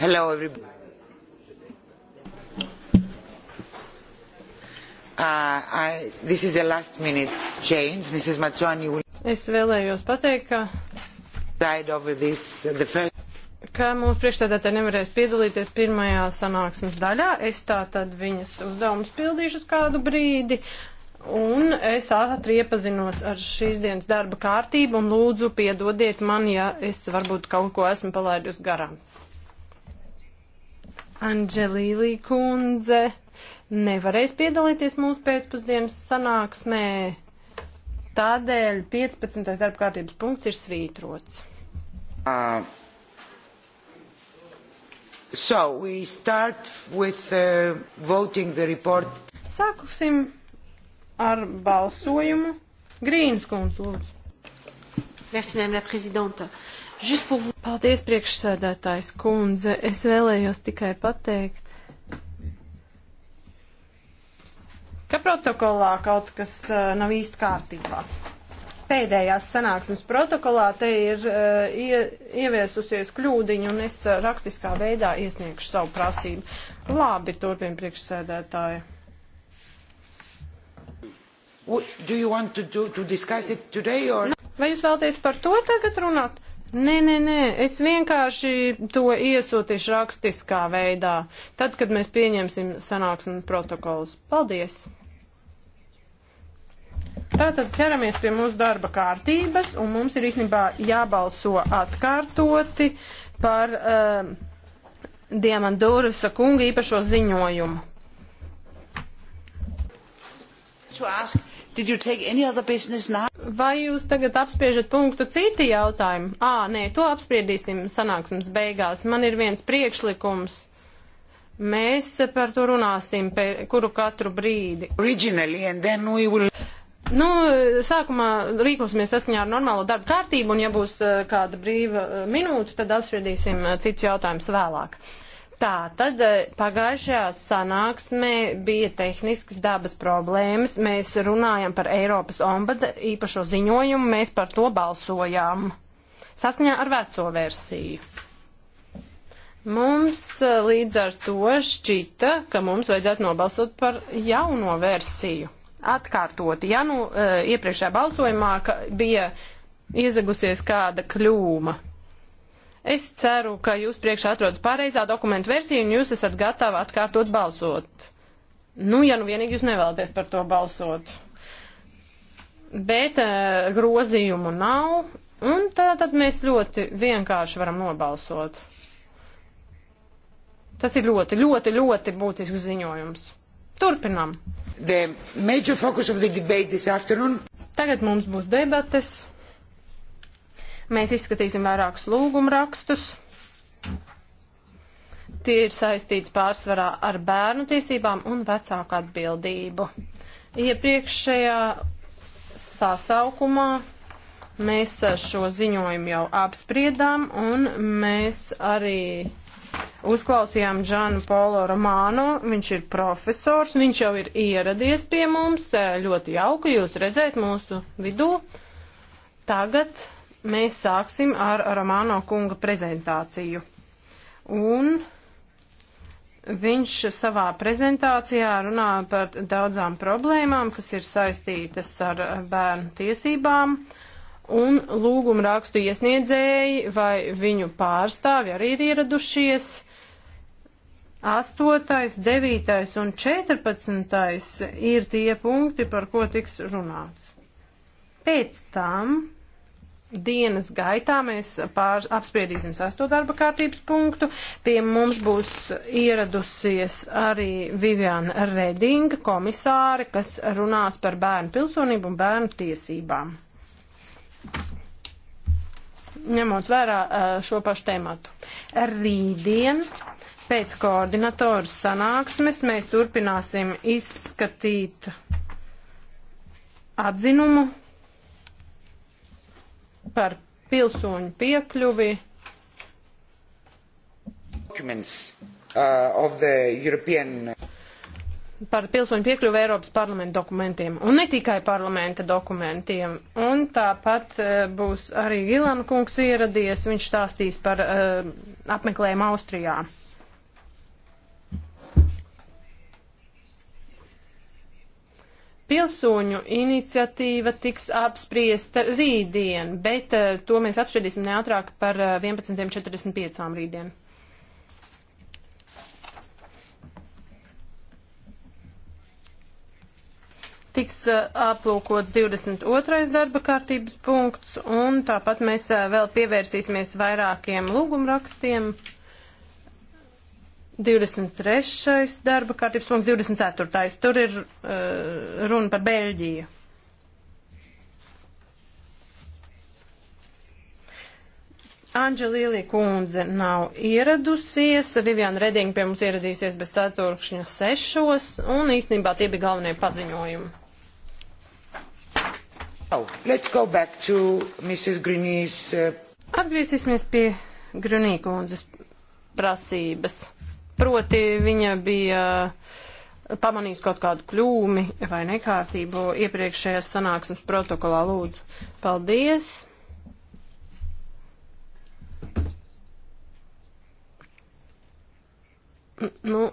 Hello, everybody. Uh, I, this is a last minute change. Mrs. Mazzoni will... Es vēlējos pateikt, ka... Died over this, uh, the first... Ka mūsu priekšstādātāji nevarēs piedalīties pirmajā sanāksmes daļā. Es tā tad viņas uzdevumus pildīšu uz kādu brīdi. Un es ātri iepazinos ar šīs dienas darba kārtību un lūdzu piedodiet man, ja es varbūt kaut ko esmu palaidusi garām. Anģelīlī kundze nevarēs piedalīties mūsu pēcpusdienas sanāksmē, tādēļ 15. darba kārtības punkts ir svītrots. Uh, so we start with uh, voting the report. Sāksim ar balsojumu. Grīnas kundze, lūdzu. Merci, madame la présidente. Uh, Paldies, priekšsēdētājs kundze. Es vēlējos tikai pateikt, ka protokolā kaut kas uh, nav īsti kārtībā. Pēdējās sanāksmes protokolā te ir uh, ie, ieviesusies kļūdiņa, un es uh, rakstiskā veidā iesniegšu savu prasību. Labi, turpina priekšsēdētāja. Do you want to, do, to discuss it today or? Vai jūs vēlaties par to tagad runāt? Nē, nē, nē, es vienkārši to iesūtīšu rakstiskā veidā, tad, kad mēs pieņemsim sanāksmi protokolus. Paldies! Tātad ķeramies pie mūsu darba kārtības, un mums ir īstenībā jābalso atkārtoti par uh, eh, Diamandūras kunga īpašo ziņojumu. To ask, did you take any other business now? Vai jūs tagad apspiežat punktu citi jautājumi? Ā, nē, to apspriedīsim sanāksmes beigās. Man ir viens priekšlikums. Mēs par to runāsim, pe, kuru katru brīdi. Originally, and then we will... Nu, sākumā rīkosimies saskaņā ar normālo darbu kārtību, un ja būs eh, kāda brīva eh, minūte, tad apspriedīsim eh, citus jautājumus vēlāk. Tā tad e, pagājušajā sanāksmē bija tehniskas dabas problēmas. Mēs runājam par Eiropas ombada īpašo ziņojumu, mēs par to balsojām. Saskaņā ar veco versiju. Mums e, līdz ar to šķita, ka mums vajadzētu nobalsot par jauno versiju. Atkārtot, ja nu e, iepriekšējā balsojumā bija iezagusies kāda kļūma, Es ceru, ka jūs priekšā atrodas pareizā dokumentu versija un jūs esat gatavi atkārtot balsot. Nu, ja nu vienīgi jūs nevēlaties par to balsot. Bet uh, grozījumu nav, un tā tad mēs ļoti vienkārši varam nobalsot. Tas ir ļoti, ļoti, ļoti būtisks ziņojums. Turpinam. Tagad mums būs debates. Mēs izskatīsim vairākus lūgumrakstus. Tie ir saistīti pārsvarā ar bērnu tiesībām un vecāku atbildību. Iepriekšējā sasaukumā mēs šo ziņojumu jau apspriedām un mēs arī uzklausījām Džanu Polo Romānu. Viņš ir profesors, viņš jau ir ieradies pie mums. Ļoti jauki jūs redzēt mūsu vidū. Tagad Mēs sāksim ar Romāno kunga prezentāciju. Un viņš savā prezentācijā runā par daudzām problēmām, kas ir saistītas ar bērnu tiesībām. Un lūguma rakstu iesniedzēji vai viņu pārstāvi arī ir ieradušies. 8., 9. un 14. ir tie punkti, par ko tiks runāts. Pēc tam dienas gaitā mēs pār, apspriedīsim sesto darba kārtības punktu. Pie mums būs ieradusies arī Viviana Redinga, komisāre, kas runās par bērnu pilsonību un bērnu tiesībām. Ņemot vērā šo pašu tēmatu. Rītdien pēc koordinatoru sanāksmes mēs turpināsim izskatīt atzinumu par pilsoņu piekļuvi. Documents, uh, European... Par pilsoņu piekļuvi Eiropas parlamenta dokumentiem un ne tikai parlamenta dokumentiem. Un tāpat uh, būs arī Gilana kungs ieradies, viņš stāstīs par uh, apmeklējumu Austrijā. Pilsoņu iniciatīva tiks apspriesta rītdien, bet eh, to mēs apspriedīsim neatrāk par 11.45 eh, rītdien. tiks eh, aplūkots 22. darba kārtības punkts, un tāpat mēs vēl pievērsīsimies vairākiem lūgumrakstiem. rakstiem. 23. darba kārtības punkts, 24. Tur ir uh, runa par Beļģiju. Anģelīlī kundze nav ieradusies, Viviana Redinga pie mums ieradīsies bez ceturkšņa sešos, un īstenībā tie bija galvenie paziņojumi. Oh, Grunijs, uh... Atgriezīsimies pie Grunī kundzes prasības. Proti viņa bija uh, pamanījis kaut kādu kļūmi vai nekārtību iepriekšējās sanāksmes protokolā. Lūdzu, paldies! Nu,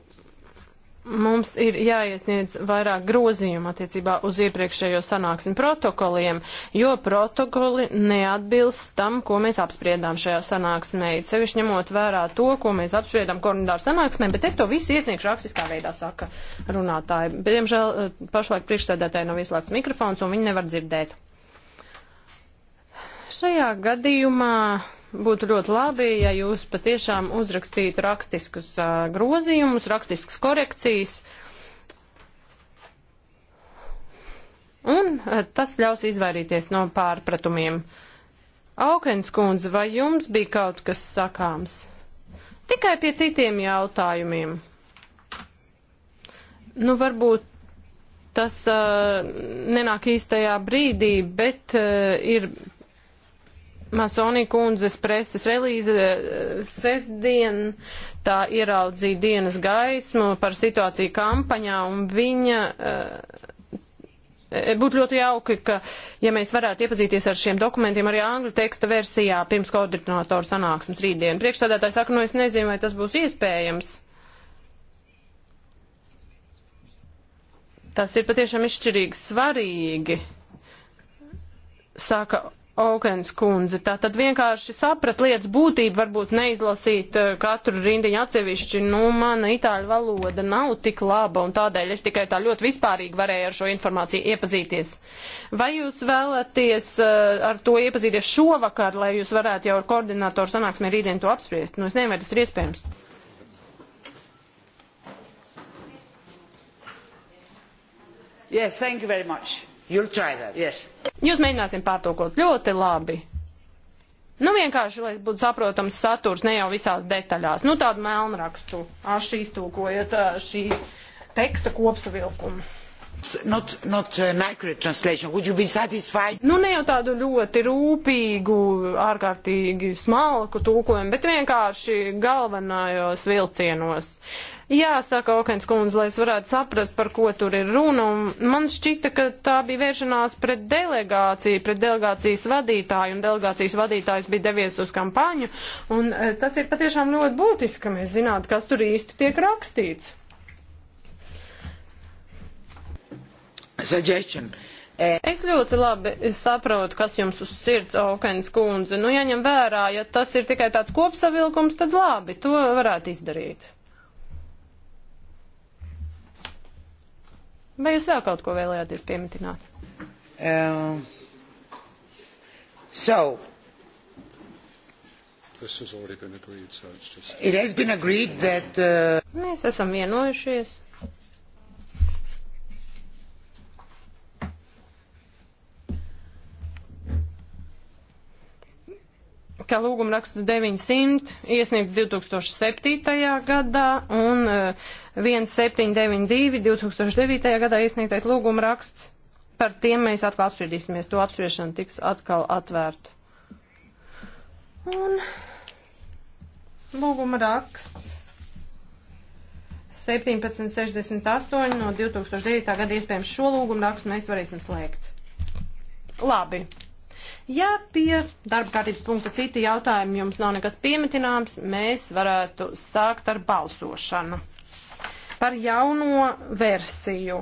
mums ir jāiesniedz vairāk grozījumu attiecībā uz iepriekšējo sanāksmi protokoliem, jo protokoli neatbilst tam, ko mēs apspriedām šajā sanāksmē. Sevišķi ņemot vērā to, ko mēs apspriedām koordināru sanāksmē, bet es to visu iesniegšu rakstiskā veidā, saka runātāji. Bet, diemžēl, eh, pašlaik priekšsēdētāji nav ieslēgts mikrofons un viņi nevar dzirdēt. Šajā gadījumā būtu ļoti labi, ja jūs patiešām uzrakstītu rakstiskus uh, grozījumus, rakstiskas korekcijas. Un uh, tas ļaus izvairīties no pārpratumiem. Aukens kundze, vai jums bija kaut kas sakāms? Tikai pie citiem jautājumiem. Nu, varbūt tas uh, nenāk īstajā brīdī, bet uh, ir Masonī kundzes preses relīze eh, sestdien tā ieraudzīja dienas gaismu par situāciju kampaņā un viņa. Eh, būtu ļoti jauki, ka, ja mēs varētu iepazīties ar šiem dokumentiem arī angļu teksta versijā pirms koordinātoru sanāksmes rītdien. Priekšstādātāji saka, nu es nezinu, vai tas būs iespējams. Tas ir patiešām izšķirīgi svarīgi saka Aukens kundze. Tā tad vienkārši saprast lietas būtību, varbūt neizlasīt eh, katru rindiņu atsevišķi. Nu, mana itāļu valoda nav tik laba, un tādēļ es tikai tā ļoti vispārīgi varēju ar šo informāciju iepazīties. Vai jūs vēlaties eh, ar to iepazīties šovakar, lai jūs varētu jau ar koordinātoru sanāksmē rītdien to apspriest? Nu, es nezinu, vai tas ir iespējams. Yes, thank you very much. That, yes. Jūs mēģināsim pārtulkot ļoti labi. Nu, vienkārši, lai būtu saprotams saturs, ne jau visās detaļās. Nu, tādu melnrakstu, aš iztūkojot šī teksta kopsavilkumu. Not, not uh, an accurate translation. Would you be satisfied? Nu, ne jau tādu ļoti rūpīgu, ārkārtīgi smalku tūkojumu, bet vienkārši galvenajos vilcienos. Jāsaka, Okens kundze, lai es varētu saprast, par ko tur ir runa, un man šķita, ka tā bija vēršanās pret delegāciju, pret delegācijas vadītāju, un delegācijas vadītājs bija devies uz kampaņu, un e, tas ir patiešām ļoti būtiski, ka mēs zinātu, kas tur īsti tiek rakstīts. Suggestion. E- es ļoti labi saprotu, kas jums uz sirds, Okens kundze. Nu, jaņem vērā, ja tas ir tikai tāds kopsavilkums, tad labi, to varētu izdarīt. Vai jūs vēl kaut ko vēlējāties pieminēt? Um, so, This has already been agreed, so it's just... It has been agreed that... Uh... Mēs esam vienojušies ka lūguma raksts 900 iesniegts 2007. gadā un 1792 eh, 2009. gadā iesniegtais lūguma raksts. Par tiem mēs atkal apspriedīsimies. To apspriešana tiks atkal atvērta. Un lūguma raksts 1768 no 2009. gada iespējams šo lūgumu rakstu mēs varēsim slēgt. Labi. Ja pie darba kārtības punkta citi jautājumi jums nav nekas piemetināms, mēs varētu sākt ar balsošanu par jauno versiju,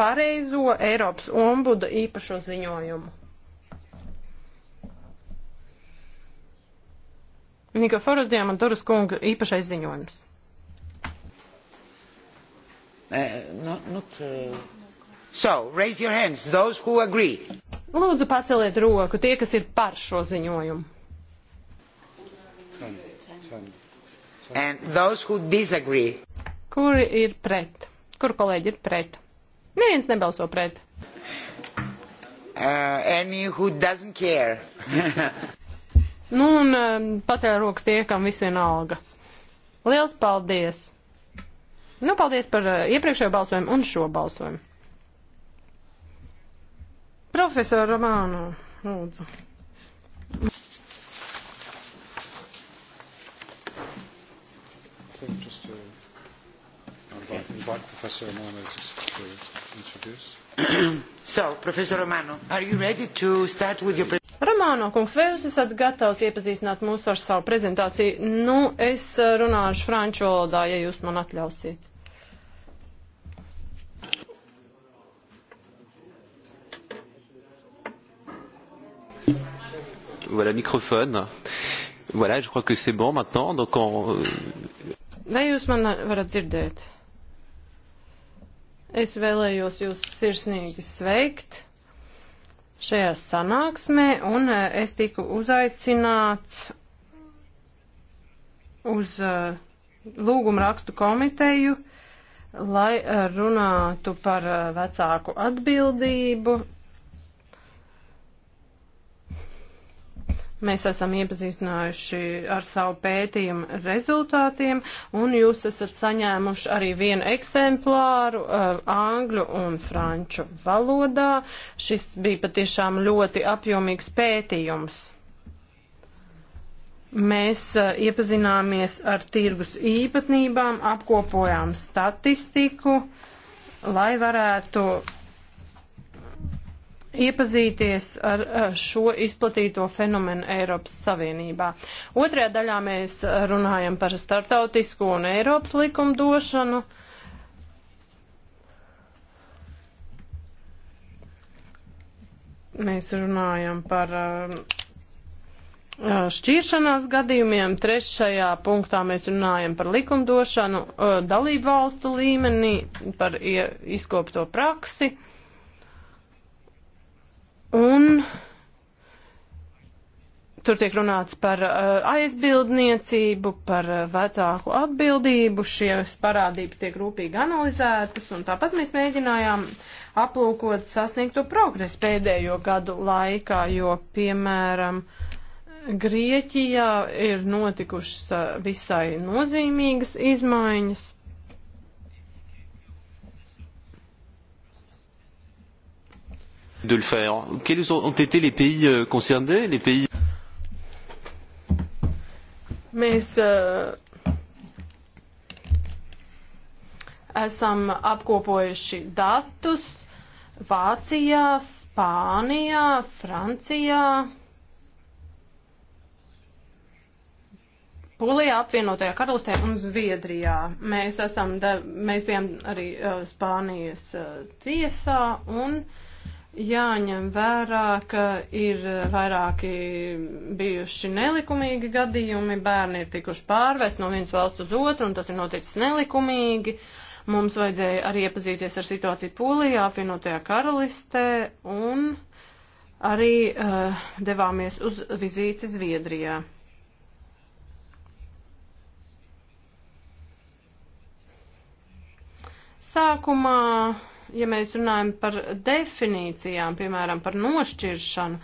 pareizo Eiropas ombuda īpašo ziņojumu. Nikoforas Diamanturas kunga īpašais ziņojums. Uh, not, not, uh... Eh, So, raise your hands, those who agree. Lūdzu, paceliet roku tie, kas ir par šo ziņojumu. And those who disagree. Kuri ir pret? Kur kolēģi ir pret? Neviens nebalso pret. Uh, any who doesn't care. nu, un um, pacēla rokas tie, kam viss vienalga. Liels paldies! Nu, paldies par uh, iepriekšējo balsojumu un šo balsojumu. Profesor Romāno, lūdzu. think just to invite, invite Professor Romano just to introduce. so, Professor Romano, are you ready to start with your Romāno kungs, vai jūs esat gatavs iepazīstināt mūs ar savu prezentāciju? Nu, es eh, runāšu franču valodā, ja jūs man atļausiet. Voilà, microphone. Voilà, je crois que c'est bon maintenant. Donc on... Vai jūs man varat dzirdēt? Es vēlējos jūs sirsnīgi sveikt šajā sanāksmē, un eh, es tiku uzaicināts uz uh, lūgumu rakstu komiteju, lai eh, runātu par uh, vecāku atbildību Mēs esam iepazīstinājuši ar savu pētījumu rezultātiem, un jūs esat saņēmuši arī vienu eksemplāru uh, angļu un franču valodā. Šis bija patiešām ļoti apjomīgs pētījums. Mēs uh, iepazināmies ar tirgus īpatnībām, apkopojām statistiku, lai varētu iepazīties ar šo izplatīto fenomenu Eiropas Savienībā. Otrajā daļā mēs runājam par startautisko un Eiropas likumdošanu. Mēs runājam par um, šķiršanās gadījumiem. Trešajā punktā mēs runājam par likumdošanu uh, dalību valstu līmenī, par izkopto praksi. Un tur tiek runāts par uh, aizbildniecību, par uh, vecāku atbildību, šīs parādības tiek rūpīgi analizētas, un tāpat mēs mēģinājām aplūkot sasniegto progresu pēdējo gadu laikā, jo, piemēram, Grieķijā ir notikušas uh, visai nozīmīgas izmaiņas, de le faire. Quels ont été les pays euh, concernés, les pays Mēs uh, esam apkopojuši datus Vācijā, Spānijā, Francijā, Polijā, apvienotajā karalistē un Zviedrijā. Mēs, esam, mēs bijām arī uh, Spānijas uh, tiesā un uh, jāņem vērā, ka ir vairāki bijuši nelikumīgi gadījumi, bērni ir tikuši pārvest no vienas valsts uz otru, un tas ir noticis nelikumīgi. Mums vajadzēja arī iepazīties ar situāciju Polijā, apvienotajā karalistē, un arī uh, devāmies uz vizīti Zviedrijā. Sākumā ja mēs runājam par definīcijām, piemēram, par nošķiršanu,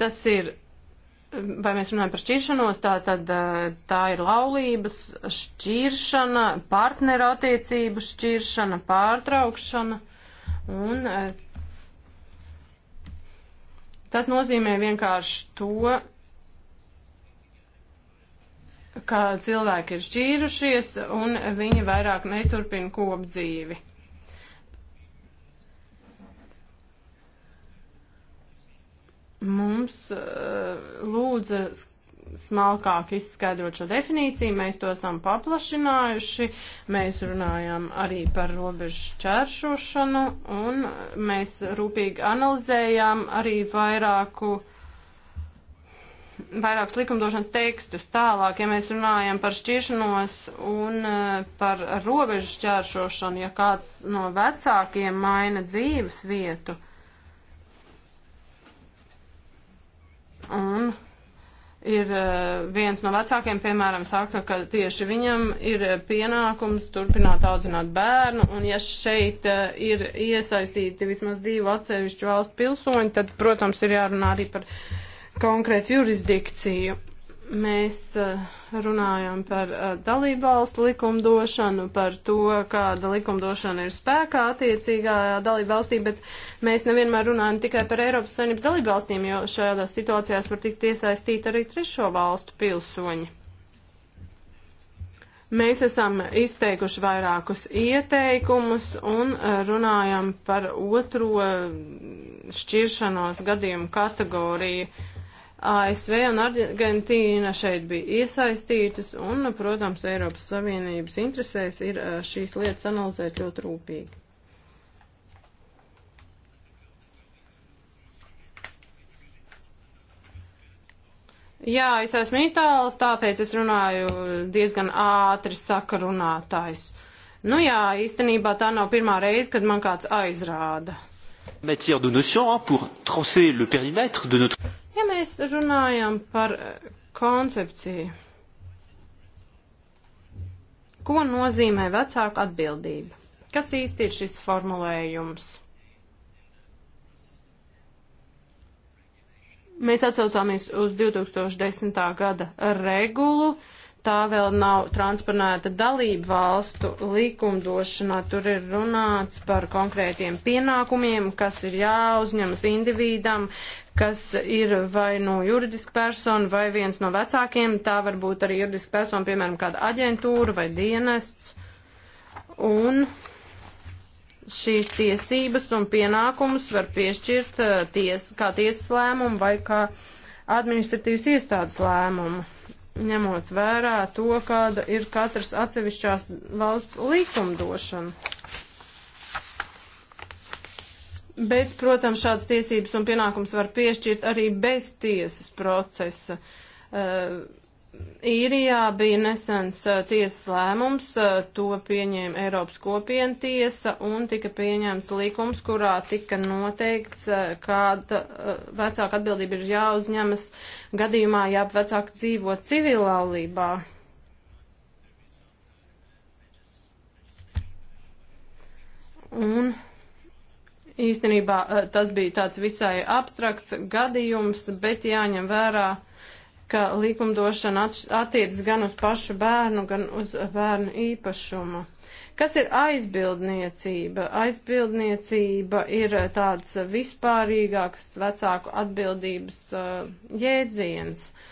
tas ir, vai mēs runājam par šķiršanos, tā tad eh, tā ir laulības šķiršana, partneru attiecību šķiršana, pārtraukšana un eh, Tas nozīmē vienkārši to, ka cilvēki ir šķīrušies un viņi vairāk neturpina kopdzīvi. Mums uh, lūdza smalkāk izskaidrot šo definīciju, mēs to esam paplašinājuši, mēs runājām arī par robežu čēršošanu un eh, mēs rūpīgi analizējām arī vairāku uh, vairākus likumdošanas tekstus. Tālāk, ja mēs runājam par šķiršanos un e, par robežu šķēršošanu, ja kāds no vecākiem maina dzīves vietu. Un ir e, viens no vecākiem, piemēram, saka, ka tieši viņam ir pienākums turpināt audzināt bērnu, un ja šeit e, ir iesaistīti vismaz divu atsevišķu valstu pilsoņi, tad, protams, ir jārunā arī par uh, konkrētu jurisdikciju. Mēs eh, runājam par eh, dalību valstu likumdošanu, par to, kāda likumdošana ir spēkā attiecīgā eh, dalību valstī, bet mēs nevienmēr runājam tikai par Eiropas Savienības dalību valstīm, jo šādās situācijās var tikt iesaistīt arī trešo valstu pilsoņi. Mēs esam izteikuši vairākus ieteikumus un runājam par otro šķiršanos gadījumu kategoriju. ASV un Argentīna šeit bija iesaistītas, un, protams, Eiropas Savienības interesēs ir šīs lietas analizēt ļoti rūpīgi. Jā, es esmu itālis, tāpēc es runāju diezgan ātri saka runātājs. Nu jā, īstenībā tā nav pirmā reize, kad man kāds aizrāda. Matière de notion hein, pour tracer le périmètre de notre. Ja mēs runājam par eh, koncepciju, ko nozīmē vecāku atbildība? Kas īsti ir šis formulējums? Mēs atsaucāmies uz 2010. gada regulu. Tā vēl nav transponēta dalību valstu likumdošanā. Tur ir runāts par konkrētiem pienākumiem, kas ir jāuzņemas individam, kas ir vai no nu juridiska persona, vai viens no vecākiem. Tā var būt arī juridiska persona, piemēram, kāda aģentūra vai dienests. Un šīs tiesības un pienākumus var piešķirt eh, ties, kā tiesas lēmumu vai kā administratīvas iestādes lēmumu, ņemot vērā to, kāda ir katras atsevišķās valsts likumdošana. Bet, protams, šādas tiesības un pienākums var piešķirt arī bez tiesas procesa. Uh, īrijā bija nesens uh, tiesas lēmums, uh, to pieņēma Eiropas kopiena tiesa un tika pieņemts likums, kurā tika noteikts, kāda vecāka atbildība ir jāuzņemas gadījumā, ja vecāki dzīvo civilaulībā. Un Īstenībā eh, tas bija tāds visai abstrakts gadījums, bet jāņem vērā, ka likumdošana attiecas gan uz pašu bērnu, gan uz bērnu īpašumu. Kas ir aizbildniecība? Aizbildniecība ir tāds vispārīgāks vecāku atbildības uh, jēdziens. Uh,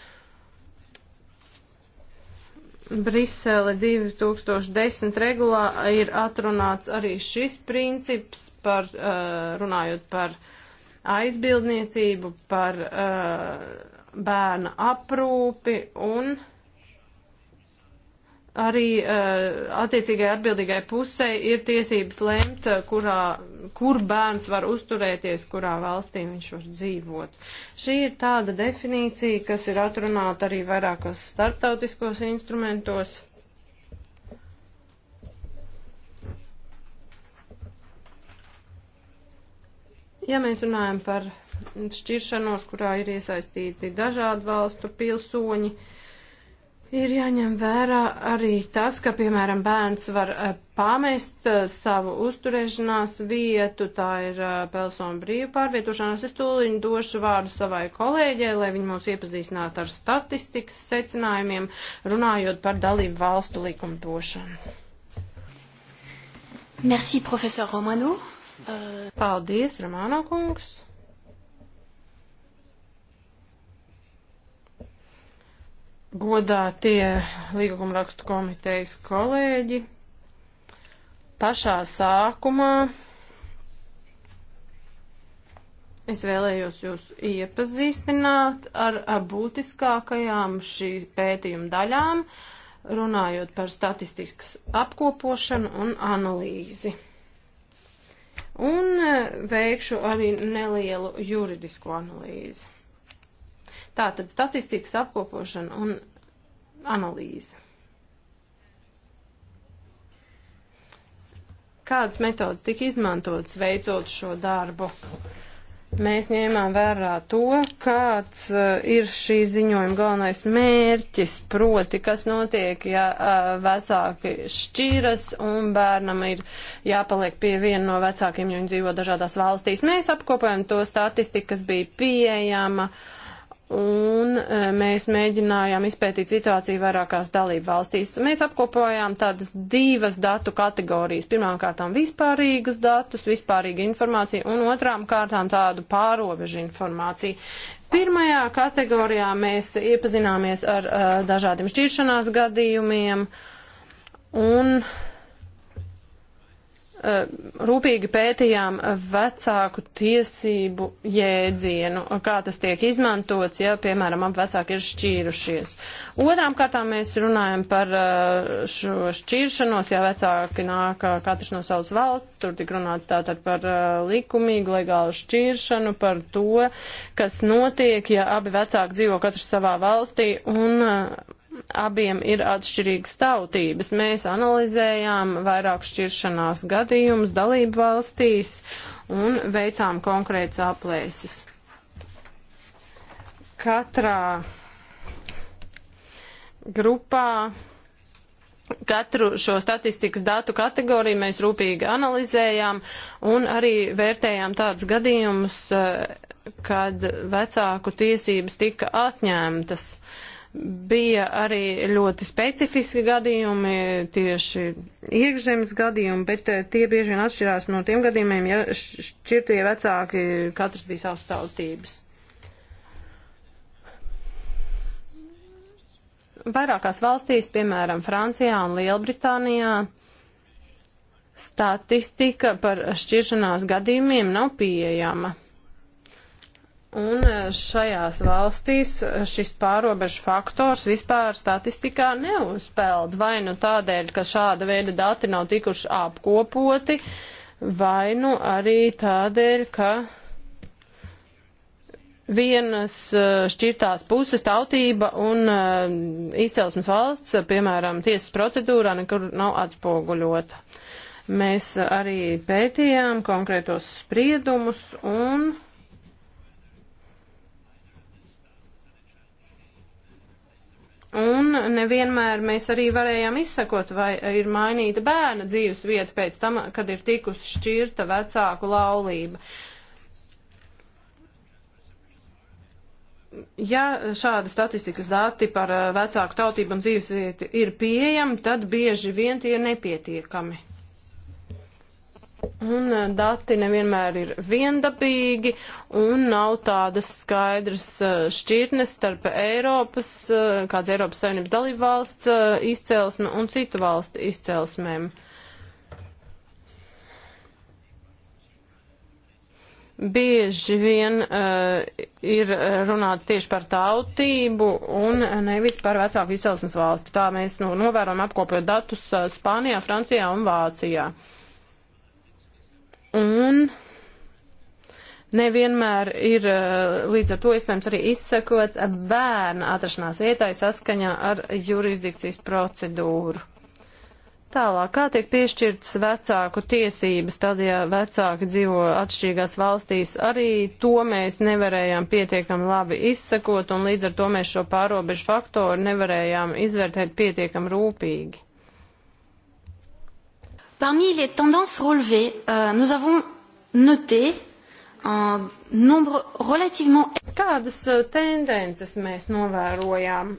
Brisele 2010 regulā ir atrunāts arī šis princips par, eh, runājot par aizbildniecību, par eh, bērna aprūpi un arī uh, eh, attiecīgai atbildīgai pusē ir tiesības lemt, eh, kurā, kur bērns var uzturēties, kurā valstī viņš var dzīvot. Šī ir tāda definīcija, kas ir atrunāta arī vairākos starptautiskos instrumentos. Ja mēs runājam par šķiršanos, kurā ir iesaistīti dažādu valstu pilsoņi, uh, Ir jāņem vērā arī tas, ka, piemēram, bērns var eh, pamest eh, savu uzturēšanās vietu, tā ir eh, persona brīva pārvietošanās. Es tūliņ došu vārdu savai kolēģei, lai viņi mūs iepazīstinātu ar statistikas secinājumiem, runājot par dalību valstu likumdošanu. Merci, profesor Romano. Paldies, Romano kungs. godā tie līgumrakstu komitejas kolēģi. Pašā sākumā es vēlējos jūs iepazīstināt ar, ar būtiskākajām šī pētījuma daļām, runājot par statistikas apkopošanu un analīzi. Un e, veikšu arī nelielu juridisku analīzi. Tātad statistikas apkopošana un analīze. Kādas metodas tika izmantotas veicot šo darbu? Mēs ņēmām vērā to, kāds uh, ir šī ziņojuma galvenais mērķis, proti, kas notiek, ja uh, vecāki šķiras un bērnam ir jāpaliek pie viena no vecākiem, jo viņi dzīvo dažādās valstīs. Mēs apkopējam to statistiku, kas bija pieejama. Uh, un e, mēs mēģinājām izpētīt situāciju vairākās dalību valstīs. Mēs apkopojām tādas divas datu kategorijas. Pirmkārt, vispārīgus datus, vispārīgu informāciju, un otrām kārtām tādu pārobežu informāciju. Pirmajā kategorijā mēs iepazināmies ar uh, dažādiem šķiršanās gadījumiem un uh, Eh, rūpīgi pētījām vecāku tiesību jēdzienu, kā tas tiek izmantots, ja, piemēram, ap vecāki ir šķīrušies. Otrām kārtām mēs runājam par eh, šo šķiršanos, ja vecāki nāk eh, katrs no savas valsts, tur tik runāts tātad par likumīgu, legālu šķiršanu, par to, kas notiek, ja abi vecāki dzīvo katrs savā valstī un abiem ir atšķirīgas tautības. Mēs analizējām vairāk šķiršanās gadījumus dalību valstīs un veicām konkrēts aplēses. Katrā grupā Katru šo statistikas datu kategoriju mēs rūpīgi analizējām un arī vērtējām tādus gadījumus, eh, kad vecāku tiesības tika atņemtas. Uh, Bija arī ļoti specifiski gadījumi, tieši iekšzemes gadījumi, bet eh, tie bieži vien atšķirās no tiem gadījumiem, ja šķirtie vecāki katrs bija savas tautības. Vairākās valstīs, piemēram, Francijā un Lielbritānijā, statistika par šķiršanās gadījumiem nav pieejama. Un e, šajās valstīs šis pārobežu faktors vispār statistikā neuzpeld. Vai nu tādēļ, ka šāda veida dati nav tikuši apkopoti, vai nu arī tādēļ, ka vienas e, šķirtās puses tautība un e, izcelsmes valsts, piemēram, tiesas procedūrā nekur nav atspoguļota. Mēs arī pētījām konkrētos spriedumus un Un nevienmēr mēs arī varējām izsakot, vai ir mainīta bērna dzīves vieta pēc tam, kad ir tikusi šķirta vecāku laulība. Ja šāda statistikas dati par eh, vecāku tautību un dzīves vietu ir pieejami, tad bieži vien tie ir nepietiekami. Un eh, dati nevienmēr ir viendabīgi un nav tādas skaidras eh, šķirnes starp Eiropas, eh, kāds Eiropas Savienības dalību valsts izcelsme un citu valstu izcelsmēm. Bieži vien uh, ir runāts tieši par tautību un nevis par vecāku izcelsmes valsti. Tā mēs nu, novērojam apkopot datus Spānijā, Francijā un Vācijā. Uh, Un nevienmēr ir eh, līdz ar to iespējams arī izsakot bērna atrašanās vietai saskaņā ar jurisdikcijas procedūru. Tālāk, kā tiek piešķirtas vecāku tiesības, tad, ja vecāki dzīvo atšķirīgās valstīs, arī to mēs nevarējām pietiekami labi izsakot, un līdz ar to mēs šo pārobežu faktoru nevarējām izvērtēt pietiekami rūpīgi. Parmi les tendances relevées, euh, nous avons noté un nombre relativement. Kādas uh, tendences mēs novērojām?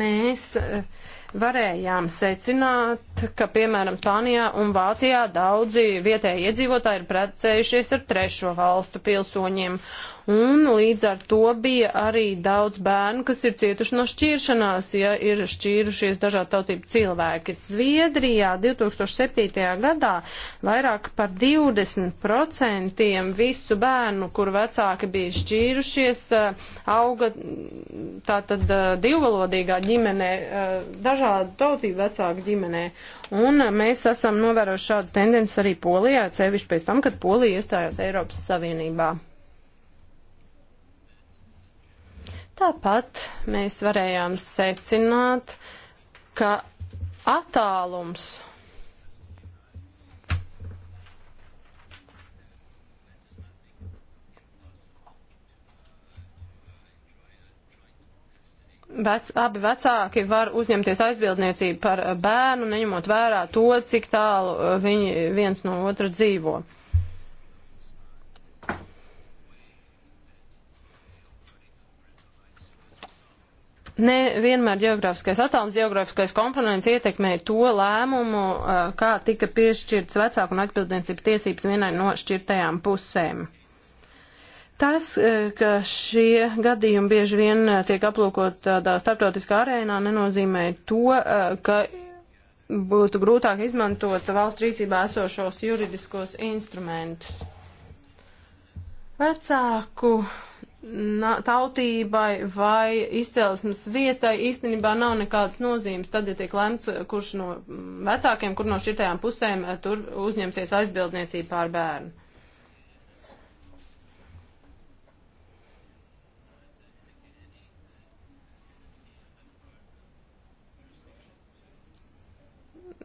Mēs uh, varējām secināt, ka, piemēram, Spānijā un Vācijā daudzi vietēji iedzīvotāji ir precējušies ar trešo valstu pilsoņiem un līdz ar to bija arī daudz bērnu, kas ir cietuši no šķiršanās, ja ir šķīrušies dažādu tautību cilvēki. Zviedrijā 2007. gadā vairāk par 20% visu bērnu, kur vecāki bija šķīrušies, eh, auga tātad eh, divvalodīgā ģimenē, eh, dažādu tautību vecāku ģimenē. Un mēs esam novērojuši šādas tendences arī Polijā, sevišķi pēc tam, kad Polija iestājās Eiropas Savienībā. Tāpat mēs varējām secināt, ka attālums Vec, abi vecāki var uzņemties aizbildniecību par bērnu, neņemot vērā to, cik tālu eh, viņi viens no otra dzīvo. Ne vienmēr geogrāfiskais attālums, geogrāfiskais komponents ietekmēja to lēmumu, kā tika piešķirts vecāku un atbildniecības tiesības vienai no šķirtajām pusēm. Tas, ka šie gadījumi bieži vien tiek aplūkot tādā starptautiskā arēnā, nenozīmē to, ka būtu grūtāk izmantot valsts rīcībā esošos juridiskos instrumentus. Vecāku tautībai vai izcelsmes vietai īstenībā nav nekādas nozīmes. Tad, ja tiek lemts, kurš no mm, vecākiem, kur no šitām pusēm eh, tur uzņemsies aizbildniecību pār bērnu.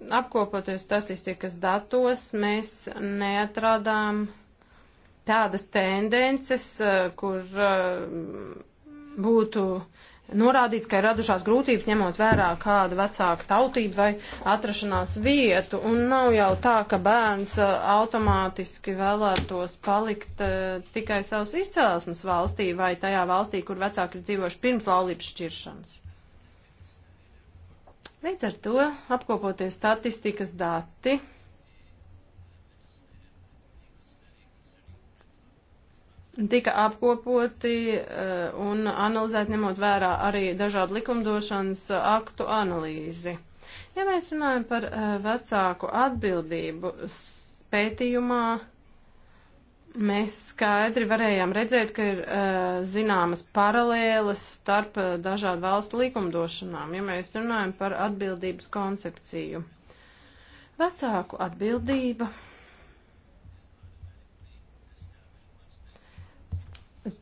Apkopoties statistikas datos, mēs neatrādām tādas tendences, eh, kur eh, būtu norādīts, ka ir radušās grūtības ņemot vērā kādu vecāku tautību vai atrašanās vietu, un nav jau tā, ka bērns eh, automātiski vēlētos palikt tikai savas izcēlesmes valstī vai tajā valstī, kur vecāki ir dzīvojuši pirms laulības šķiršanas. Līdz ar to apkopoties statistikas dati tika apkopoti eh, un analizēti ņemot vērā arī dažādu likumdošanas eh, aktu analīzi. Ja mēs runājam par eh, vecāku atbildību pētījumā, mēs skaidri varējām redzēt, ka ir zināmas paralēles starp dažādu valstu likumdošanām, ja mēs runājam par atbildības koncepciju. Vecāku atbildība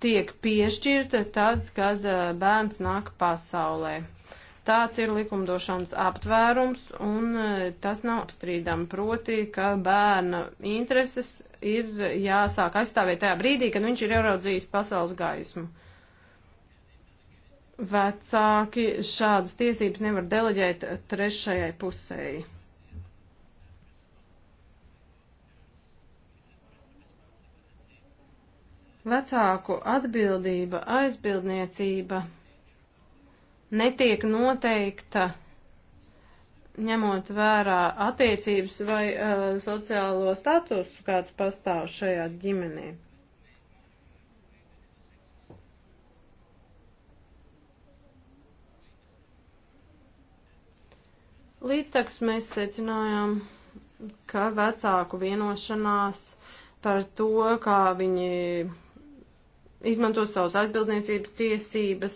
tiek piešķirta tad, kad eh, bērns nāk pasaulē. Tāds ir likumdošanas aptvērums, un eh, tas nav apstrīdami. Proti, ka bērna intereses ir jāsāk aizstāvēt tajā brīdī, kad viņš ir ieraudzījis pasaules gaismu. Vecāki šādas tiesības nevar deleģēt trešajai pusēji. Vecāku atbildība, aizbildniecība netiek noteikta ņemot vērā attiecības vai uh, sociālo statusu, kāds pastāv šajā ģimenē. Līdztekus mēs secinājām, ka vecāku vienošanās par to, kā viņi izmantos savas aizbildniecības tiesības.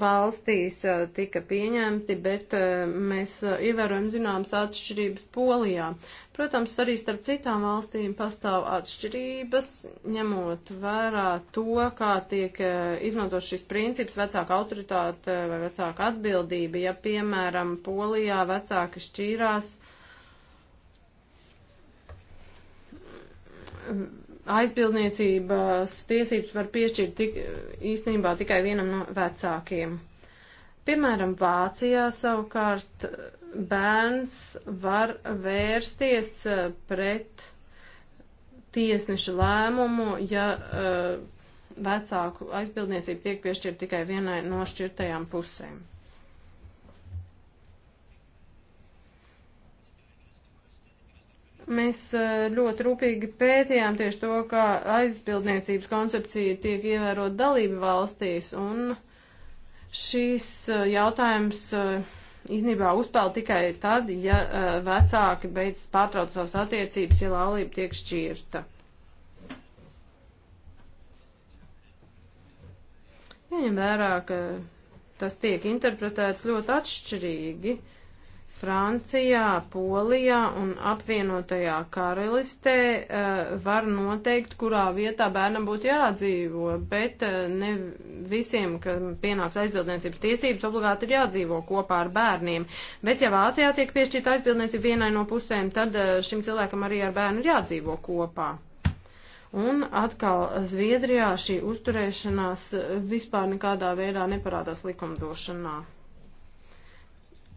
Valstīs tika pieņemti, bet mēs ievērojam zināmas atšķirības Polijā. Protams, arī starp citām valstīm pastāv atšķirības, ņemot vērā to, kā tiek izmantot šis princips vecāka autoritāte vai vecāka atbildība. Ja, piemēram, Polijā vecāki šķīrās, aizbildniecības tiesības var piešķirt tik, īstenībā tikai vienam no vecākiem. Piemēram, Vācijā savukārt bērns var vērsties uh, pret tiesneša lēmumu, ja uh, vecāku aizbildniecība tiek piešķirta tikai vienai no šķirtajām pusēm. Mēs eh, ļoti rūpīgi pētījām tieši to, kā aizbildniecības koncepcija tiek ievērot dalību valstīs, un šīs eh, jautājums eh, īstenībā uzpēl tikai tad, ja vecāki beidz pārtraukt savas attiecības, ja laulība tiek šķirta. Jaņem vērā, ka tas tiek interpretēts ļoti atšķirīgi. Uh, Francijā, Polijā un apvienotajā karalistē uh, var noteikt, kurā vietā bērnam būtu jādzīvo, bet uh, ne visiem, kam pienāks aizbildniecības tiesības, obligāti ir jādzīvo kopā ar bērniem. Bet ja Vācijā tiek piešķirta aizbildniecība vienai no pusēm, tad uh, šim cilvēkam arī ar bērnu ir jādzīvo kopā. Un atkal Zviedrijā šī uzturēšanās vispār nekādā veidā neparādās likumdošanā.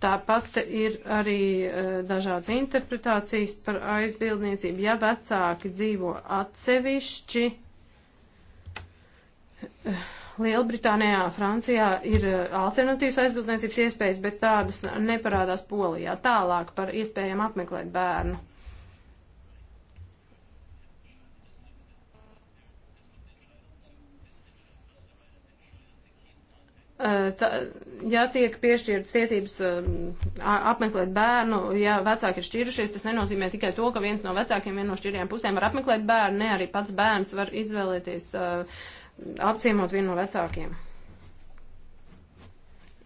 Tāpat ir arī uh, dažādas interpretācijas par aizbildniecību. Ja vecāki dzīvo atsevišķi, uh, Lielbritānijā, Francijā ir e, alternatīvas aizbildniecības iespējas, bet tādas neparādās Polijā. Tālāk par iespējām apmeklēt bērnu. Uh, ja tiek piešķirtas tiesības um, apmeklēt bērnu, ja vecāki ir šķirušies, tas nenozīmē tikai to, ka viens no vecākiem, viena no šķirjām pusēm var apmeklēt bērnu, ne arī pats bērns var izvēlēties uh, apciemot vienu no vecākiem.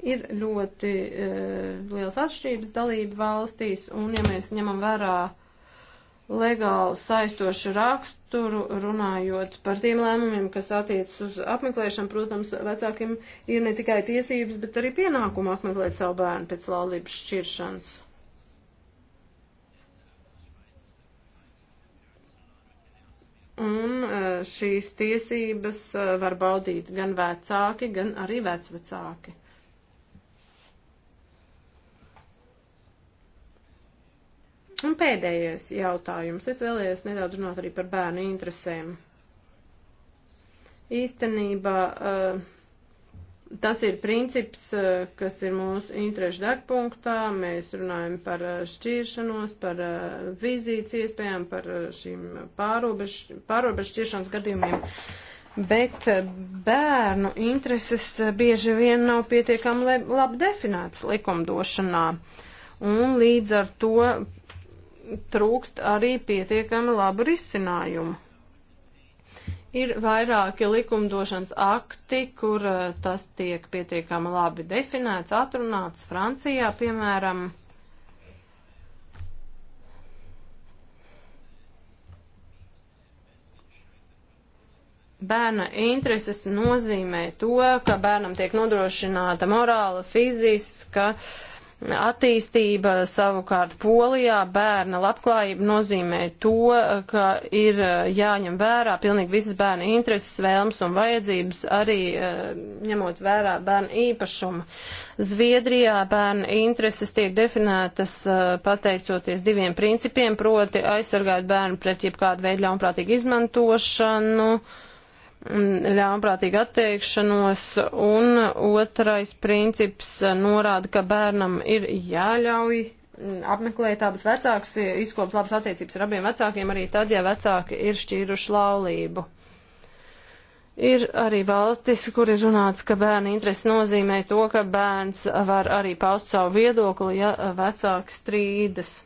Ir ļoti uh, liels atšķirības dalība valstīs, un ja mēs ņemam vērā uh, legāli saistošu raksturu, runājot par tiem lēmumiem, kas attiecas uz apmeklēšanu, protams, vecākiem ir ne tikai tiesības, bet arī pienākumu apmeklēt savu bērnu pēc laulības šķiršanas. Un eh, šīs tiesības eh, var baudīt gan vecāki, gan arī vecvecāki. Un pēdējais jautājums. Es vēlējos nedaudz runāt arī par bērnu interesēm. Īstenībā eh, tas ir princips, eh, kas ir mūsu interešu degpunktā. Mēs runājam par eh, šķiršanos, par vizītes iespējām, par šīm pārobežu, pārobežu šķiršanas gadījumiem. Bet bērnu intereses bieži vien nav pietiekami labi definētas likumdošanā. Un līdz ar to trūkst arī pietiekami labu risinājumu. Ir vairāki likumdošanas akti, kur eh, tas tiek pietiekami labi definēts, atrunāts Francijā, piemēram. Bērna intereses nozīmē to, ka bērnam tiek nodrošināta morāla, fiziska, uh, Attīstība savukārt Polijā bērna labklājība nozīmē to, ka ir eh, jāņem vērā pilnīgi visas bērna intereses, vēlmes un vajadzības, arī eh, ņemot vērā bērna īpašumu. Zviedrijā bērna intereses tiek definētas eh, pateicoties diviem principiem, proti aizsargāt bērnu pret jebkādu veidu ļaunprātīgu izmantošanu. Uh, ļaunprātīgu attiekšanos, un otrais princips norāda, ka bērnam ir jāļauj apmeklēt abus vecākus, izkopt labas attiecības ar abiem vecākiem, arī tad, ja vecāki ir šķīruši laulību. Ir arī valstis, kur ir runāts, ka bērna interesi nozīmē to, ka bērns var arī paust savu viedokli, ja vecāki strīdas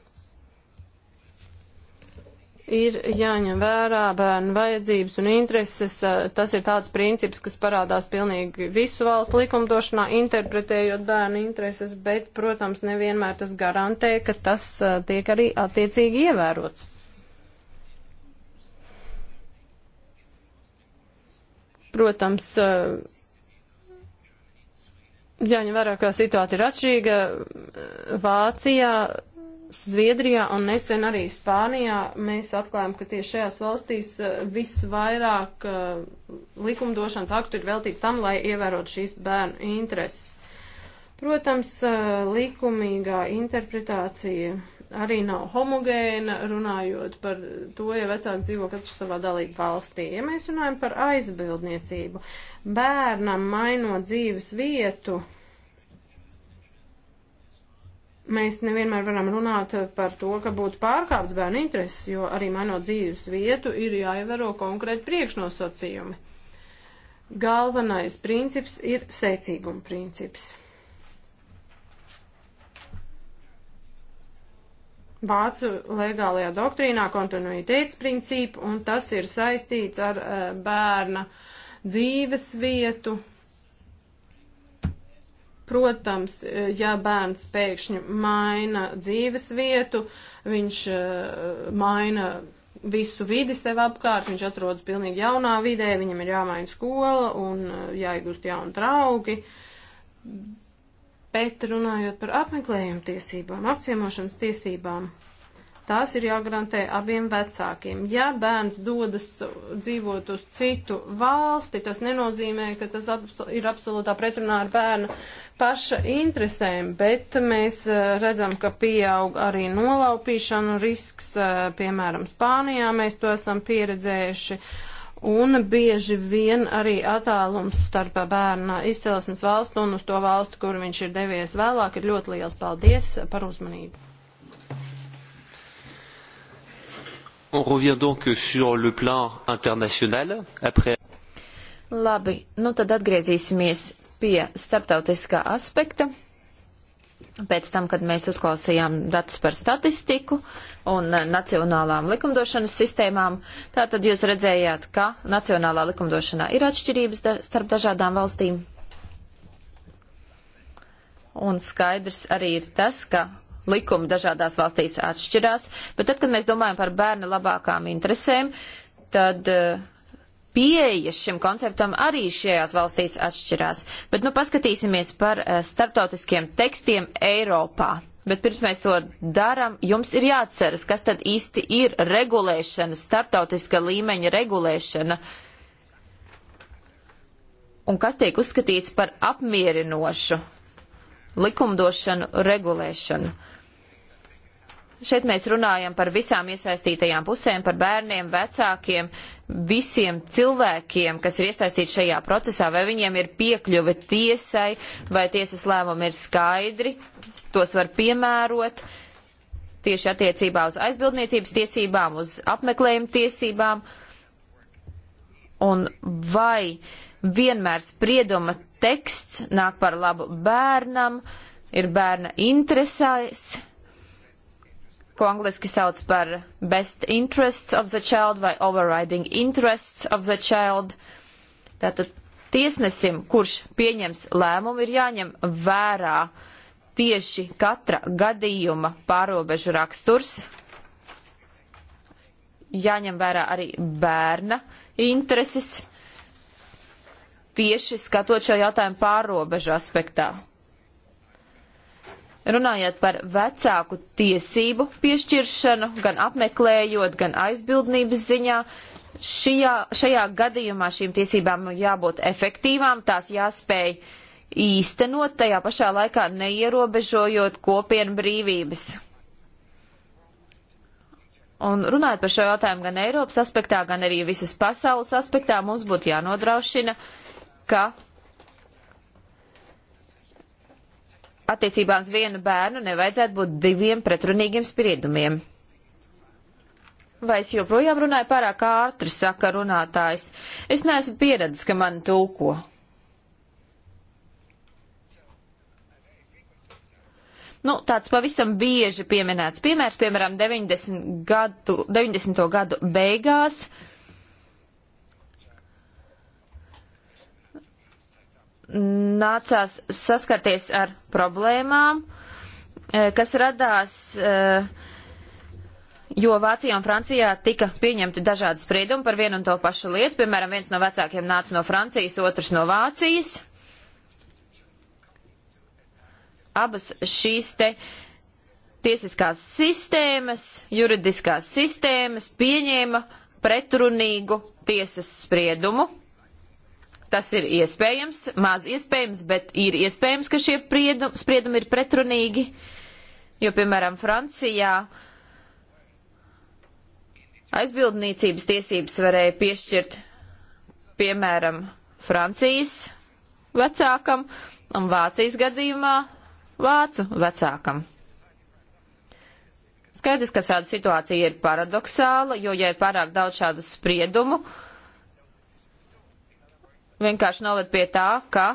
ir jāņem vērā bērnu vajadzības un intereses. Tas ir tāds princips, kas parādās pilnīgi visu valstu likumdošanā, interpretējot bērnu intereses, bet, protams, nevienmēr tas garantē, ka tas tiek arī attiecīgi ievērots. Protams, jāņem vērā, ka situācija ir atšķirīga. Vācijā Zviedrijā un nesen arī Spānijā mēs atklājām, ka tieši šajās valstīs eh, visvairāk uh, likumdošanas aktu ir veltīts tam, lai ievērot šīs bērnu intereses. Protams, uh, likumīgā interpretācija arī nav homogēna, runājot par to, ja vecāki dzīvo katrs savā dalību valstī. Ja mēs runājam par aizbildniecību, bērnam mainot dzīves vietu, uh, mēs nevienmēr varam runāt par to, ka būtu pārkāpts bērnu intereses, jo arī mainot dzīves vietu ir jāievēro konkrēti priekšnosacījumi. Galvenais princips ir secīguma princips. Vācu legālajā doktrīnā kontinuitātes principu, un tas ir saistīts ar eh, bērna dzīves vietu, Protams, e, ja bērns pēkšņi maina dzīves vietu, viņš e, maina visu vidi sev apkārt, viņš atrodas pilnīgi jaunā vidē, viņam ir jāmaina skola un e, jāiegūst jauni draugi. Bet runājot par apmeklējumu tiesībām, apciemošanas tiesībām, tās ir jāgarantē abiem vecākiem. Ja bērns dodas dzīvot uz citu valsti, tas nenozīmē, ka tas ir absolūtā pretrunā ar bērnu paša interesēm, bet mēs eh, redzam, ka pieaug arī nolaupīšanu risks, eh, piemēram, Spānijā mēs to esam pieredzējuši. Un bieži vien arī attālums starp bērna izcelsmes valstu un uz to valstu, kur viņš ir devies vēlāk, ir ļoti liels. Paldies par uzmanību. On revient donc sur le plan international après. Labi, nu tad atgriezīsimies pie starptautiskā aspekta. Pēc tam, kad mēs uzklausījām datus par statistiku un nacionālām likumdošanas sistēmām, tātad jūs redzējāt, ka nacionālā likumdošanā ir atšķirības da starp dažādām valstīm. Un skaidrs arī ir tas, ka likumi dažādās valstīs atšķirās, bet tad, kad mēs domājam par bērnu labākām interesēm, tad uh, pieejas šim konceptam arī šajās valstīs atšķirās. Bet nu paskatīsimies par eh, starptautiskiem tekstiem Eiropā. Bet pirms mēs to darām, jums ir jāatceras, kas tad īsti ir regulēšana, starptautiska līmeņa regulēšana. Un kas tiek uzskatīts par apmierinošu likumdošanu, regulēšanu. Uh, Šeit mēs runājam par visām iesaistītajām pusēm, par bērniem, vecākiem, visiem cilvēkiem, kas ir iesaistīti šajā procesā, vai viņiem ir piekļuve tiesai, vai tiesas lēmumi ir skaidri, tos var piemērot tieši attiecībā uz aizbildniecības tiesībām, uz apmeklējuma tiesībām, un vai vienmēr sprieduma teksts nāk par labu bērnam, ir bērna interesēs, ko angliski sauc par best interests of the child vai overriding interests of the child. Tātad tiesnesim, kurš pieņems lēmumu, ir jāņem vērā tieši katra gadījuma pārobežu raksturs, jāņem vērā arī bērna intereses, tieši skatot šo jautājumu pārobežu aspektā. Runājot par vecāku tiesību piešķiršanu, gan apmeklējot, gan aizbildnības ziņā, šajā, šajā gadījumā šīm tiesībām jābūt efektīvām, tās jāspēj īstenot, tajā pašā laikā neierobežojot kopienu brīvības. Un runājot par šo jautājumu gan Eiropas aspektā, gan arī visas pasaules aspektā, mums būtu jānodrošina, ka attiecībā uz vienu bērnu nevajadzētu būt diviem pretrunīgiem spriedumiem. Vai es joprojām runāju pārāk ātri, saka runātājs. Es neesmu pieredzis, ka mani tulko. Nu, tāds pavisam bieži pieminēts piemērs, piemēram, 90. Gadu, 90. gadu beigās uh, nācās saskarties ar problēmām, eh, kas radās, eh, jo Vācijā un Francijā tika pieņemti dažādi spriedumi par vienu un to pašu lietu. Piemēram, viens no vecākiem nāca no Francijas, otrs no Vācijas. Abas šīs te tiesiskās sistēmas, juridiskās sistēmas pieņēma pretrunīgu tiesas spriedumu. Tas ir iespējams, maz iespējams, bet ir iespējams, ka šie priedum, spriedumi ir pretrunīgi, jo, piemēram, Francijā aizbildniecības tiesības varēja piešķirt, piemēram, Francijas vecākam un Vācijas gadījumā vācu vecākam. Skaidrs, ka šāda situācija ir paradoxāla, jo, ja ir pārāk daudz šādu spriedumu, uh, vienkārši noved pie tā, ka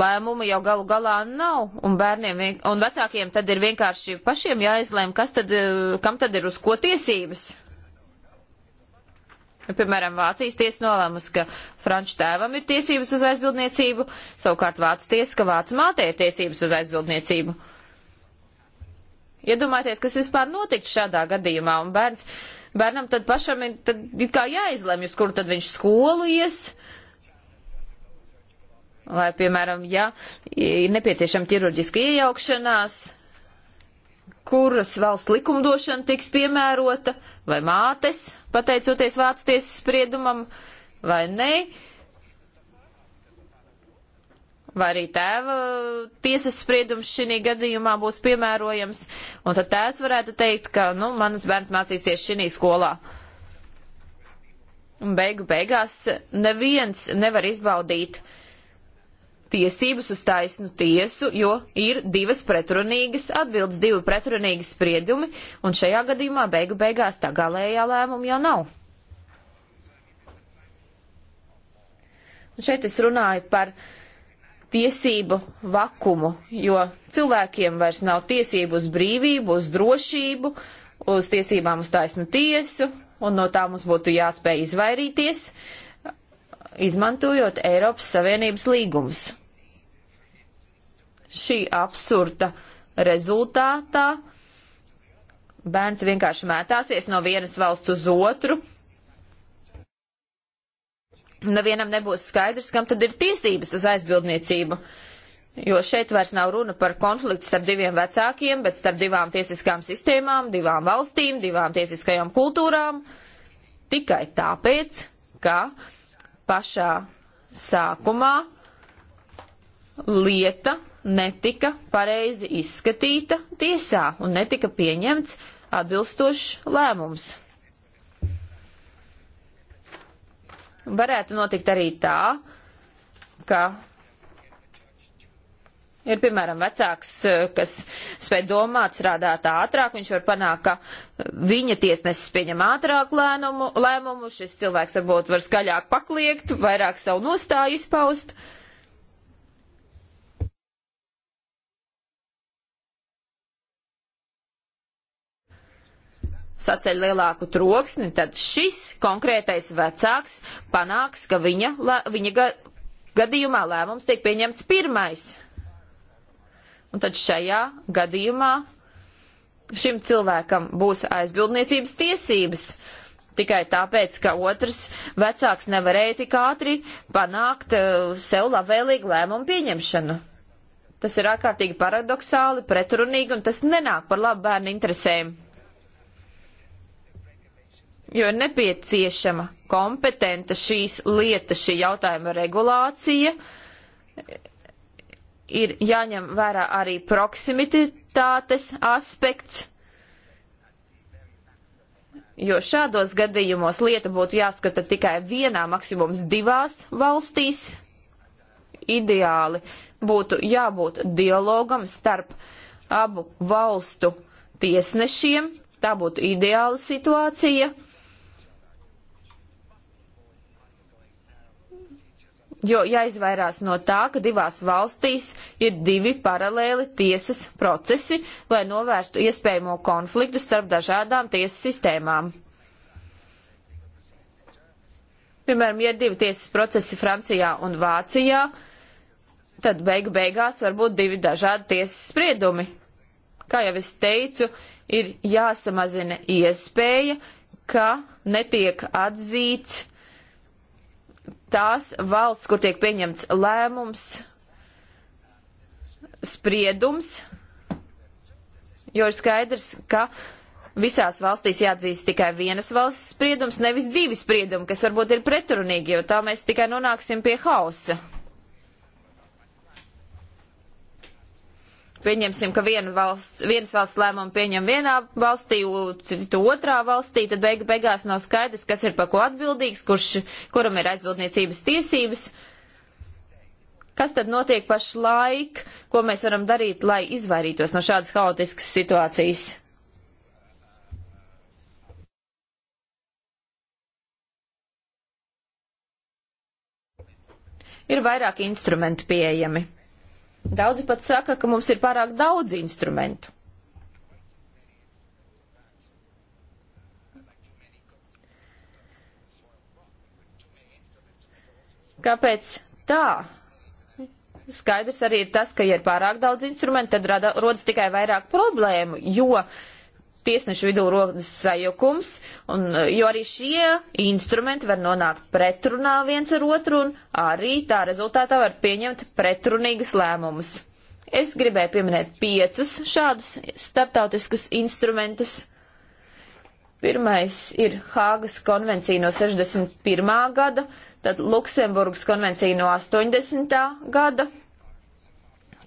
lēmumi jau galu galā nav, un bērniem vien, un vecākiem tad ir vienkārši pašiem jāizlēm, kas tad, eh, kam tad ir uz ko tiesības. Nu, piemēram, Vācijas tiesa nolēmusi, ka franču tēvam ir tiesības uz aizbildniecību, savukārt vācu tiesa, ka vācu mātei ir tiesības uz aizbildniecību. Iedomājieties, kas vispār notiktu šādā gadījumā, un bērns, bērnam tad pašam ir tad it kā jāizlemj, uz kuru tad viņš skolu ies, uh, Vai, piemēram, ja ir nepieciešama ķirurģiska iejaukšanās, kuras valsts likumdošana tiks piemērota, vai mātes, pateicoties Vācu tiesas spriedumam, vai nē, vai arī tēva tiesas spriedums šī gadījumā būs piemērojams, un tad tēvs varētu teikt, ka, nu, manas bērns mācīsies šī skolā. Un beigu beigās neviens nevar izbaudīt uh, tiesības uz taisnu tiesu, jo ir divas pretrunīgas atbildes, divi pretrunīgi spriedumi, un šajā gadījumā beigu beigās tā galējā lēmuma jau nav. Un šeit es runāju par tiesību vakumu, jo cilvēkiem vairs nav tiesību uz brīvību, uz drošību, uz tiesībām uz taisnu tiesu, un no tā mums būtu jāspēj izvairīties, izmantojot Eiropas Savienības līgumus šī absurda rezultātā bērns vienkārši mētāsies no vienas valsts uz otru. Nevienam nebūs skaidrs, kam tad ir tiesības uz aizbildniecību, jo šeit vairs nav runa par konfliktu starp diviem vecākiem, bet starp divām tiesiskām sistēmām, divām valstīm, divām tiesiskajām kultūrām, tikai tāpēc, ka pašā sākumā lieta netika pareizi izskatīta tiesā un netika pieņemts atbilstošs lēmums. Varētu notikt arī tā, ka ir, piemēram, vecāks, eh, kas spēj domāt, strādāt ātrāk, viņš var panākt, ka viņa tiesnesis pieņem ātrāk lēmumu, lēmumu, šis cilvēks varbūt var skaļāk pakliegt, vairāk savu nostāju izpaust. Uh, saceļ lielāku troksni, tad šis konkrētais vecāks panāks, ka viņa, viņa ga, gadījumā lēmums tiek pieņemts pirmais. Un tad šajā gadījumā šim cilvēkam būs aizbildniecības tiesības. Tikai tāpēc, ka otrs vecāks nevarēja tik ātri panākt uh, sev labvēlīgu lēmumu pieņemšanu. Tas ir ārkārtīgi paradoxāli, pretrunīgi, un tas nenāk par labu bērnu interesēm jo ir nepieciešama kompetenta šīs lietas, šī jautājuma regulācija. Ir jāņem vērā arī proximitātes aspekts, jo šādos gadījumos lieta būtu jāskata tikai vienā, maksimums divās valstīs. Ideāli būtu jābūt dialogam starp abu valstu tiesnešiem. Tā būtu ideāla situācija jo jāizvairās no tā, ka divās valstīs ir divi paralēli tiesas procesi, lai novērstu iespējamo konfliktu starp dažādām tiesu sistēmām. Piemēram, ja ir divi tiesas procesi Francijā un Vācijā, tad beigu beigās var būt divi dažādi tiesas spriedumi. Kā jau es teicu, ir jāsamazina iespēja, ka netiek atzīts tās valsts, kur tiek pieņemts lēmums, spriedums, jo ir skaidrs, ka visās valstīs jāatzīst tikai vienas valsts spriedums, nevis divi spriedumi, kas varbūt ir pretrunīgi, jo tā mēs tikai nonāksim pie hausa. pieņemsim, ka viena valsts, vienas valsts lēmumu pieņem vienā valstī, citu otrā valstī, tad beigu beigās nav skaidrs, kas ir pa ko atbildīgs, kurš, kuram ir aizbildniecības tiesības. Kas tad notiek pašlaik, ko mēs varam darīt, lai izvairītos no šādas haotiskas situācijas? Ir vairāki instrumenti pieejami. Daudzi pat saka, ka mums ir pārāk daudz instrumentu. Kāpēc tā? Skaidrs arī ir tas, ka, ja ir pārāk daudz instrumentu, tad rada, rodas tikai vairāk problēmu, jo tiesnešu vidū rodas sajukums, un, jo arī šie instrumenti var nonākt pretrunā viens ar otru, un arī tā rezultātā var pieņemt pretrunīgus lēmumus. Es gribēju pieminēt piecus šādus starptautiskus instrumentus. Pirmais ir Hāgas konvencija no 61. gada, tad Luksemburgas konvencija no 80. gada,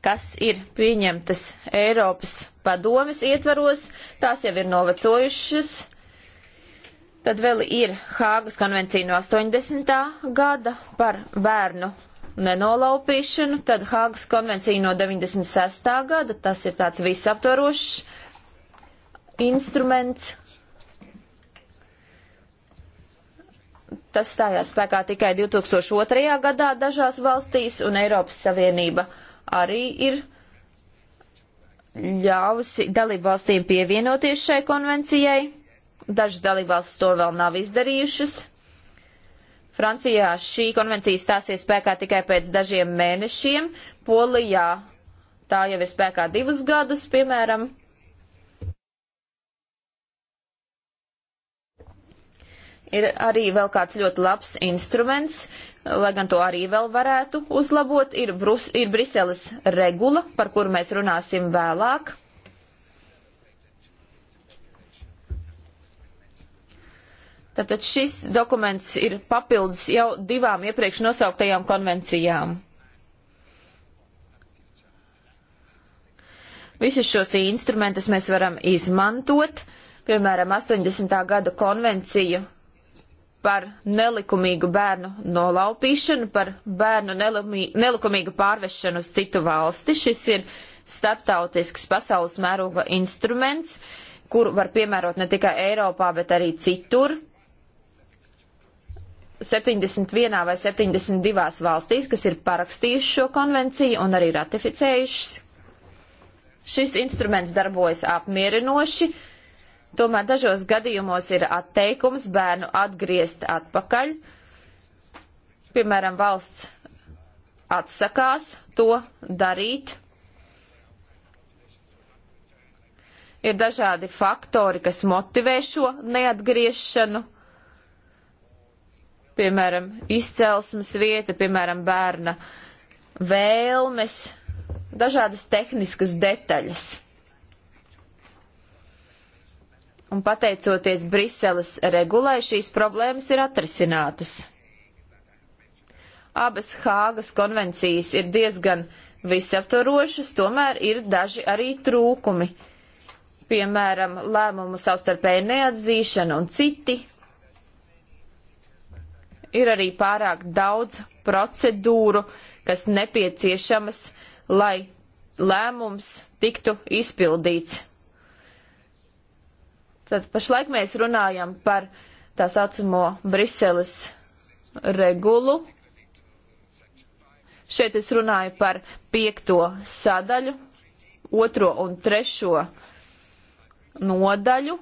kas ir pieņemtas Eiropas padomes ietvaros, tās jau ir novecojušas. Tad vēl ir Hāgas konvencija no 80. gada par bērnu nenolaupīšanu, tad Hāgas konvencija no 96. gada, tas ir tāds visaptvarošs instruments. Tas stājās spēkā tikai 2002. gadā dažās valstīs, un Eiropas Savienība arī ir ļāvusi dalībvalstīm pievienoties šai konvencijai. Dažas dalībvalstis to vēl nav izdarījušas. Francijā šī konvencija stāsies spēkā tikai pēc dažiem mēnešiem, Polijā tā jau ir spēkā divus gadus, piemēram. Ir arī vēl kāds ļoti labs instruments, lai gan to arī vēl varētu uzlabot, ir, Brus, ir Briseles regula, par kuru mēs runāsim vēlāk. Tātad šis dokuments ir papildus jau divām iepriekš nosauktajām konvencijām. Visus šos instrumentus mēs varam izmantot, piemēram, 80. gada konvenciju par nelikumīgu bērnu nolaupīšanu, par bērnu nelikumīgu pārvešanu uz citu valsti. Šis ir starptautisks pasaules mēroga instruments, kuru var piemērot ne tikai Eiropā, bet arī citur. 71 vai 72 valstīs, kas ir parakstījuši šo konvenciju un arī ratificējušas. Šis instruments darbojas apmierinoši Tomēr dažos gadījumos ir atteikums bērnu atgriezt atpakaļ. Piemēram, valsts atsakās to darīt. Ir dažādi faktori, kas motivē šo neatgriešanu. Piemēram, izcelsmes vieta, piemēram, bērna vēlmes, dažādas tehniskas detaļas un pateicoties Briseles regulai, šīs problēmas ir atrisinātas. Abas Hāgas konvencijas ir diezgan visaptvarošas, tomēr ir daži arī trūkumi, piemēram, lēmumu savstarpēja neatzīšana un citi. Ir arī pārāk daudz procedūru, kas nepieciešamas, lai lēmums tiktu izpildīts Tad pašlaik mēs runājam par tā saucamo Briseles regulu. Šeit es runāju par piekto sadaļu, otro un trešo nodaļu.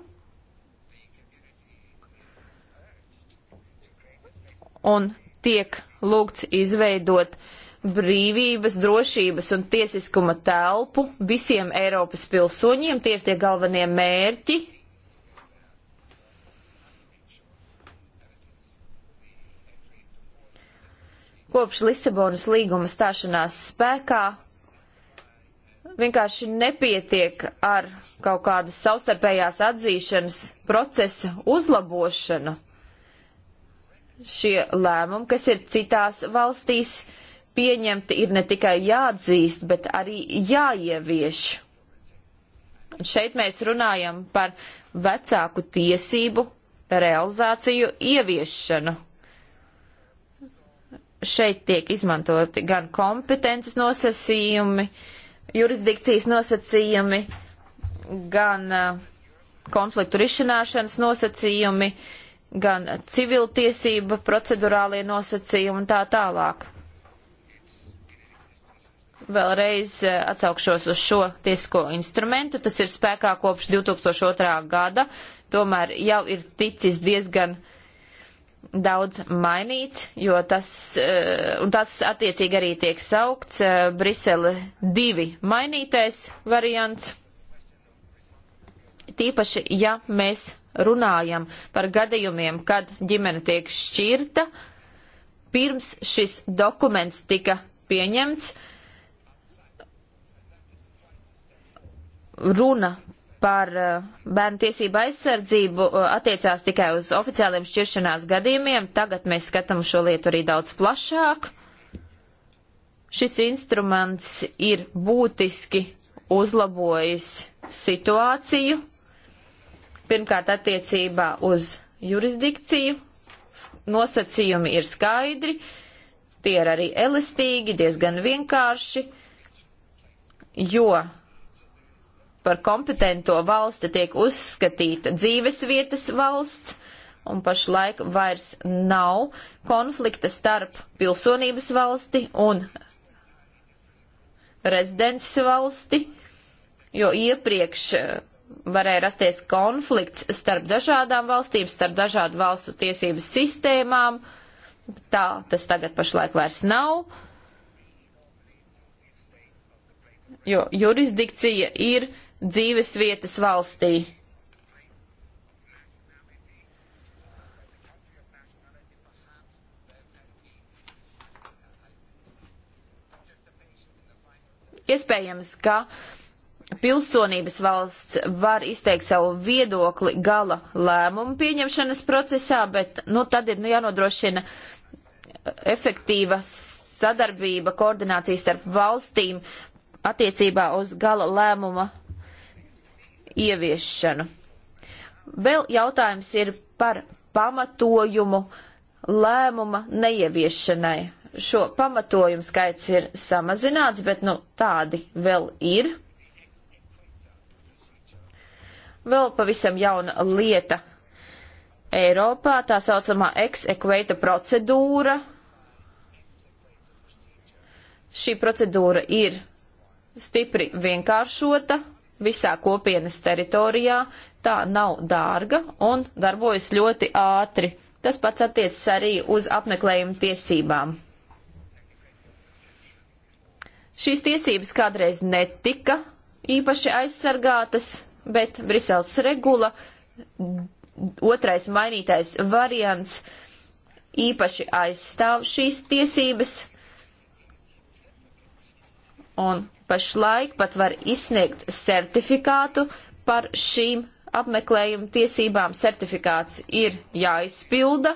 Un tiek lūgts izveidot brīvības, drošības un tiesiskuma telpu visiem Eiropas pilsoņiem. Tie ir tie galvenie mērķi, kopš Lisabonas līguma stāšanās spēkā vienkārši nepietiek ar kaut kādas savstarpējās atzīšanas procesa uzlabošanu. Šie lēmumi, kas ir citās valstīs pieņemti, ir ne tikai jāatzīst, bet arī jāievieš. Un šeit mēs runājam par vecāku tiesību realizāciju ieviešanu šeit tiek izmantoti gan kompetences nosacījumi, jurisdikcijas nosacījumi, gan uh, konfliktu risināšanas nosacījumi, gan civiltiesība, procedurālie nosacījumi un tā tālāk. Vēlreiz uh, atsaukšos uz šo tiesisko instrumentu. Tas ir spēkā kopš 2002. gada, tomēr jau ir ticis diezgan uh, daudz mainīts, jo tas, eh, un tas attiecīgi arī tiek saukts eh, Brisele 2 mainītais variants. Tīpaši, ja mēs runājam par gadījumiem, kad ģimene tiek šķirta, pirms šis dokuments tika pieņemts, runa par eh, bērnu tiesību aizsardzību eh, attiecās tikai uz oficiāliem šķiršanās gadījumiem. Tagad mēs skatām šo lietu arī daudz plašāk. Šis instruments ir būtiski uzlabojis situāciju. Pirmkārt, attiecībā uz jurisdikciju nosacījumi ir skaidri, tie ir arī elastīgi, diezgan vienkārši, jo par kompetento valsti tiek uzskatīta dzīvesvietas valsts, un pašlaik vairs nav konflikta starp pilsonības valsti un rezidents valsti, jo iepriekš eh, varēja rasties konflikts starp dažādām valstīm, starp dažādu valstu tiesību sistēmām. Tā tas tagad pašlaik vairs nav, jo jurisdikcija ir dzīves vietas valstī. Iespējams, ka pilsonības valsts var izteikt savu viedokli gala lēmumu pieņemšanas procesā, bet nu, tad ir nu, jānodrošina efektīva sadarbība, koordinācija starp valstīm attiecībā uz gala lēmuma ieviešanu. Vēl jautājums ir par pamatojumu lēmuma neieviešanai. Šo pamatojumu skaits ir samazināts, bet nu, tādi vēl ir. Vēl pavisam jauna lieta Eiropā, tā saucamā ex-equata procedūra. Šī procedūra ir stipri vienkāršota, visā kopienas teritorijā, tā nav dārga un darbojas ļoti ātri. Tas pats attiecas arī uz apmeklējumu tiesībām. Šīs tiesības kādreiz netika īpaši aizsargātas, bet Briseles regula otrais mainītais variants īpaši aizstāv šīs tiesības. Un Pašlaik pat var izsniegt certifikātu par šīm apmeklējuma tiesībām. Certifikāts ir jāizpilda.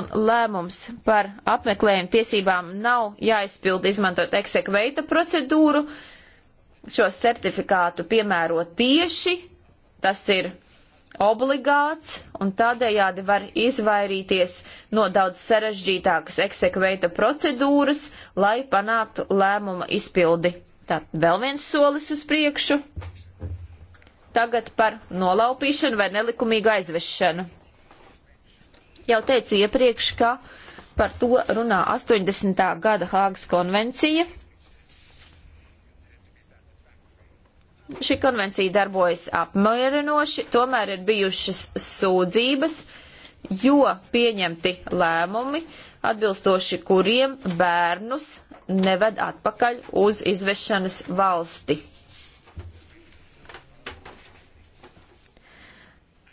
Un lēmums par apmeklējuma tiesībām nav jāizpilda izmantot eksekveita procedūru. Šo certifikātu piemēro tieši. Tas ir obligāts un tādējādi var izvairīties no daudz sarežģītākas eksekveita procedūras, lai panāktu lēmuma izpildi. Tad vēl viens solis uz priekšu. Tagad par nolaupīšanu vai nelikumīgu aizvešanu. Jau teicu iepriekš, ka par to runā 80. gada Hāgas konvencija. šī konvencija darbojas apmierinoši, tomēr ir bijušas sūdzības, jo pieņemti lēmumi, atbilstoši kuriem bērnus neved atpakaļ uz izvešanas valsti.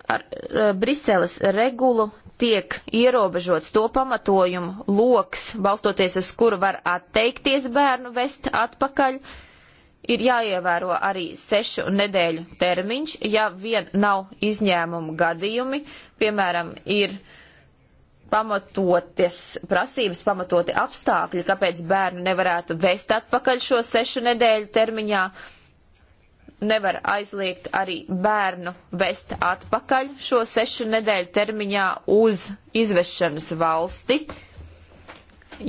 Ar e, Briseles regulu tiek ierobežots to pamatojumu loks, balstoties uz kuru var atteikties bērnu vest atpakaļ, uh, ir jāievēro arī sešu nedēļu termiņš, ja vien nav izņēmumu gadījumi, piemēram, ir pamatoties prasības, pamatoti apstākļi, kāpēc bērnu nevarētu vest atpakaļ šo sešu nedēļu termiņā. Nevar aizliegt arī bērnu vest atpakaļ šo sešu nedēļu termiņā uz izvešanas valsti,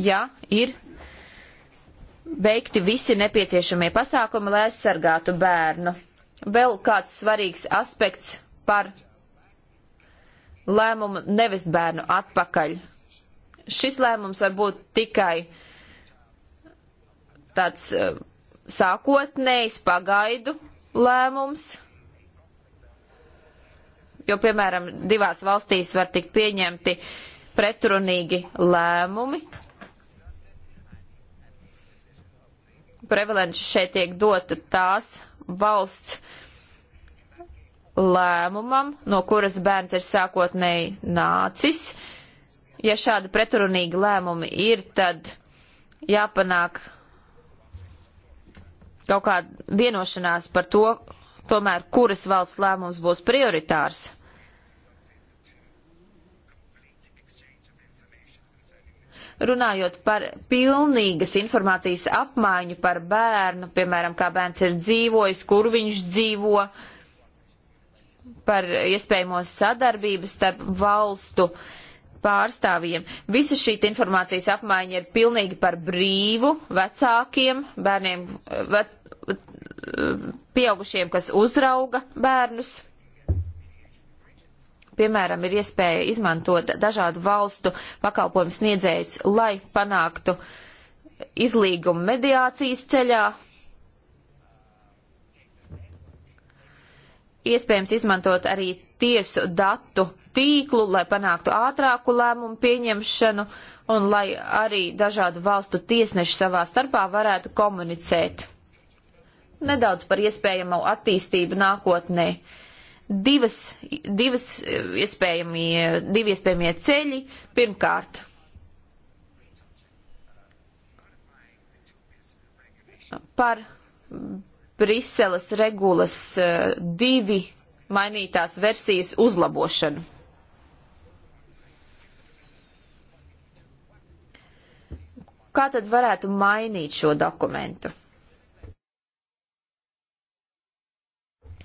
ja ir veikti visi nepieciešamie pasākumi, lai aizsargātu bērnu. Vēl kāds svarīgs aspekts par lēmumu nevest bērnu atpakaļ. Šis lēmums var būt tikai tāds eh, sākotnējs pagaidu lēmums, jo, piemēram, divās valstīs var tikt pieņemti pretrunīgi lēmumi, prevalenci šeit tiek dota tās valsts lēmumam, no kuras bērns ir sākotnēji nācis. Ja šādi pretrunīgi lēmumi ir, tad jāpanāk kaut kāda vienošanās par to, tomēr kuras valsts lēmums būs prioritārs. runājot par pilnīgas informācijas apmaiņu par bērnu, piemēram, kā bērns ir dzīvojis, kur viņš dzīvo, par iespējamo sadarbību starp valstu pārstāvjiem. Visa šī informācijas apmaiņa ir pilnīgi par brīvu vecākiem, bērniem, ve, pieaugušiem, kas uzrauga bērnus piemēram, ir iespēja izmantot dažādu valstu pakalpojumu sniedzējus, lai panāktu izlīgumu mediācijas ceļā. Iespējams izmantot arī tiesu datu tīklu, lai panāktu ātrāku lēmumu pieņemšanu un lai arī dažādu valstu tiesneši savā starpā varētu komunicēt. Nedaudz par iespējamo attīstību nākotnē divas, divas e, iespējamie, divi iespējamie ceļi. Pirmkārt, par Briseles regulas e, divi mainītās versijas uzlabošanu. Kā tad varētu mainīt šo dokumentu?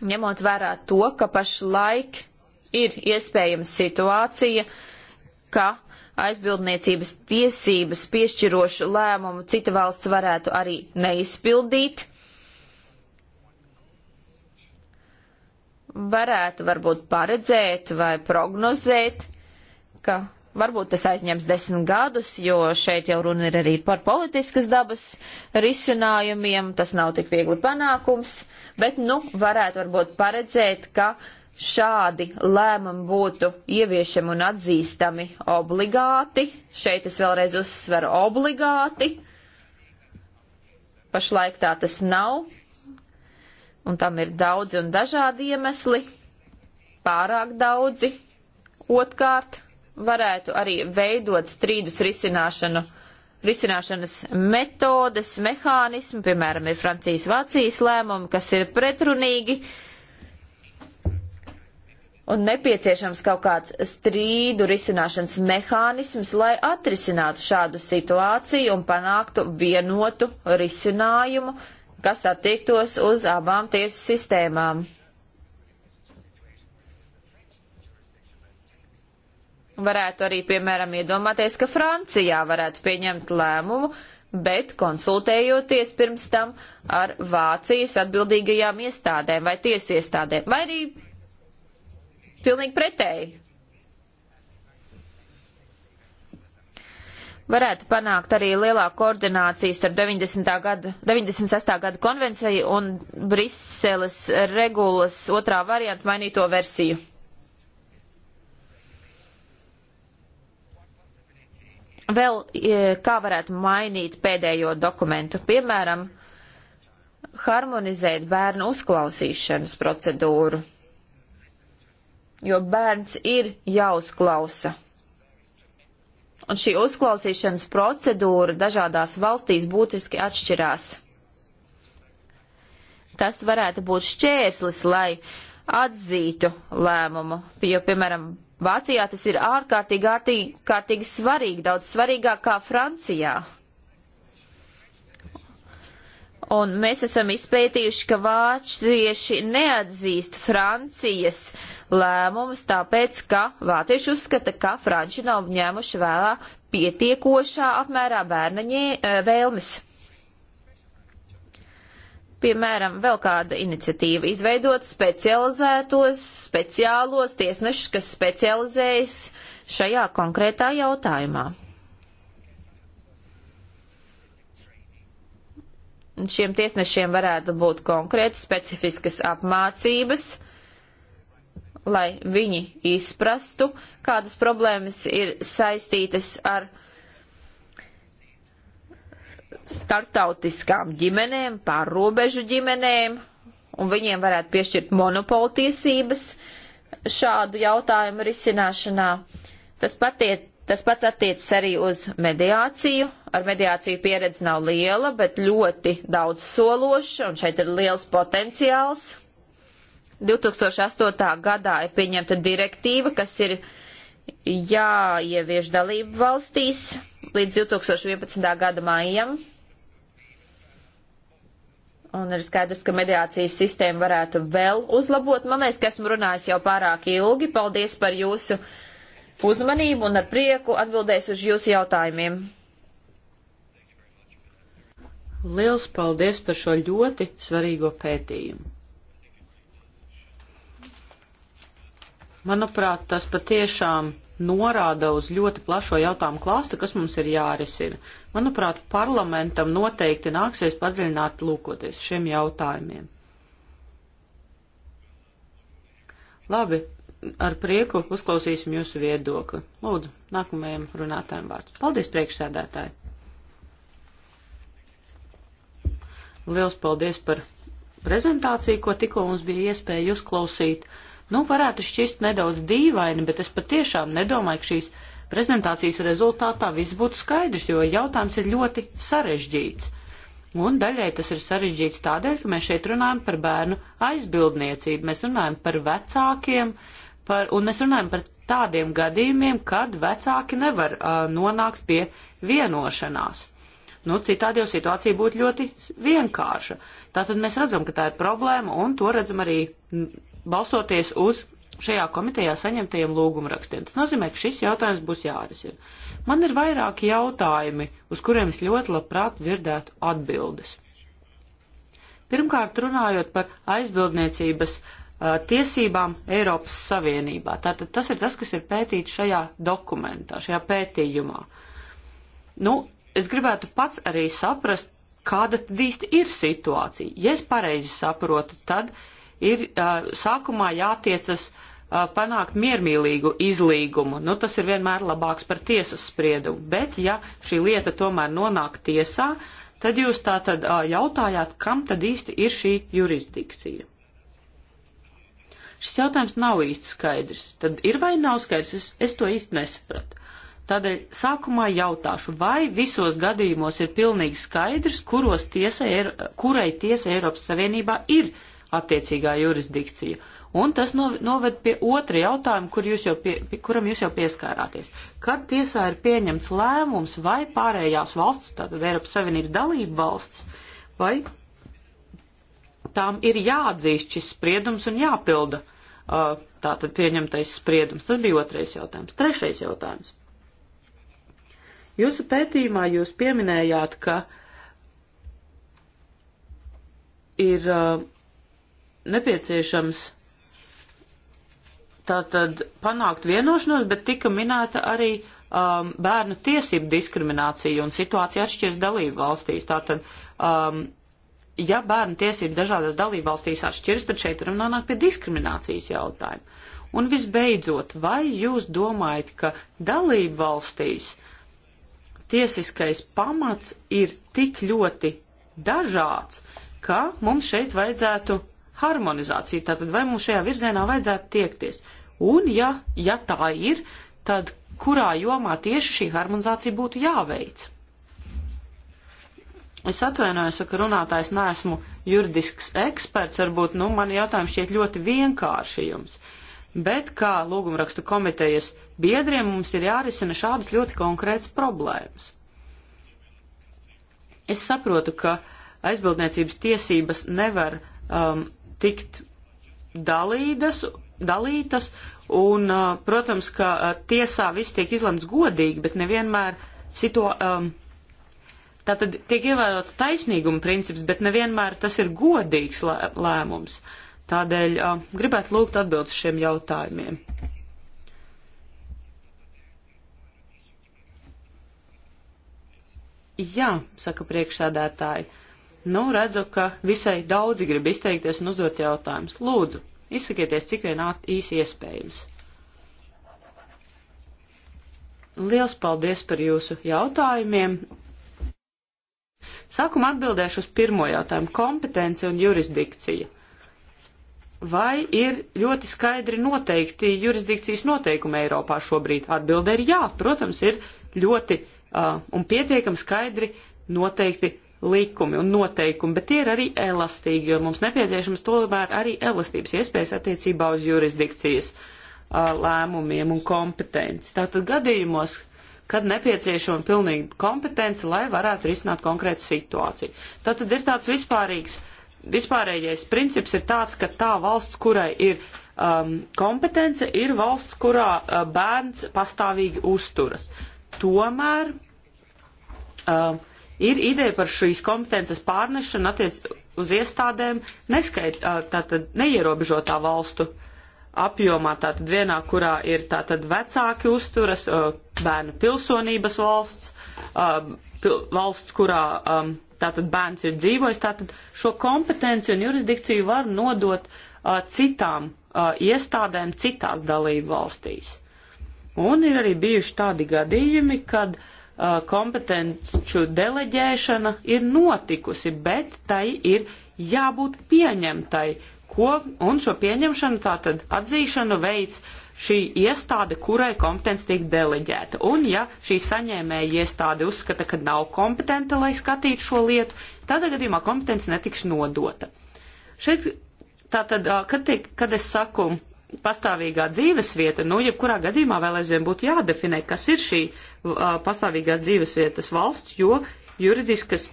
ņemot vērā to, ka pašlaik ir iespējams situācija, ka aizbildniecības tiesības piešķirošu lēmumu cita valsts varētu arī neizpildīt. Varētu varbūt paredzēt vai prognozēt, ka varbūt tas aizņems desmit gadus, jo šeit jau runa ir arī par politiskas dabas risinājumiem, tas nav tik viegli panākums. Uh, bet, nu, varētu varbūt paredzēt, ka šādi lēmumi būtu ieviešami un atzīstami obligāti. Šeit es vēlreiz uzsveru obligāti. Pašlaik tā tas nav, un tam ir daudzi un dažādi iemesli, pārāk daudzi. Otkārt, varētu arī veidot strīdus risināšanu risināšanas metodes, mehānismi, piemēram, ir Francijas-Vācijas lēmumi, kas ir pretrunīgi un nepieciešams kaut kāds strīdu risināšanas mehānisms, lai atrisinātu šādu situāciju un panāktu vienotu risinājumu, kas attiektos uz abām tiesu sistēmām. varētu arī, piemēram, iedomāties, ka Francijā varētu pieņemt lēmumu, bet konsultējoties pirms tam ar Vācijas atbildīgajām iestādēm vai tiesu iestādēm, vai arī pilnīgi pretēji. Varētu panākt arī lielāku koordināciju starp 90. gada, 96. gada konvenciju un Briseles regulas otrā varianta mainīto versiju. vēl e, kā varētu mainīt pēdējo dokumentu. Piemēram, harmonizēt bērnu uzklausīšanas procedūru, jo bērns ir jāuzklausa. Un šī uzklausīšanas procedūra dažādās valstīs būtiski atšķirās. Tas varētu būt šķērslis, lai atzītu lēmumu, jo, piemēram, Vācijā tas ir ārkārtīgi, ārkārtīgi, ārkārtīgi svarīgi, daudz svarīgāk kā Francijā. Un mēs esam izpētījuši, ka vācieši neatzīst Francijas lēmumus, tāpēc, ka vācieši uzskata, ka Franči nav ņēmuši vēlā pietiekošā apmērā bērna eh, vēlmes piemēram, vēl kāda iniciatīva izveidot specializētos, speciālos tiesnešus, kas specializējas šajā konkrētā jautājumā. Šiem tiesnešiem varētu būt konkrēti specifiskas apmācības, lai viņi izprastu, kādas problēmas ir saistītas ar starptautiskām ģimenēm, pārrobežu ģimenēm, un viņiem varētu piešķirt monopolu tiesības šādu jautājumu risināšanā. Tas, patiet, tas pats attiecas arī uz mediāciju. Ar mediāciju pieredze nav liela, bet ļoti daudz sološa, un šeit ir liels potenciāls. 2008. gadā ir pieņemta direktīva, kas ir uh, jāievieš dalību valstīs līdz 2011. gada maijam. Un ir skaidrs, ka mediācijas sistēma varētu vēl uzlabot. Man liekas, ka esmu runājis jau pārāk ilgi. Paldies par jūsu uzmanību un ar prieku atbildēs uz jūsu jautājumiem. Liels paldies par šo ļoti svarīgo pētījumu. Manuprāt, tas patiešām norāda uz ļoti plašo jautājumu klāstu, kas mums ir jārisina. Manuprāt, parlamentam noteikti nāksies padziļināt lūkoties šiem jautājumiem. Labi, ar prieku uzklausīsim jūsu viedokli. Lūdzu, nākamajam runātājiem vārds. Paldies, priekšsēdētāji! Liels paldies par prezentāciju, ko tikko mums bija iespēja uzklausīt. Uh, Nu, varētu šķist nedaudz dīvaini, bet es patiešām nedomāju, ka šīs prezentācijas rezultātā viss būtu skaidrs, jo jautājums ir ļoti sarežģīts. Un daļai tas ir sarežģīts tādēļ, ka mēs šeit runājam par bērnu aizbildniecību, mēs runājam par vecākiem, par, un mēs runājam par tādiem gadījumiem, kad vecāki nevar uh, nonākt pie vienošanās. Nu, citādi jau situācija būtu ļoti vienkārša. Tātad mēs redzam, ka tā ir problēma, un to redzam arī balstoties uz šajā komitejā saņemtajiem lūgumrakstiem. Tas nozīmē, ka šis jautājums būs jārisina. Man ir vairāki jautājumi, uz kuriem es ļoti labprāt dzirdētu atbildes. Pirmkārt, runājot par aizbildniecības uh, tiesībām Eiropas Savienībā. Tātad tas ir tas, kas ir pētīts šajā dokumentā, šajā pētījumā. Nu, es gribētu pats arī saprast, kāda tad īsti ir situācija. Ja es pareizi saprotu, tad uh, ir uh, sākumā jātiecas uh, panākt miermīlīgu izlīgumu. Nu, tas ir vienmēr labāks par tiesas spriedumu. Bet, ja šī lieta tomēr nonāk tiesā, tad jūs tā tad uh, jautājāt, kam tad īsti ir šī jurisdikcija. Šis jautājums nav īsti skaidrs. Tad ir vai nav skaidrs? Es, es to īsti nesapratu. Tādēļ sākumā jautāšu, vai visos gadījumos ir pilnīgi skaidrs, tiesa, kurai tiesa Eiropas Savienībā ir attiecīgā jurisdikcija. Un tas noved pie otra jautājuma, kur jūs jau pie, kuram jūs jau pieskārāties. Kad tiesā ir pieņemts lēmums, vai pārējās valsts, tātad Eiropas Savienības dalība valsts, vai tām ir jāatzīst šis spriedums un jāpilda tātad pieņemtais spriedums. Tas bija otrais jautājums. Trešais jautājums. Jūsu pētījumā jūs pieminējāt, ka ir nepieciešams tātad panākt vienošanos, bet tika minēta arī um, bērnu tiesību diskriminācija un situācija atšķiras dalību valstīs. Tātad, um, ja bērnu tiesības dažādās dalību valstīs atšķiras, tad šeit varam nonākt pie diskriminācijas jautājuma. Un visbeidzot, vai jūs domājat, ka dalību valstīs tiesiskais pamats ir tik ļoti dažāds, ka mums šeit vajadzētu harmonizāciju, tātad vai mums šajā virzienā vajadzētu tiekties. Un, ja, ja tā ir, tad kurā jomā tieši šī harmonizācija būtu jāveic? Es atvainojos, ka runātājs neesmu juridisks eksperts, varbūt, nu, man jautājums šķiet ļoti vienkārši jums. Bet kā lūgumrakstu komitejas biedriem mums ir jārisina šādas ļoti konkrētas problēmas. Es saprotu, ka aizbildniecības tiesības nevar um, tikt dalīdas, dalītas, un, protams, ka tiesā viss tiek izlemts godīgi, bet nevienmēr situ, um, tātad tiek ievērots taisnīguma princips, bet nevienmēr tas ir godīgs lē, lēmums. Tādēļ uh, gribētu lūgt atbildes šiem jautājumiem. Jā, saka priekšsādātāji. Uh, Nu, redzu, ka visai daudzi grib izteikties un uzdot jautājumus. Lūdzu, izsakieties cik vien īsi iespējams. Liels paldies par jūsu jautājumiem. Sākumā atbildēšu uz pirmo jautājumu - kompetence un jurisdikcija. Vai ir ļoti skaidri noteikti jurisdikcijas noteikumi Eiropā šobrīd? Atbilde ir jā, protams, ir ļoti uh, un pietiekami skaidri noteikti likumi un noteikumi, bet tie ir arī elastīgi, jo mums nepieciešams tomēr arī elastības iespējas attiecībā uz jurisdikcijas uh, lēmumiem un kompetenci. Tātad gadījumos, kad nepieciešama pilnīga kompetence, lai varētu risināt konkrētu situāciju. Tātad ir tāds vispārīgs, vispārējais princips ir tāds, ka tā valsts, kurai ir um, kompetence, ir valsts, kurā uh, bērns pastāvīgi uzturas. Tomēr um, ir ideja par šīs kompetences pārnešanu attiec uz iestādēm neskait, tātad neierobežotā valstu apjomā, tātad vienā, kurā ir tātad vecāki uzturas, bērnu pilsonības valsts, valsts, kurā tātad bērns ir dzīvojis, tātad šo kompetenci un jurisdikciju var nodot citām iestādēm citās dalību valstīs. Un ir arī bijuši tādi gadījumi, kad uh, kompetenču deleģēšana ir notikusi, bet tai ir jābūt pieņemtai, ko un šo pieņemšanu tātad atzīšanu veids šī iestāde, kurai kompetence tiek deleģēta. Un ja šī saņēmēja iestāde uzskata, ka nav kompetenta, lai skatītu šo lietu, tādā gadījumā kompetence netiks nodota. Šeit tātad, kad, tiek, kad es saku pastāvīgā dzīvesvieta, nu, jebkurā gadījumā vēl aizvien būtu jādefinē, kas ir šī uh, pastāvīgās dzīvesvietas valsts, jo juridiskas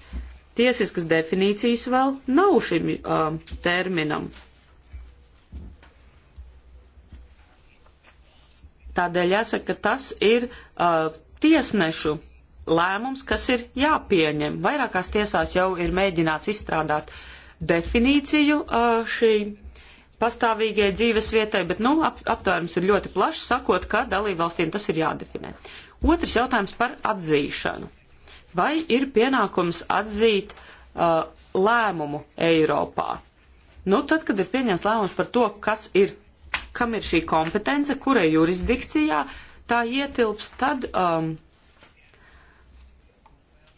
tiesiskas definīcijas vēl nav šim uh, terminam. Tādēļ jāsaka, ka tas ir uh, tiesnešu lēmums, kas ir jāpieņem. Vairākās tiesās jau ir mēģināts izstrādāt definīciju uh, šī pastāvīgajai dzīves vietai, bet nu, ap, aptvērums ir ļoti plašs, sakot, ka dalībvalstīm tas ir jādefinē. Otrs jautājums par atzīšanu. Vai ir pienākums atzīt uh, lēmumu Eiropā? Nu, tad, kad ir pieņemts lēmums par to, kas ir, kam ir šī kompetence, kurai jurisdikcijā tā ietilps, tad um,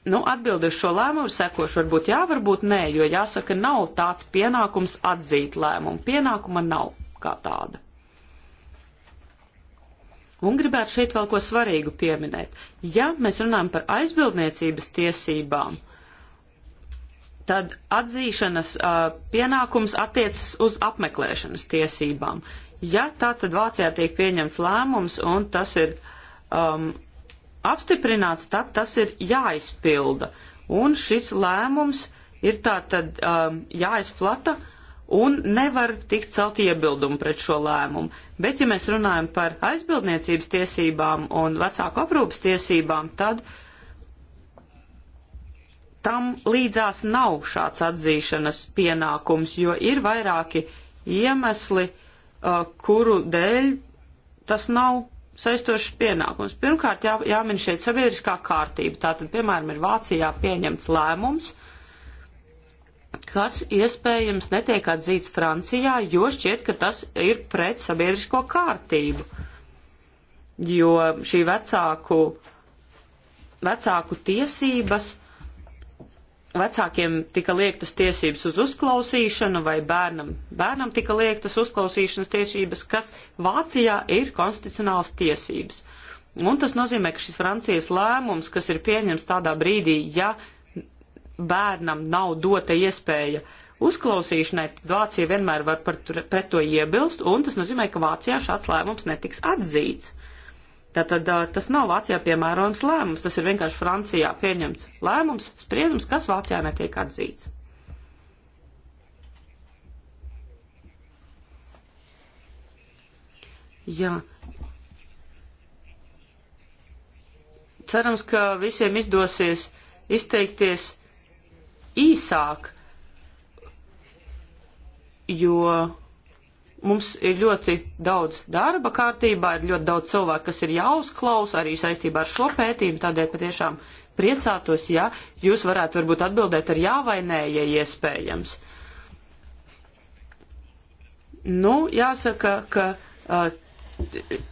Nu, atbildi uz šo lēmumu sekošu varbūt jā, varbūt nē, jo jāsaka, nav tāds pienākums atzīt lēmumu. Pienākuma nav kā tāda. Un gribētu šeit vēl ko svarīgu pieminēt. Ja mēs runājam par aizbildniecības tiesībām, tad atzīšanas uh, pienākums attiecas uz apmeklēšanas tiesībām. Ja tā tad Vācijā tiek pieņemts lēmums un tas ir um, apstiprināts, tad tas ir jāizpilda. Un šis lēmums ir tātad um, jāizplata un nevar tikt celt iebildumu pret šo lēmumu. Bet, ja mēs runājam par aizbildniecības tiesībām un vecāku aprūpas tiesībām, tad tam līdzās nav šāds atzīšanas pienākums, jo ir vairāki iemesli, uh, kuru dēļ tas nav saistošs pienākums. Pirmkārt, jā, jāmin šeit sabiedriskā kārtība. Tātad, piemēram, ir Vācijā pieņemts lēmums, kas iespējams netiek atzīts Francijā, jo šķiet, ka tas ir pret sabiedrisko kārtību. Jo šī vecāku, vecāku tiesības vecākiem tika liektas tiesības uz uzklausīšanu vai bērnam, bērnam tika liektas uzklausīšanas tiesības, kas Vācijā ir konstitucionāls tiesības. Un tas nozīmē, ka šis Francijas lēmums, kas ir pieņems tādā brīdī, ja bērnam nav dota iespēja uzklausīšanai, tad Vācija vienmēr var par, pret to iebilst, un tas nozīmē, ka Vācijā šāds lēmums netiks atzīts. Tātad tas nav Vācijā piemērojams lēmums, tas ir vienkārši Francijā pieņemts lēmums, spriedums, kas Vācijā netiek atzīts. Jā. Cerams, ka visiem izdosies izteikties īsāk, jo mums ir ļoti daudz darba kārtībā, ir ļoti daudz cilvēku, kas ir jāuzklaus arī saistībā ar šo pētījumu, tādēļ patiešām priecātos, ja jūs varētu varbūt atbildēt ar jā vai nē, ja iespējams. Nu, jāsaka, ka uh,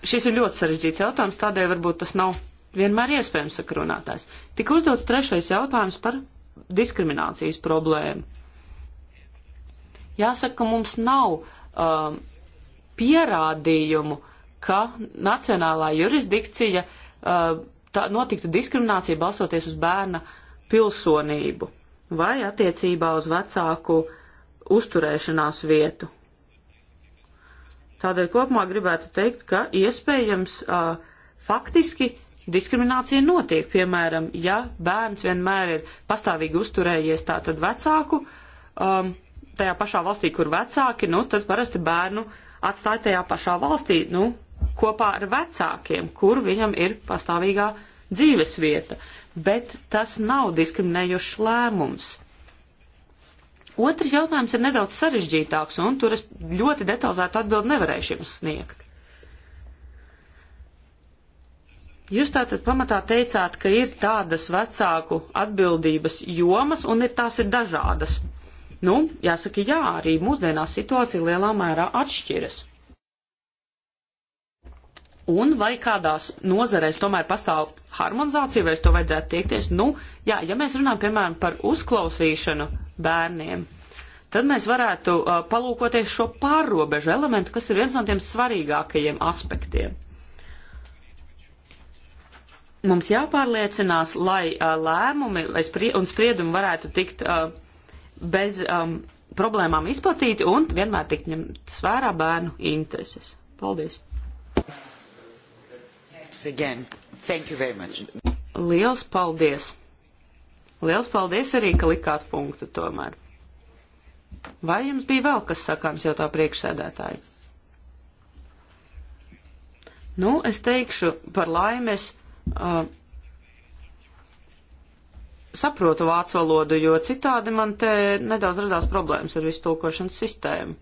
šis ir ļoti sarežģīts jautājums, tādēļ varbūt tas nav vienmēr iespējams, saka runātājs. Tik uzdots trešais jautājums par diskriminācijas problēmu. Jāsaka, mums nav uh, um, pierādījumu, ka nacionālā jurisdikcija uh, tā, notiktu diskriminācija balstoties uz bērna pilsonību vai attiecībā uz vecāku uzturēšanās vietu. Tādēļ kopumā gribētu teikt, ka iespējams uh, faktiski diskriminācija notiek. Piemēram, ja bērns vienmēr ir pastāvīgi uzturējies tātad vecāku um, tajā pašā valstī, kur vecāki, nu, tad parasti bērnu atstāja tajā pašā valstī, nu, kopā ar vecākiem, kur viņam ir pastāvīgā dzīves vieta. Bet tas nav diskriminējošs lēmums. Otrs jautājums ir nedaudz sarežģītāks, un tur es ļoti detalizētu atbildi nevarēšu jums sniegt. Jūs tātad pamatā teicāt, ka ir tādas vecāku atbildības jomas, un ir, tās ir dažādas. Nu, jāsaka, jā, arī mūsdienās situācija lielā mērā atšķiras. Un vai kādās nozarēs tomēr pastāv harmonizācija, vai uz to vajadzētu tiekties? Nu, jā, ja mēs runājam, piemēram, par uzklausīšanu bērniem, tad mēs varētu uh, palūkoties šo pārrobežu elementu, kas ir viens no tiem svarīgākajiem aspektiem. Mums jāpārliecinās, lai uh, lēmumi sprie un spriedumi varētu tikt uh, bez um, problēmām izplatīti un vienmēr tik ņemtas vērā bērnu intereses. Paldies! Liels paldies! Liels paldies arī, ka likāt punktu tomēr. Vai jums bija vēl kas sakāms jau tā priekšsēdētāji? Nu, es teikšu, par laimes. Uh, saprotu vācu valodu, jo citādi man te nedaudz radās problēmas ar visu tulkošanas sistēmu.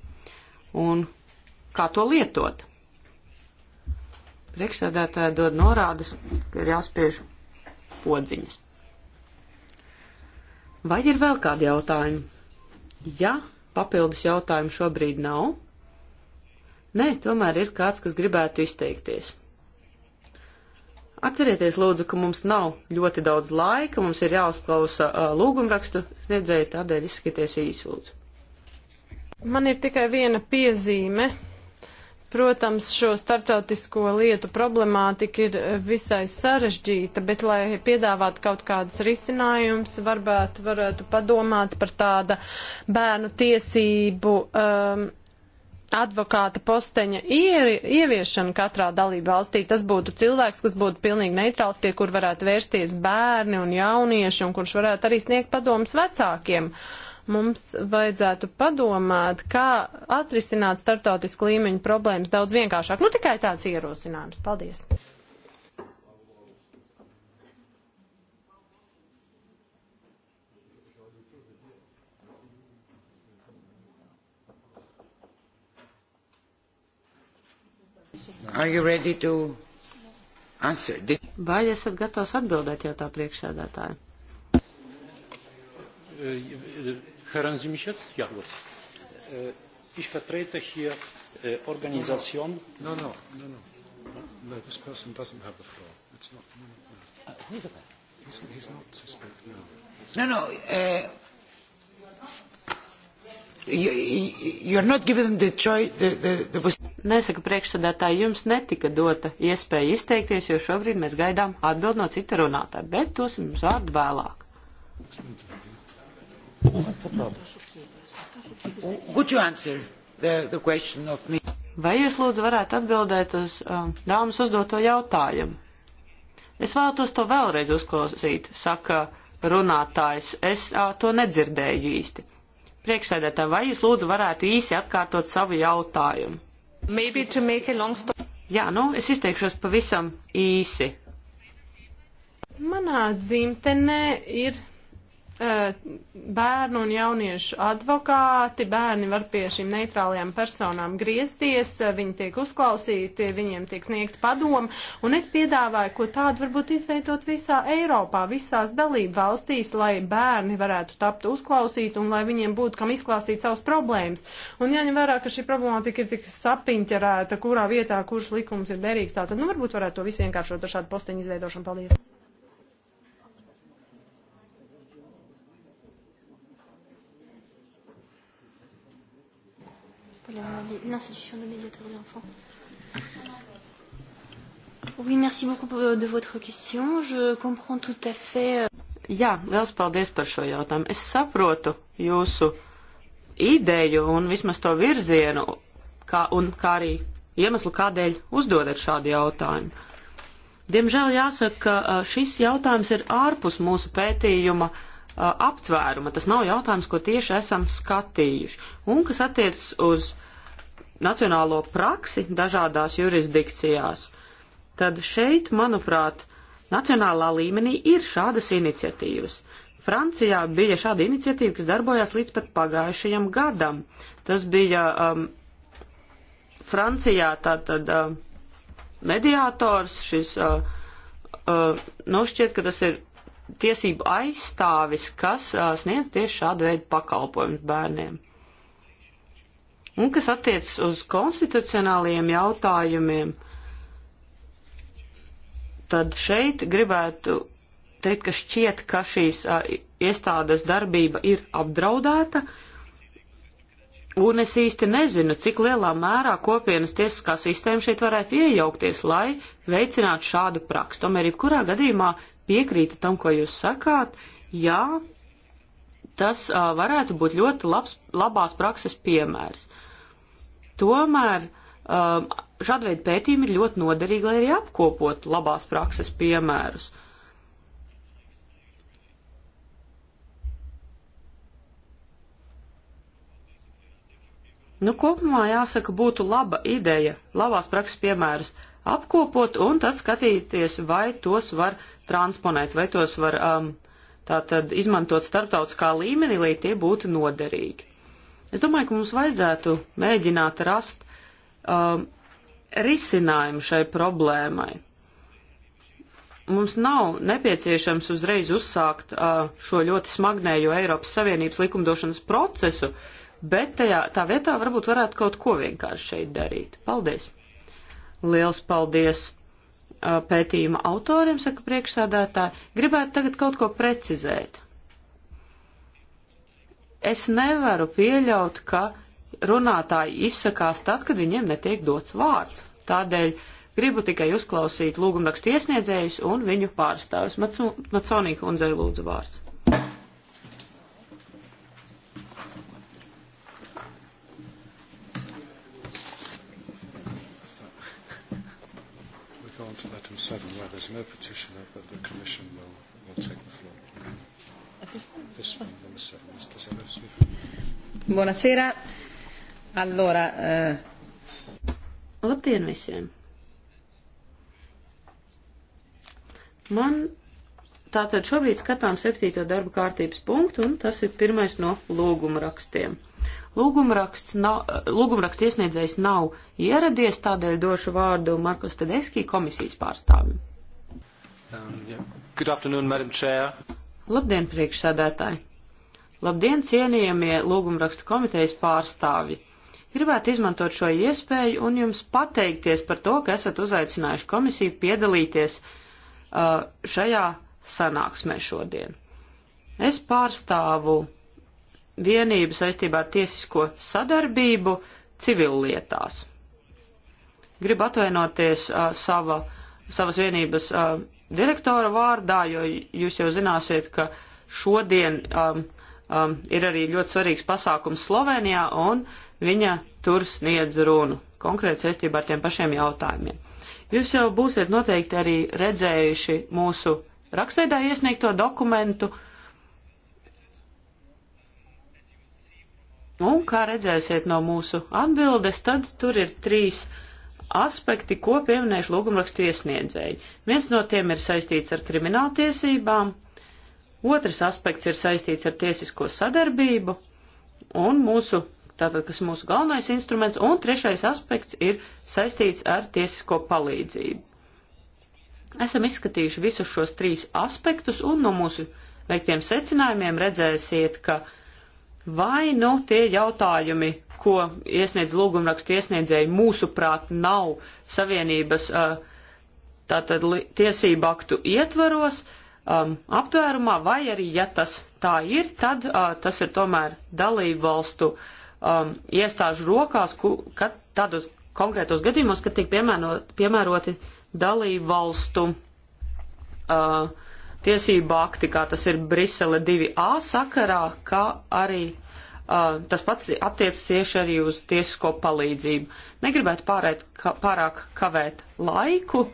Un kā to lietot? Priekšsēdētāji dod norādes, ka ir jāspiež podziņas. Vai ir vēl kādi jautājumi? Ja papildus jautājumu šobrīd nav, nē, tomēr ir kāds, kas gribētu izteikties. Atcerieties, lūdzu, ka mums nav ļoti daudz laika, mums ir jāuzklausa uh, lūgumrakstu sniedzēji, tādēļ izskaties īsi, lūdzu. Man ir tikai viena piezīme. Protams, šo starptautisko lietu problemātika ir uh, visai sarežģīta, bet, lai piedāvātu kaut kādus risinājumus, varbūt varētu padomāt par tāda bērnu tiesību. Um, advokāta posteņa ieviešana katrā dalība valstī. Tas būtu cilvēks, kas būtu pilnīgi neitrāls, pie kur varētu vērsties bērni un jaunieši, un kurš varētu arī sniegt padomus vecākiem. Mums vajadzētu padomāt, kā atrisināt starptautisku līmeņu problēmas daudz vienkāršāk. Nu, tikai tāds ierosinājums. Paldies! Vai esat gatavs atbildēt jau tā priekšsēdētāja? Eh, Hören Sie mich jetzt? Ja, gut. Eh, ich vertrete hier eh, Organisation. No, no, no, no. No, this person doesn't have the floor. It's not. No, no. Uh, who's the guy? He's, he's not suspect now. No, no. Uh, You, the choice, the, the, the... Nesaka priekšsadātāji, jums netika dota iespēja izteikties, jo šobrīd mēs gaidām atbild no cita runātāja, bet dosim jums vārdu vēlāk. Vai jūs lūdzu varētu atbildēt uz um, dāmas uzdoto jautājumu? Es vēlētos to vēlreiz uzklausīt, saka runātājs. Es uh, to nedzirdēju īsti. Priekšsēdētāji, vai jūs lūdzu varētu īsi atkārtot savu jautājumu? Jā, nu, es izteikšos pavisam īsi. Manā dzimtenē ir Eh, bērnu un jauniešu advokāti, bērni var pie šīm neitrālajām personām griezties, eh, viņi tiek uzklausīti, viņiem tiek sniegt padomu, un es piedāvāju, ko tādu varbūt izveidot visā Eiropā, visās dalību valstīs, lai bērni varētu tapt uzklausīt un lai viņiem būtu kam izklāstīt savus problēmas. Un jāņem vērā, ka šī problemātika ir tik sapiņķerēta, kurā vietā, kurš likums ir derīgs, tātad, nu, varbūt varētu to visu vienkāršot ar šādu posteņu izveidošanu. Paldies! l'institution des médiateurs de l'enfant. Oui, merci beaucoup euh, de votre question. Je comprends tout à fait. Euh, Jā, liels paldies par šo jautājumu. Es saprotu jūsu ideju un vismaz to virzienu, kā, un kā arī iemeslu, kādēļ uzdodat šādu jautājumu. Diemžēl jāsaka, ka uh, šis jautājums ir ārpus mūsu pētījuma uh, aptvēruma. Tas nav jautājums, ko tieši esam skatījuši. Un kas attiecas uz nacionālo praksi dažādās jurisdikcijās, tad šeit, manuprāt, nacionālā līmenī ir šādas iniciatīvas. Francijā bija šāda iniciatīva, kas darbojās līdz pat pagājušajam gadam. Tas bija um, Francijā tātad uh, mediātors, šis, uh, uh, nu šķiet, ka tas ir tiesību aizstāvis, kas uh, sniedz tieši šādu veidu pakalpojumus bērniem. Un kas attiecas uz konstitucionālajiem jautājumiem, tad šeit gribētu teikt, ka šķiet, ka šīs a, iestādes darbība ir apdraudēta, un es īsti nezinu, cik lielā mērā kopienas tiesiskā sistēma šeit varētu iejaukties, lai veicinātu šādu praksu. Tomēr, jebkurā gadījumā piekrīta tam, ko jūs sakāt, jā, tas uh, varētu būt ļoti labs, labās prakses piemērs. Tomēr um, šāda veida pētījumi ir ļoti noderīgi, lai arī apkopotu labās prakses piemērus. Nu, kopumā jāsaka, būtu laba ideja labās prakses piemērus apkopot un tad skatīties, vai tos var transponēt, vai tos var um, uh, tātad izmantot starptautiskā līmenī, lai tie būtu noderīgi. Es domāju, ka mums vajadzētu mēģināt rast um, risinājumu šai problēmai. Mums nav nepieciešams uzreiz uzsākt uh, šo ļoti smagnējo Eiropas Savienības likumdošanas procesu, bet tajā, tā vietā varbūt varētu kaut ko vienkārši šeit darīt. Paldies! Liels paldies! Uh, pētījuma autoriem, saka priekšsādātāji, gribētu tagad kaut ko precizēt. Es nevaru pieļaut, ka runātāji izsakās tad, kad viņiem netiek dots vārds. Tādēļ gribu tikai uzklausīt lūgumrakstu iesniedzējus un viņu pārstāvis. Maconī kundzei lūdzu vārds. seven where there's no petitioner, but the Commission will, will take the floor. This one, number seven, Mr. Zalewski. Buonasera. Allora, eh... Labdien visiem! Man tātad šobrīd skatām septīto darba kārtības punktu, un tas ir pirmais no lūguma rakstiem. Uh, Lūgumraksts, lūgumraksts iesniedzējs nav ieradies, tādēļ došu vārdu Markus Tedeskī komisijas pārstāvim. Um, yeah. Good afternoon, Madam Chair. Labdien, priekšsēdētāji. Labdien, cienījamie lūgumrakstu komitejas pārstāvi. Gribētu izmantot šo iespēju un jums pateikties par to, ka esat uzaicinājuši komisiju piedalīties uh, šajā sanāksmē šodien. Es pārstāvu vienību saistībā ar tiesisko sadarbību civillietās. Gribu atvainoties uh, sava, savas vienības uh, direktora vārdā, jo jūs jau zināsiet, ka šodien um, um, ir arī ļoti svarīgs pasākums Slovenijā, un viņa tur sniedz runu konkrēti saistībā ar tiem pašiem jautājumiem. Jūs jau būsiet noteikti arī redzējuši mūsu rakstveidā iesniegto dokumentu, uh, Un, kā redzēsiet no mūsu atbildes, tad tur ir trīs aspekti, ko pieminējuši lūgumrakstu iesniedzēji. Viens no tiem ir saistīts ar krimināltiesībām, otrs aspekts ir saistīts ar tiesisko sadarbību, un mūsu, tātad, kas mūsu galvenais instruments, un trešais aspekts ir saistīts ar tiesisko palīdzību. Esam izskatījuši visus šos trīs aspektus, un no mūsu veiktiem secinājumiem redzēsiet, ka uh, Vai nu tie jautājumi, ko iesniedz lūgumrakstu iesniedzēji, mūsuprāt, nav Savienības tātad tiesību aktu ietvaros, um, aptvērumā, vai arī, ja tas tā ir, tad uh, tas ir tomēr dalību valstu um, iestāžu rokās, ku, kad tādos konkrētos gadījumos, kad tiek piemērot, piemēroti dalību valstu uh, tiesība akti, kā tas ir Brisele 2A sakarā, kā arī uh, tas pats attiecas tieši arī uz tiesisko palīdzību. Negribētu pārēt, ka, pārāk kavēt laiku.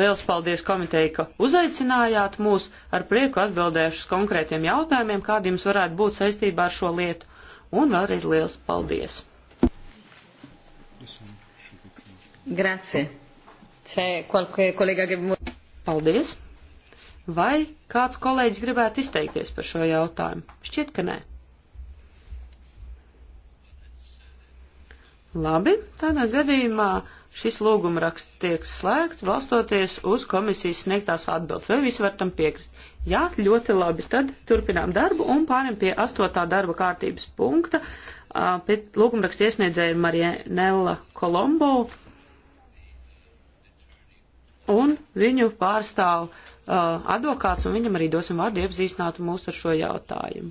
Liels paldies komiteja, ka uzaicinājāt mūs, ar prieku atbildēšu uz konkrētiem jautājumiem, kādi jums varētu būt saistībā ar šo lietu. Un vēlreiz liels paldies! Grazie. C'è qualche collega che vuole... Paldies. Vai kāds kolēģis gribētu izteikties par šo jautājumu? Šķiet, ka nē. Labi, tādā gadījumā šis lūgumraksts tiek slēgts, balstoties uz komisijas sniegtās atbildes. Vai visi var tam piekrist? Jā, ļoti labi. Tad turpinām darbu un pārim pie astotā darba kārtības punkta. Pie lūgumraksta iesniedzēja Marienella Kolombo un viņu pārstāvu Uh, advokāts, un viņam arī dosim vārdu iepazīstinātu mūs ar šo jautājumu.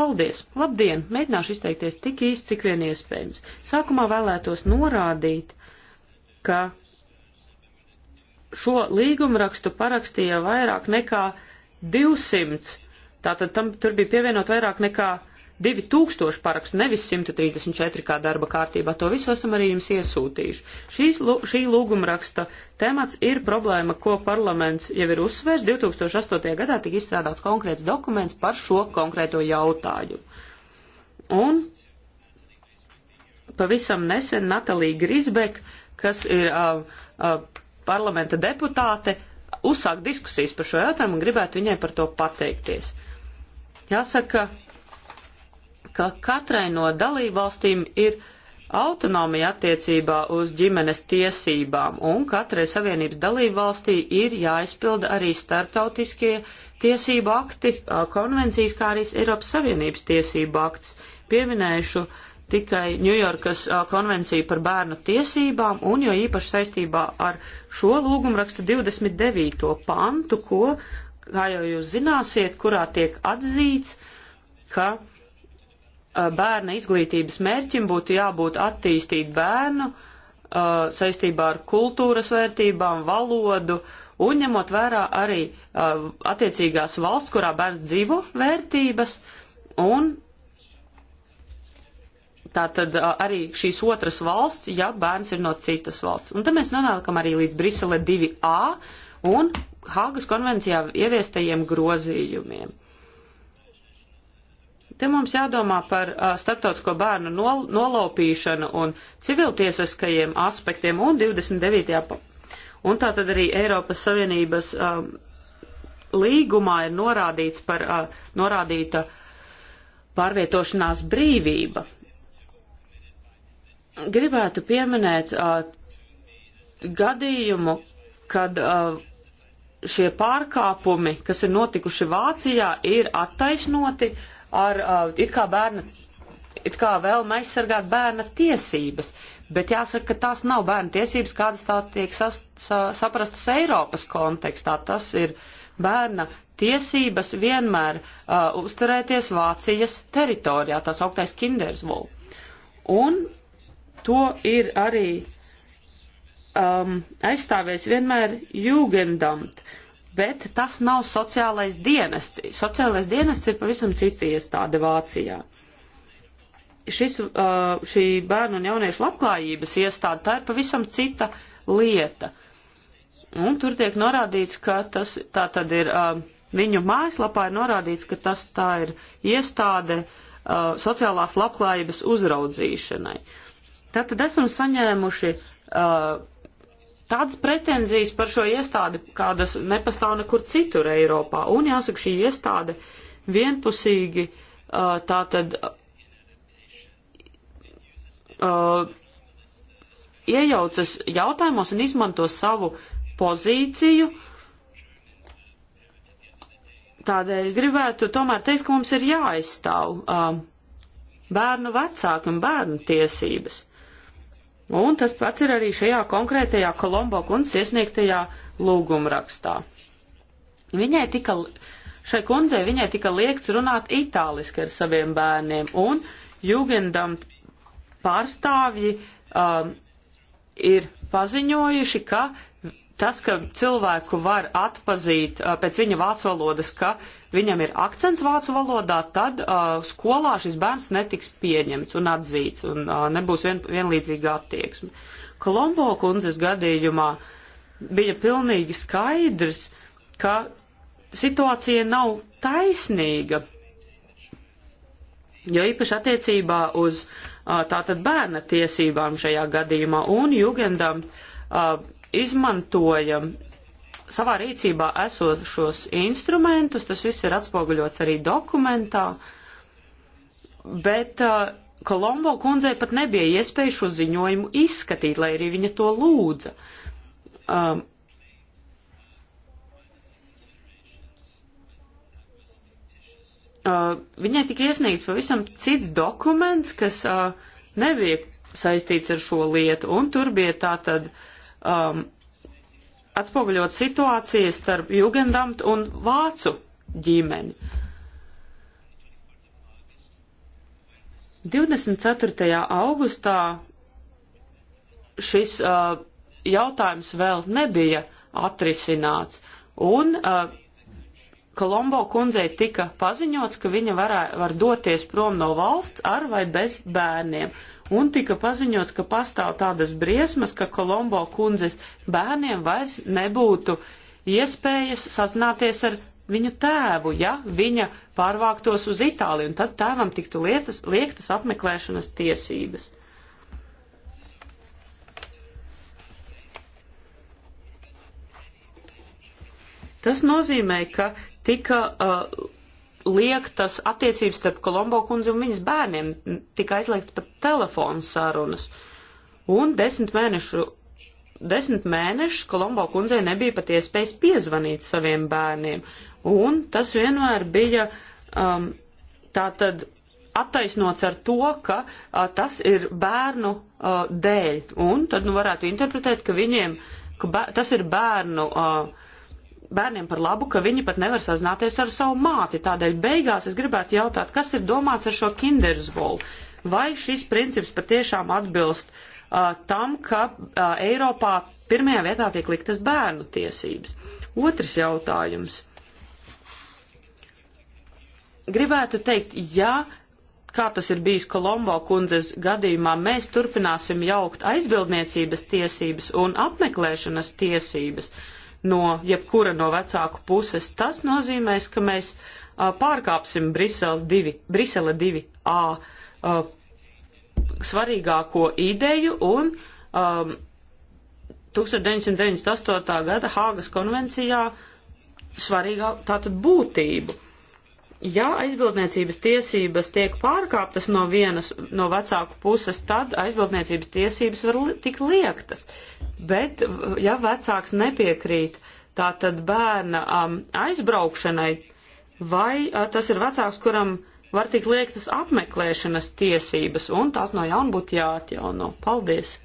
Paldies! Labdien! Mēģināšu izteikties tik īsti, cik vien iespējams. Sākumā vēlētos norādīt, ka šo līgumrakstu parakstīja vairāk nekā 200, tātad tam tur bija pievienot vairāk nekā 2000 parakstu, nevis 134 kā darba kārtībā. To visu esam arī jums iesūtījuši. Šīs, šī lūguma raksta temats ir problēma, ko parlaments jau ir uzsvērs. 2008. gadā tika izstrādāts konkrēts dokuments par šo konkrēto jautājumu. Un pavisam nesen Natalija Grisbek, kas ir uh, uh, parlamenta deputāte, uzsāk diskusijas par šo jautājumu un gribētu viņai par to pateikties. Jāsaka, ka katrai no dalībvalstīm ir autonomija attiecībā uz ģimenes tiesībām, un katrai Savienības dalībvalstī ir jāizpilda arī starptautiskie tiesību akti, konvencijas, kā arī Eiropas Savienības tiesību akts. Pieminējušu tikai Ņujorkas konvenciju par bērnu tiesībām, un jo īpaši saistībā ar šo lūgumrakstu 29. pantu, ko, kā jau jūs zināsiet, kurā tiek atzīts, ka bērna izglītības mērķim būtu jābūt attīstīt bērnu saistībā ar kultūras vērtībām, valodu un ņemot vērā arī attiecīgās valsts, kurā bērns dzīvo vērtības un tātad arī šīs otras valsts, ja bērns ir no citas valsts. Un te mēs nonākam arī līdz Brisele 2a un Hāgas konvencijā ieviestajiem grozījumiem. Te mums jādomā par uh, starptautisko bērnu nol nolaupīšanu un civiltiesiskajiem aspektiem un 29. Un tā tad arī Eiropas Savienības um, līgumā ir norādīts par uh, norādīta pārvietošanās brīvība. Gribētu pieminēt uh, gadījumu, kad uh, šie pārkāpumi, kas ir notikuši Vācijā, ir attaisnoti uh, ar uh, it kā bērna, it kā vēlme aizsargāt bērna tiesības, bet jāsaka, ka tās nav bērna tiesības, kādas tā tiek sas, sa, saprastas Eiropas kontekstā. Tas ir bērna tiesības vienmēr uh, uzturēties Vācijas teritorijā, tās augtais Kindersvul. Un to ir arī um, aizstāvējis vienmēr Jugendamt. Uh, bet tas nav sociālais dienests. Sociālais dienests ir pavisam cita iestāde Vācijā. Šis, uh, šī bērnu un jauniešu labklājības iestāde, tā ir pavisam cita lieta. Un tur tiek norādīts, ka tas tā tad ir, uh, viņu mājaslapā ir norādīts, ka tas tā ir iestāde uh, sociālās labklājības uzraudzīšanai. Tātad esam saņēmuši tādas pretenzijas par šo iestādi, kādas nepastāv nekur citur Eiropā. Un jāsaka, šī iestāde vienpusīgi uh, tā tad uh, iejaucas jautājumos un izmanto savu pozīciju. Tādēļ gribētu tomēr teikt, ka mums ir jāaizstāv uh, bērnu vecāku un bērnu tiesības. Un tas pats ir arī šajā konkrētajā Kolombo kundzes iesniegtajā lūgumrakstā. Viņai tika, šai kundzei viņai tika liekts runāt itāliski ar saviem bērniem, un Jugendam pārstāvji um, ir paziņojuši, ka tas, ka cilvēku var atpazīt uh, pēc viņa vācu valodas, ka viņam ir akcents vācu valodā, tad uh, skolā šis bērns netiks pieņemts un atzīts un uh, nebūs vien, vienlīdzīga attieksme. Kolombo kundzes gadījumā bija pilnīgi skaidrs, ka situācija nav taisnīga, jo īpaši attiecībā uz uh, tātad bērna tiesībām šajā gadījumā un jugendam uh, izmantojam savā rīcībā esošos instrumentus, tas viss ir atspoguļots arī dokumentā, bet uh, Kolombo kundzei pat nebija iespēja šo ziņojumu izskatīt, lai arī viņa to lūdza. Um, Uh, viņai tika iesniegts pavisam cits dokuments, kas uh, nebija saistīts ar šo lietu, un tur bija tā tad um, atspoguļot situāciju starp Jugendamt un Vācu ģimeni. 24. augustā šis uh, jautājums vēl nebija atrisināts, un uh, Kolombo kundzei tika paziņots, ka viņa varē, var doties prom no valsts ar vai bez bērniem un tika paziņots, ka pastāv tādas briesmas, ka Kolombo kundzes bērniem vairs nebūtu iespējas sazināties ar viņu tēvu, ja viņa pārvāktos uz Itāliju, un tad tēvam tiktu lietas, liektas apmeklēšanas tiesības. Tas nozīmē, ka tika uh, liek tas attiecības starp Kolombo kundzi un viņas bērniem, tika aizliegts pat telefonu sarunas. Un desmit mēnešu, desmit mēnešus Kolombo kundzei nebija pat iespējas piezvanīt saviem bērniem. Un tas vienmēr bija um, tātad attaisnots ar to, ka a, uh, tas ir bērnu a, uh, dēļ. Un tad nu varētu interpretēt, ka viņiem, ka bēr, tas ir bērnu. A, uh, bērniem par labu, ka viņi pat nevar sazināties ar savu māti. Tādēļ beigās es gribētu jautāt, kas ir domāts ar šo kinderzvolu? Vai šis princips patiešām atbilst uh, tam, ka uh, Eiropā pirmajā vietā tiek liktas bērnu tiesības? Otrs jautājums. Gribētu teikt, ja kā tas ir bijis Kolombo kundzes gadījumā, mēs turpināsim jaukt aizbildniecības tiesības un apmeklēšanas tiesības. Uh, no jebkura no vecāku puses, tas nozīmēs, ka mēs a, pārkāpsim Brisele 2, Brisele 2A a, svarīgāko ideju un a, 1998. gada Hāgas konvencijā svarīgāk tātad būtību ja aizbildniecības tiesības tiek pārkāptas no vienas no vecāku puses, tad aizbildniecības tiesības var li tikt liektas. Bet, ja vecāks nepiekrīt tātad bērna um, aizbraukšanai, vai uh, tas ir vecāks, kuram var tikt liektas apmeklēšanas tiesības, un tās no jauna būtu jāatjauno. Paldies!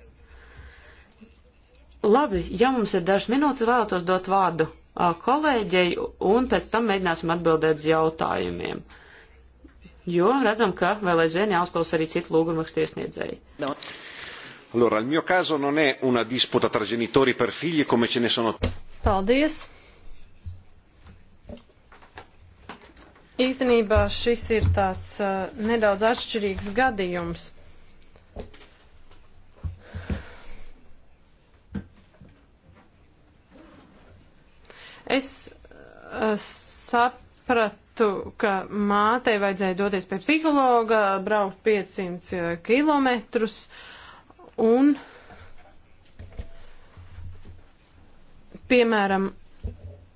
Labi, ja mums ir dažas minūtes, vēlētos dot vārdu kolēģei un pēc tam mēģināsim atbildēt uz jautājumiem. Jo redzam, ka vēl aizvien jāuzklaus arī citu lūgumrakstu iesniedzēju. No. Allora, il mio caso non è una disputa tra genitori per figli come ce ne sono. Paldies. Īstenībā šis ir tāds uh, nedaudz atšķirīgs gadījums. Es uh, sapratu, ka mātei vajadzēja doties pie psihologa, braukt 500 eh, kilometrus un, piemēram,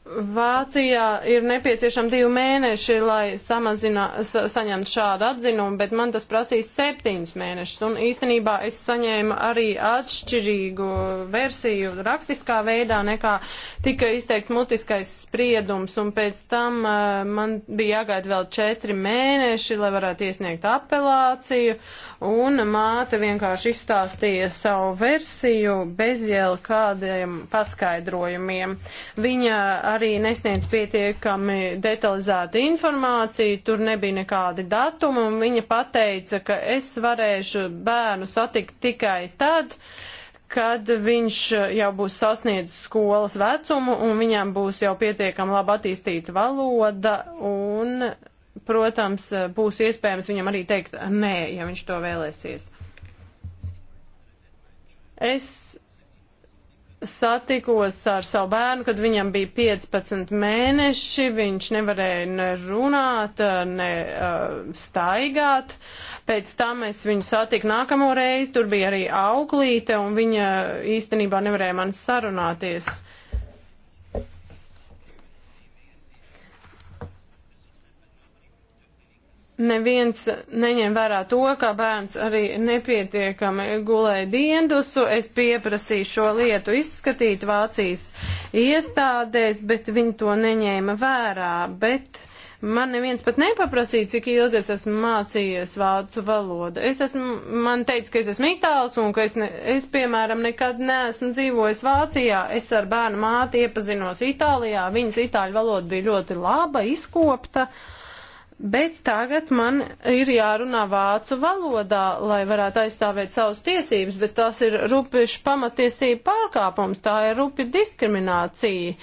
Vācijā ir nepieciešami divi mēneši, lai samazina, sa, saņemtu šādu atzinumu, bet man tas prasīs septiņus mēnešus. Un īstenībā es saņēmu arī atšķirīgu versiju rakstiskā veidā, nekā tika izteikts mutiskais spriedums. Un pēc tam uh, man bija jāgaida vēl četri mēneši, lai varētu iesniegt apelāciju. Un māte vienkārši izstāstīja savu versiju bez jau kādiem paskaidrojumiem. Viņa arī nesniedz pietiekami detalizētu informāciju, tur nebija nekādi datumi, un viņa pateica, ka es varēšu bērnu satikt tikai tad, kad viņš jau būs sasniedzis skolas vecumu, un viņam būs jau pietiekami labi attīstīta valoda, un, protams, būs iespējams viņam arī teikt nē, ja viņš to vēlēsies. Es satikos ar savu bērnu, kad viņam bija 15 mēneši, viņš nevarēja ne runāt, ne uh, staigāt. Pēc tam es viņu satiku nākamo reizi, tur bija arī auklīte, un viņa eh, īstenībā nevarēja man sarunāties. neviens neņem vērā to, ka bērns arī nepietiekami gulēja diendusu. Es pieprasīju šo lietu izskatīt Vācijas iestādēs, bet viņi to neņēma vērā. Bet man neviens pat nepaprasīja, cik ilgi es esmu mācījies vācu valodu. Es esmu, man teica, ka es esmu itāls un ka es, ne, es piemēram, nekad neesmu dzīvojis Vācijā. Es ar bērnu māti iepazinos Itālijā, viņas itāļu valoda bija ļoti laba, izkopta. Uh, Bet tagad man ir jārunā vācu valodā, lai varētu aizstāvēt savas tiesības, bet tas ir rupiši pamatiesība pārkāpums, tā ir rupi diskriminācija.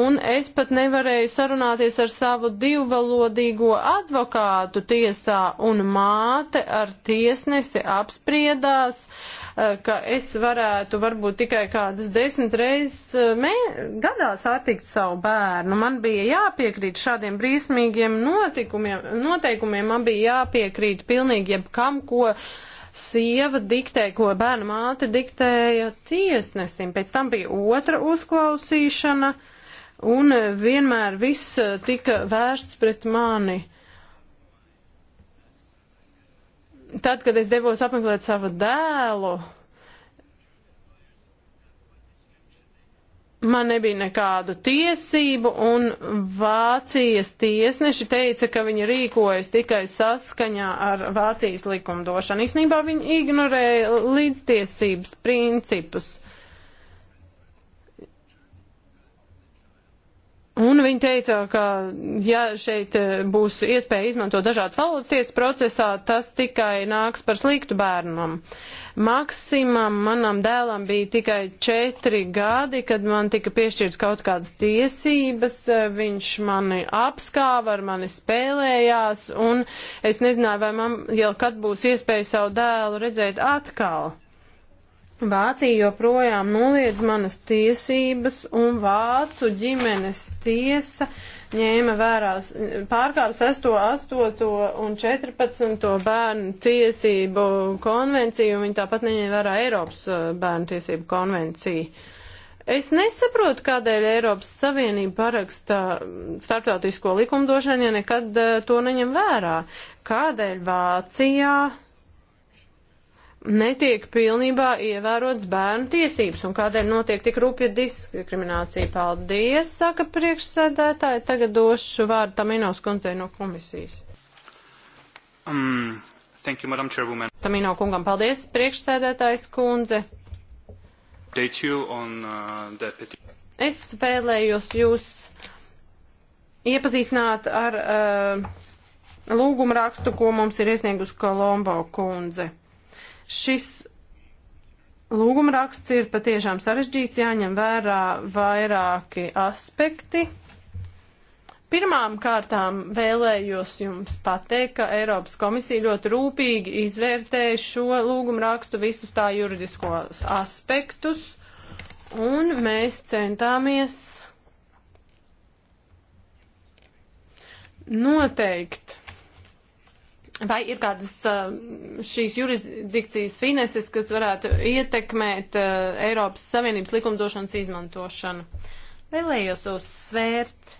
Un es pat nevarēju sarunāties ar savu divvalodīgo advokātu tiesā, un māte ar tiesnesi apspriedās, eh, ka es varētu varbūt tikai kādas desmit reizes eh, gadā satikt savu bērnu. Man bija jāpiekrīt šādiem brīsmīgiem notikumiem noteikumiem man bija jāpiekrīt pilnīgi jebkam, ko sieva diktēja, ko bērna māte diktēja tiesnesim. Pēc tam bija otra uzklausīšana, un vienmēr viss eh, tika vērsts pret mani. Tad, kad es devos apmeklēt savu dēlu, man nebija nekādu tiesību, un Vācijas tiesneši teica, ka viņi rīkojas tikai saskaņā ar Vācijas likumdošanu. Īsnībā viņi ignorēja līdztiesības principus. Un viņi teica, ka ja šeit eh, būs iespēja izmantot dažādas valodas tiesas procesā, tas tikai nāks par sliktu bērnam. Maksimam, manam dēlam bija tikai četri gadi, kad man tika piešķirts kaut kādas tiesības, eh, viņš mani apskāva, ar mani spēlējās, un es nezināju, vai man jau kad būs iespēja savu dēlu redzēt atkal. Vācija joprojām noliedz manas tiesības, un Vācu ģimenes tiesa ņēma vērā pārkāp 6, 8 un 14 bērnu tiesību konvenciju, un viņi tāpat neņēma vērā Eiropas eh, bērnu tiesību konvenciju. Es nesaprotu, kādēļ Eiropas Savienība paraksta mm, starptautisko likumdošanu, ja nekad eh, to neņem vērā. Kādēļ Vācijā netiek pilnībā ievērots bērnu tiesības un kādēļ notiek tik rupja diskriminācija. Paldies, saka priekšsēdētāji. Tagad došu vārdu Taminos kundzei no komisijas. Um, thank you, Madam Chairwoman. Tamino kungam paldies, priekšsēdētājs kundze. Date you on uh, deputy. Es vēlējos jūs iepazīstināt ar uh, lūgumu rakstu, ko mums ir iesniegusi Kolombo kundze. Šis lūgumraksts ir patiešām sarežģīts, jāņem vērā vairāki aspekti. Pirmām kārtām vēlējos jums pateikt, ka Eiropas komisija ļoti rūpīgi izvērtēja šo lūgumrakstu visus tā juridiskos aspektus, un mēs centāmies noteikt Vai ir kādas um, šīs jurisdikcijas fineses, kas varētu ietekmēt uh, Eiropas Savienības likumdošanas izmantošanu? Vēlējos uzsvērt,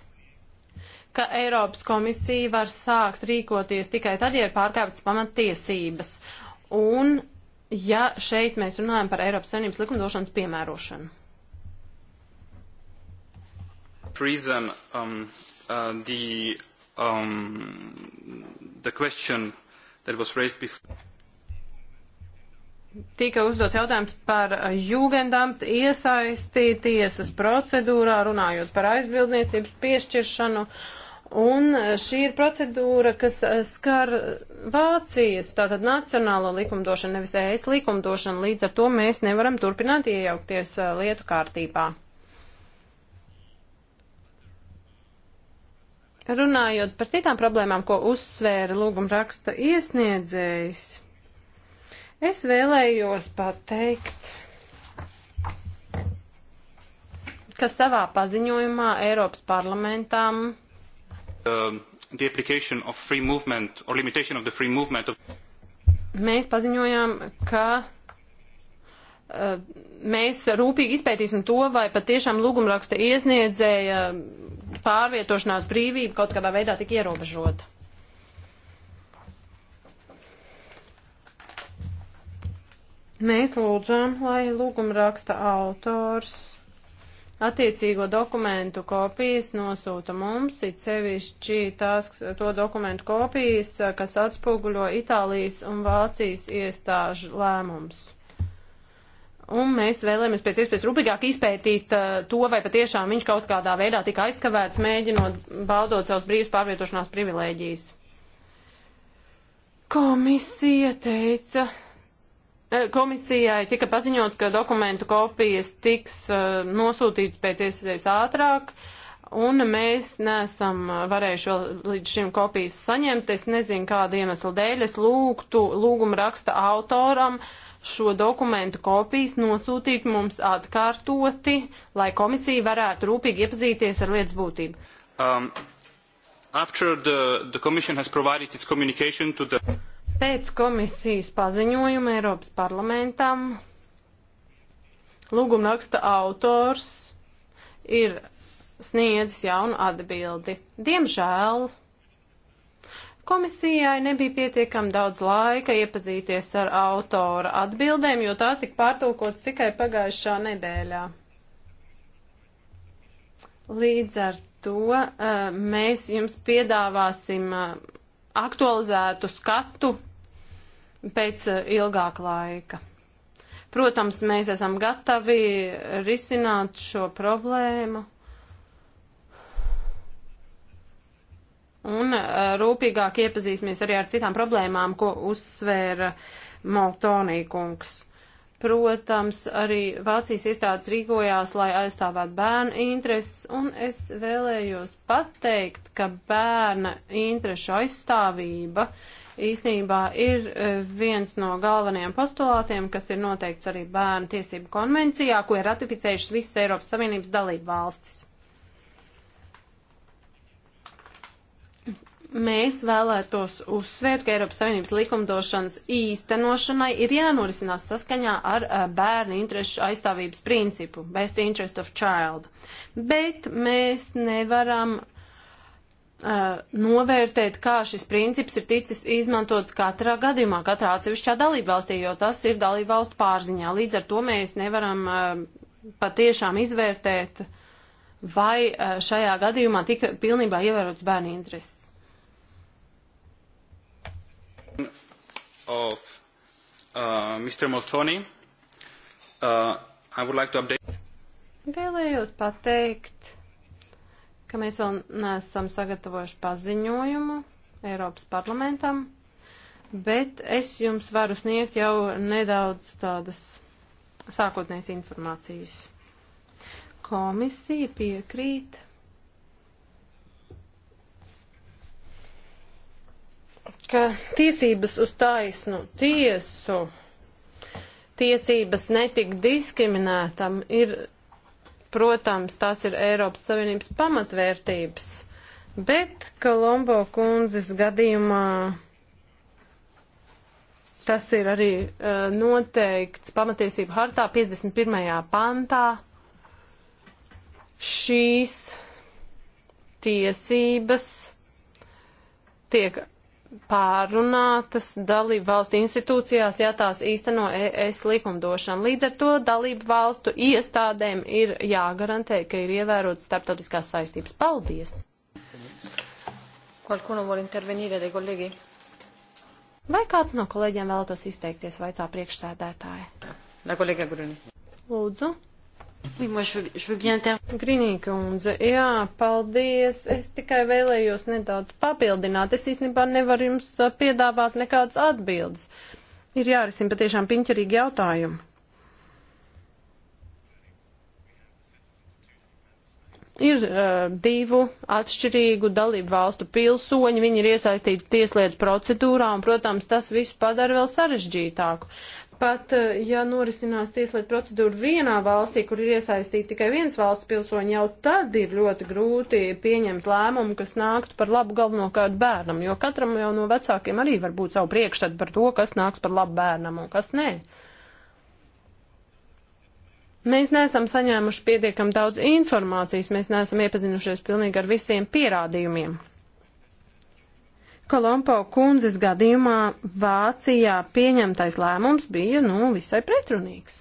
ka Eiropas komisija var sākt rīkoties tikai tad, ja ir pārkāptas pamattiesības. Un ja šeit mēs runājam par Eiropas Savienības likumdošanas piemērošanu. Prism, um, uh, the, um, the question that was raised before. Tika uzdots jautājums par jūgendamt iesaisti tiesas procedūrā, runājot par aizbildniecības piešķiršanu. Un šī ir procedūra, kas skar Vācijas, tātad nacionālo likumdošanu, nevis ES likumdošanu. Līdz ar to mēs nevaram turpināt iejaukties lietu kārtībā. Runājot par citām problēmām, ko uzsvēra lūguma raksta iesniedzējs, es vēlējos pateikt, ka savā paziņojumā Eiropas parlamentam um, of... Mēs paziņojām, ka mēs rūpīgi izpētīsim to, vai patiešām lūgumraksta iesniedzēja pārvietošanās brīvība kaut kādā veidā tik ierobežota. Mēs lūdzam, lai lūgumraksta autors attiecīgo dokumentu kopijas nosūta mums, it sevišķi tās, to dokumentu kopijas, kas atspoguļo Itālijas un Vācijas iestāžu lēmums. Un mēs vēlamies pēc iespējas rūpīgāk izpētīt uh, to, vai patiešām viņš kaut kādā veidā tika aizkavēts, mēģinot baudot savus brīvas pārvietošanās privilēģijas. Komisija teica, uh, komisijai tika paziņots, ka dokumentu kopijas tiks uh, nosūtīts pēc iespējas ātrāk, un mēs nesam uh, varējuši vēl līdz šim kopijas saņemt. Es nezinu, kāda iemesla dēļ es lūgtu lūguma raksta autoram uh, šo dokumentu kopijas nosūtīt mums atkārtoti, lai komisija varētu rūpīgi iepazīties ar lietas būtību. Um, after the, the commission has provided its communication to the... Pēc komisijas paziņojuma Eiropas parlamentam lūguma raksta autors ir sniedzis jaunu atbildi. Diemžēl Komisijai nebija pietiekami daudz laika iepazīties ar autora atbildēm, jo tās tika pārtulkotas tikai pagājušā nedēļā. Līdz ar to eh, mēs jums piedāvāsim eh, aktualizētu skatu pēc eh, ilgāka laika. Protams, mēs esam gatavi risināt šo problēmu. un uh, rūpīgāk iepazīsimies arī ar citām problēmām, ko uzsvēra Maltonī kungs. Protams, arī Vācijas iestādes rīkojās, lai aizstāvētu bērnu intereses, un es vēlējos pateikt, ka bērna interešu aizstāvība īstenībā ir uh, viens no galvenajiem postulātiem, kas ir noteikts arī bērnu tiesību konvencijā, ko ir ratificējušas visas Eiropas Savienības dalību valstis. Mēs vēlētos uzsvērt, ka Eiropas Savienības likumdošanas īstenošanai ir jānorisinās saskaņā ar eh, bērnu interešu aizstāvības principu, best interest of child. Bet mēs nevaram Uh, novērtēt, kā šis princips ir ticis izmantots katrā gadījumā, katrā atsevišķā dalībvalstī, jo tas ir dalībvalstu pārziņā. Līdz ar to mēs nevaram uh, patiešām izvērtēt, vai uh, šajā gadījumā tika pilnībā ievērots bērnu intereses. Of, uh, Mr. Moltoni, uh, I would like to update. Vēlējos pateikt, ka mēs vēl neesam sagatavojuši paziņojumu Eiropas parlamentam, bet es jums varu sniegt jau nedaudz tādas sākotnējas informācijas. Komisija piekrīt ka tiesības uz taisnu tiesu, tiesības netikt diskriminētam ir, protams, tās ir Eiropas Savienības pamatvērtības, bet Kolombo kundzes gadījumā tas ir arī uh, noteikts pamatiesību hartā 51. pantā. Šīs tiesības tiek pārunātas dalību valstu institūcijās, ja tās īsteno ES likumdošanu. Līdz ar to dalību valstu iestādēm ir jāgarantē, ka ir ievērotas starptautiskās saistības. Paldies! Vai kāds no kolēģiem vēlētos izteikties, vaicā priekšsēdētāja? Lūdzu. Oui, moi, je, je veux bien inter... Grinīkundze, jā, paldies. Es tikai vēlējos nedaudz papildināt. Es īstenībā nevaru jums uh, piedāvāt nekādas atbildes. Ir jārisina patiešām piņķerīgi jautājumi. ir uh, divu atšķirīgu dalību valstu pilsoņi, viņi ir iesaistīti tieslietu procedūrā, un, protams, tas visu padara vēl sarežģītāku. Pat eh, ja norisinās tieslietu procedūra vienā valstī, kur ir iesaistīti tikai viens valsts pilsoņi, jau tad ir ļoti grūti pieņemt lēmumu, kas nāktu par labu galvenokārt bērnam, jo katram jau no vecākiem arī var būt savu priekšstatu par to, kas nāks par labu bērnam un kas nē. Mēs neesam saņēmuši pietiekam daudz informācijas, mēs neesam iepazinušies pilnīgi ar visiem pierādījumiem. Kolompo kundzes gadījumā Vācijā pieņemtais lēmums bija, nu, visai pretrunīgs.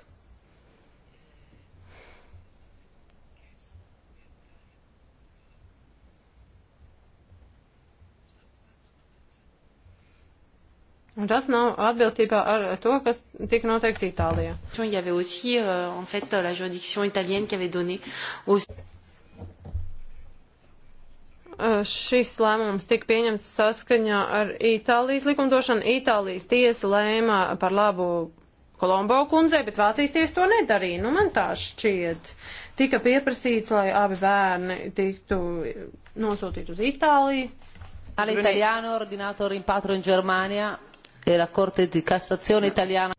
Un tas nav atbilstībā ar to, kas tika noteikts Itālijā šis lēmums tika pieņemts saskaņā ar Itālijas likumdošanu. Itālijas tiesa lēma par labu Kolombo kundzei, bet Vācijas tiesa to nedarīja. Nu, man tā šķiet. Tika pieprasīts, lai abi bērni tiktu nosūtīti uz Itāliju. All'italiano ordinato rimpatrio in Germania e la Corte di Cassazione italiana.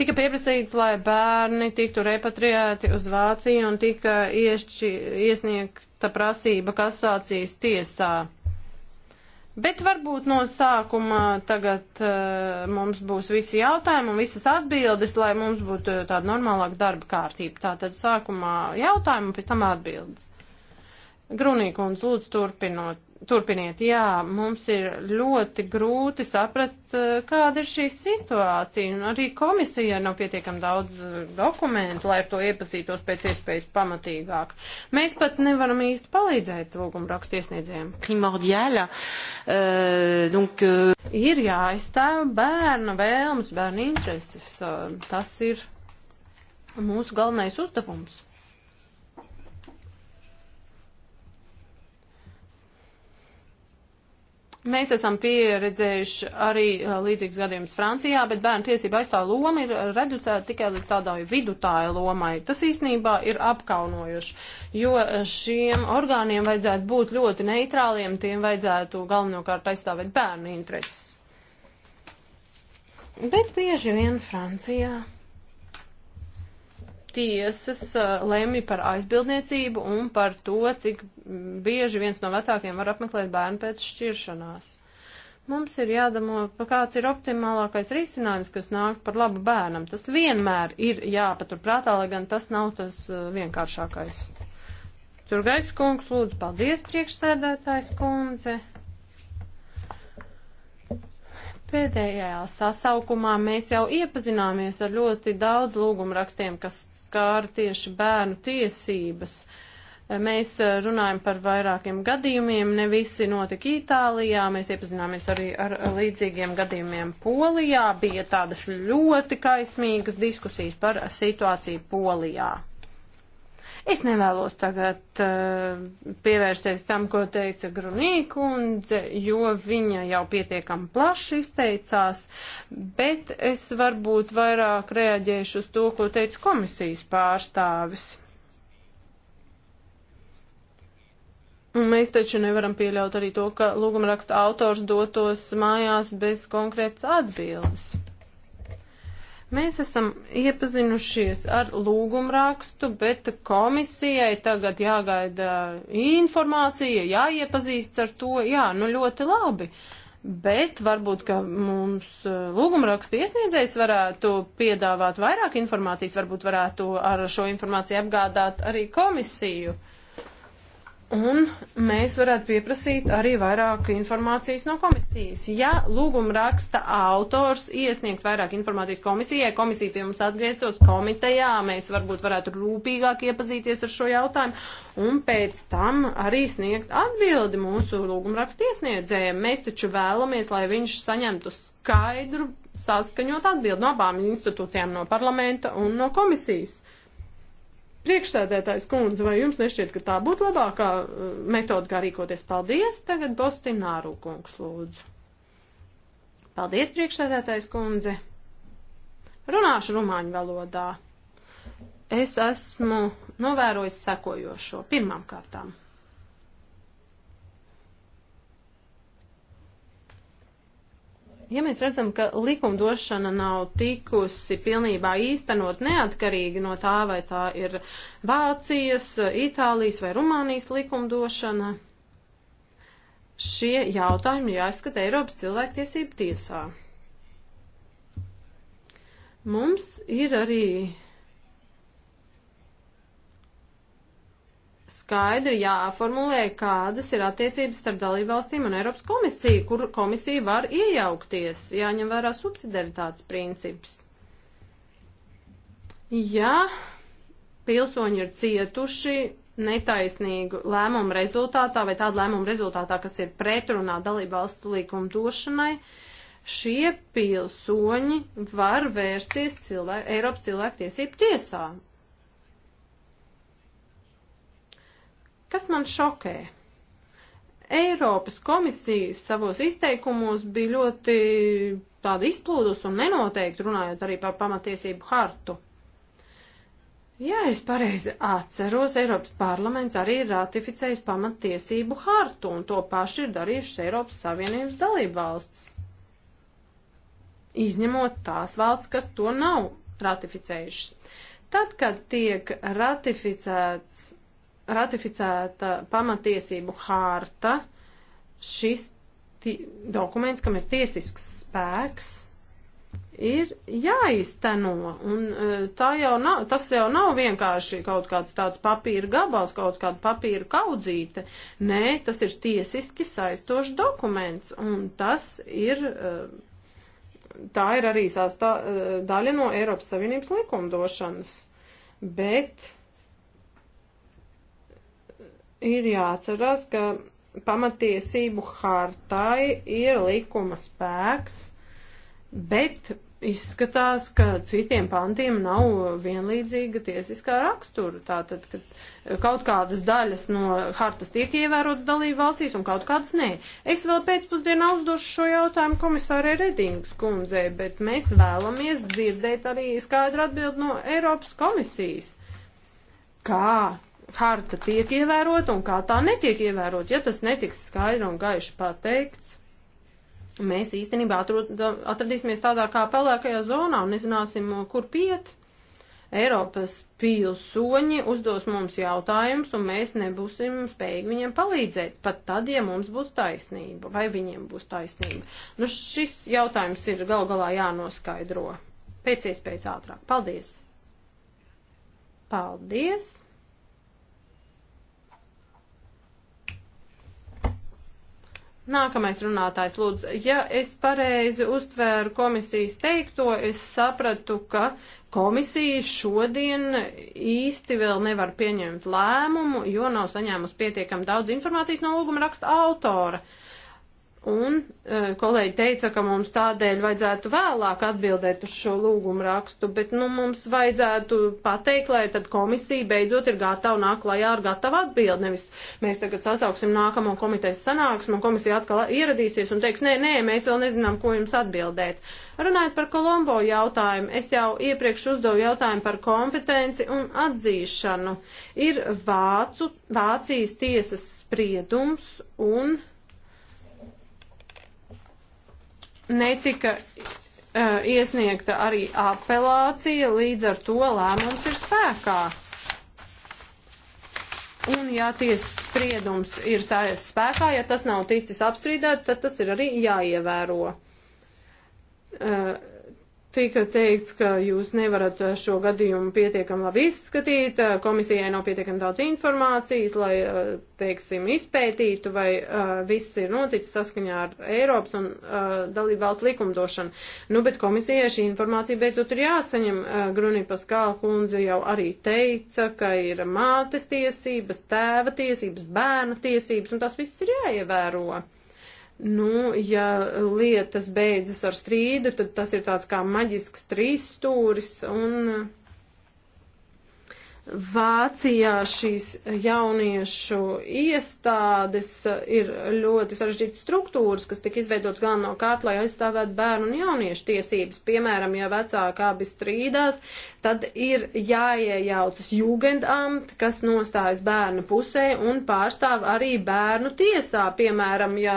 Tika pieprasīts, lai bērni tiktu repatriēti uz Vāciju un tika iešķi, iesniegta prasība kasācijas tiesā. Bet varbūt no sākuma tagad uh, mums būs visi jautājumi un visas atbildes, lai mums būtu tāda normālāka darba kārtība. Tātad sākumā jautājumi un pēc tam atbildes. Grunīkums, lūdzu, turpinot. Turpiniet, jā, mums ir ļoti grūti saprast, eh, kāda ir šī situācija, un arī komisija nav pietiekam daudz eh, dokumentu, lai ar to iepazītos pēc iespējas pamatīgāk. Mēs pat nevaram īsti palīdzēt lūgumu rakstu iesniedzējiem. Primordiāla, uh, eh, donc, uh... Ir jāaizstāv bērna vēlmes, bērna intereses, uh, tas ir mūsu galvenais uzdevums. Mēs esam pieredzējuši arī uh, līdzīgas gadījumus Francijā, bet bērnu tiesība aizstāja loma ir reducēta tikai līdz tādai vidutāja lomai. Tas īstenībā ir apkaunojuši, jo uh, šiem orgāniem vajadzētu būt ļoti neitrāliem, tiem vajadzētu galvenokārt aizstāvēt bērnu intereses. Bet bieži vien Francijā tiesas lemj par aizbildniecību un par to, cik bieži viens no vecākiem var apmeklēt bērnu pēc šķiršanās. Mums ir jādomā, kāds ir optimālākais risinājums, kas nāk par labu bērnam. Tas vienmēr ir jāpaturprātā, lai gan tas nav tas vienkāršākais. Tur gaisa kungs, lūdzu, paldies priekšsēdētājs kundze. Pēdējā sasaukumā mēs jau iepazināmies ar ļoti daudz lūgumrakstiem, kas skāra tieši bērnu tiesības. Mēs eh, runājam par vairākiem gadījumiem, ne visi notika Itālijā, mēs iepazināmies arī ar līdzīgiem gadījumiem Polijā, bija tādas ļoti kaismīgas diskusijas par situāciju Polijā. Es nevēlos tagad uh, pievērsties tam, ko teica Grunīkundze, jo viņa jau pietiekam plaši izteicās, bet es varbūt vairāk reaģēšu uz to, ko teica komisijas pārstāvis. Un mēs taču nevaram pieļaut arī to, ka lūgumraksta autors dotos mājās bez konkrētas atbildes. Mēs esam iepazinušies ar lūgumrakstu, bet komisijai tagad jāgaida informācija, jāiepazīst ar to, jā, nu ļoti labi. Bet varbūt, ka mums uh, lūgumrakstu iesniedzējs varētu piedāvāt vairāk informācijas, varbūt varētu ar šo informāciju apgādāt arī komisiju. Uh, Un mēs varētu pieprasīt arī vairāk informācijas no komisijas. Ja lūguma raksta autors iesniegt vairāk informācijas komisijai, komisija pie mums atgrieztos komitejā, mēs varbūt varētu rūpīgāk iepazīties ar šo jautājumu un pēc tam arī sniegt atbildi mūsu lūguma raksta iesniedzējiem. Mēs taču vēlamies, lai viņš saņemtu skaidru, saskaņot atbildi no abām institūcijām, no parlamenta un no komisijas. Priekšsēdētājs kundze, vai jums nešķiet, ka tā būtu labākā uh, metoda, kā rīkoties? Paldies! Tagad Bostināru kungs lūdzu. Paldies, priekšsēdētājs kundze! Runāšu rumāņu valodā. Es esmu novērojis sekojošo pirmām kārtām. Ja mēs redzam, ka likumdošana nav tikusi pilnībā īstenot neatkarīgi no tā, vai tā ir Vācijas, Itālijas vai Rumānijas likumdošana, šie jautājumi jāizskata Eiropas cilvēktiesību tiesā. Mums ir arī skaidri jāformulē, kādas ir attiecības starp dalībvalstīm un Eiropas komisiju, kur komisija var iejaukties, jāņem vērā subsidiaritātes princips. Ja pilsoņi ir cietuši netaisnīgu lēmumu rezultātā vai tādu lēmumu rezultātā, kas ir pretrunā dalībvalstu līkumu došanai, šie pilsoņi var vērsties cilvēku, Eiropas cilvēktiesību tiesā Kas man šokē? Eiropas komisija savos izteikumos bija ļoti tāda izplūdus un nenoteikti runājot arī par pamatiesību hartu. Jā, es pareizi atceros, Eiropas parlaments arī ir ratificējis pamatiesību hartu, un to paši ir darījušas Eiropas Savienības dalību valsts. Izņemot tās valsts, kas to nav ratificējušas. Tad, kad tiek ratificēts ratificēta pamatiesību hārta, šis dokuments, kam ir tiesisks spēks, ir jāizteno. Un, e, jau nav, tas jau nav vienkārši kaut kāds tāds papīra gabals, kaut kāda papīra kaudzīte. Nē, tas ir tiesiski saistošs dokuments, un tas ir. E, tā ir arī sastā, e, daļa no Eiropas Savienības likumdošanas. Bet ir jāatcerās, ka pamatiesību hartai ir likuma spēks, bet izskatās, ka citiem pantiem nav vienlīdzīga tiesiskā rakstura. Tātad, ka kaut kādas daļas no hartas tiek ievērotas dalību valstīs un kaut kādas nē. Es vēl pēcpusdienā uzdošu šo jautājumu komisārai Redingas kundzei, bet mēs vēlamies dzirdēt arī skaidru atbildi no Eiropas komisijas. Kā harta tiek ievērota un kā tā netiek ievērota. Ja tas netiks skaidri un gaiši pateikts, mēs īstenībā atrod, atradīsimies tādā kā pelēkajā zonā un nezināsim, kur piet. Eiropas pilsoņi uzdos mums jautājumus, un mēs nebūsim spējīgi viņiem palīdzēt, pat tad, ja mums būs taisnība, vai viņiem būs taisnība. Nu, šis jautājums ir gal galā jānoskaidro pēc iespējas ātrāk. Paldies! Paldies! Nākamais runātājs lūdzu, ja es pareizi uztvēru komisijas teikto, es sapratu, ka komisija šodien īsti vēl nevar pieņemt lēmumu, jo nav saņēmusi pietiekam daudz informācijas no lūguma raksta autora. Uh, Un e, kolēģi teica, ka mums tādēļ vajadzētu vēlāk atbildēt uz šo lūgumu rakstu, bet nu, mums vajadzētu pateikt, lai tad komisija beidzot ir gatava nāk klajā ar gatavu atbildi. Nevis mēs tagad sasauksim nākamo komitejas sanāksmu un komisija atkal ieradīsies un teiks, nē, nē, mēs vēl nezinām, ko jums atbildēt. Runājot par Kolombo jautājumu, es jau iepriekš uzdevu jautājumu par kompetenci un atzīšanu. Ir Vācu, Vācijas tiesas spriedums un netika uh, iesniegta arī apelācija, līdz ar to lēmums ir spēkā. Un, ja tiesas spriedums ir stājies spēkā, ja tas nav ticis apstrīdēts, tad tas ir arī jāievēro. Uh, Tika teikts, ka jūs nevarat šo gadījumu pietiekami labi izskatīt, komisijai nav pietiekami daudz informācijas, lai, eh, teiksim, izpētītu, vai uh, viss ir noticis saskaņā ar Eiropas un uh, dalību valsts likumdošanu. Nu, bet komisijai šī informācija beidzot ir jāsaņem. Uh, Grunipas Kālkundze jau arī teica, ka ir mātes tiesības, tēva tiesības, bērna tiesības, un tas viss ir jāievēro. Nu, ja lietas beidzas ar strīdu, tad tas ir tāds kā maģisks trīsstūris un. Uh, Vācijā šīs jauniešu iestādes ir ļoti sarežģītas struktūras, kas tika izveidotas galvenokārt, lai aizstāvētu bērnu un jauniešu tiesības. Piemēram, ja vecāki abi strīdās, tad ir jāiejaucas jūgendamt, kas nostājas bērnu pusē un pārstāv arī bērnu tiesā. Piemēram, ja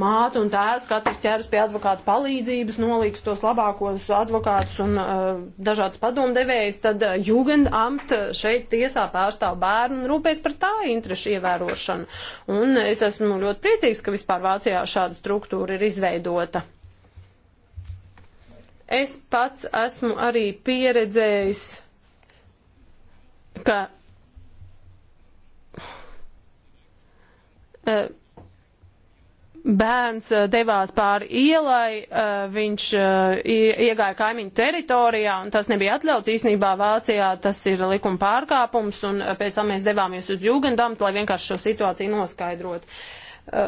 māte un tēvs katrs ķeras pie advokāta palīdzības, nolīgs tos labākos advokātus un uh, dažādas padomdevējus, tad uh, jūgendamt šeit tiesā pārstāv bērnu un rūpēs par tā interešu ievērošanu. Un es esmu ļoti priecīgs, ka vispār Vācijā šāda struktūra ir izveidota. Es pats esmu arī pieredzējis, ka. Uh, bērns eh, devās pāri ielai, eh, viņš eh, iegāja kaimiņu teritorijā, un tas nebija atļauts. Īsnībā Vācijā tas ir likuma pārkāpums, un pēc tam mēs devāmies uz Jūgendamt, lai vienkārši šo situāciju noskaidrotu.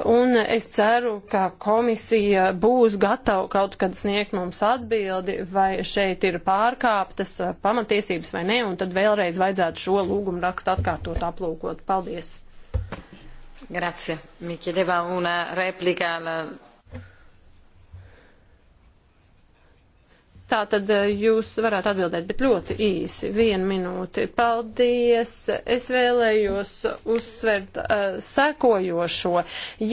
Un es ceru, ka komisija būs gatava kaut kad sniegt mums atbildi, vai šeit ir pārkāptas pamatiesības vai nē, un tad vēlreiz vajadzētu šo lūgumu rakstu atkārtot aplūkot. Paldies! Grazie. Mi chiedeva una replika. La... Tā tad eh, jūs varētu atbildēt, bet ļoti īsi, vienu minūti. Paldies! Es vēlējos uzsvert uh, sekojošo.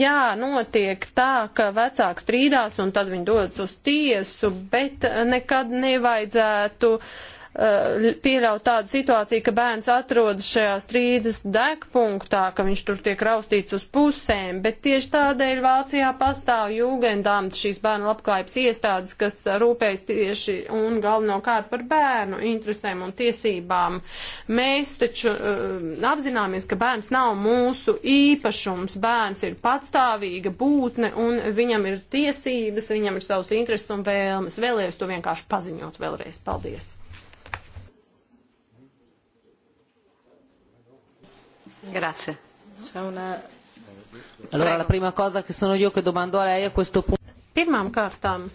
Jā, notiek tā, ka vecāks strīdās un tad viņi dodas uz tiesu, bet nekad nevajadzētu. Uh, Uh, pieļaut tādu situāciju, ka bērns atrodas šajā strīdas degpunktā, ka viņš tur tiek raustīts uz pusēm, bet tieši tādēļ Vācijā pastāv jūgendāmt šīs bērnu labklājības iestādes, kas rūpējas tieši un galvenokārt par bērnu interesēm un tiesībām. Mēs taču uh, apzināmies, ka bērns nav mūsu īpašums, bērns ir patstāvīga būtne un viņam ir tiesības, viņam ir savas intereses un vēlmes. Vēlējos to vienkārši paziņot vēlreiz. Paldies! Grazie. C'è una... Allora la prima cosa che sono io che domando a lei a questo punto. Pirmām kārtām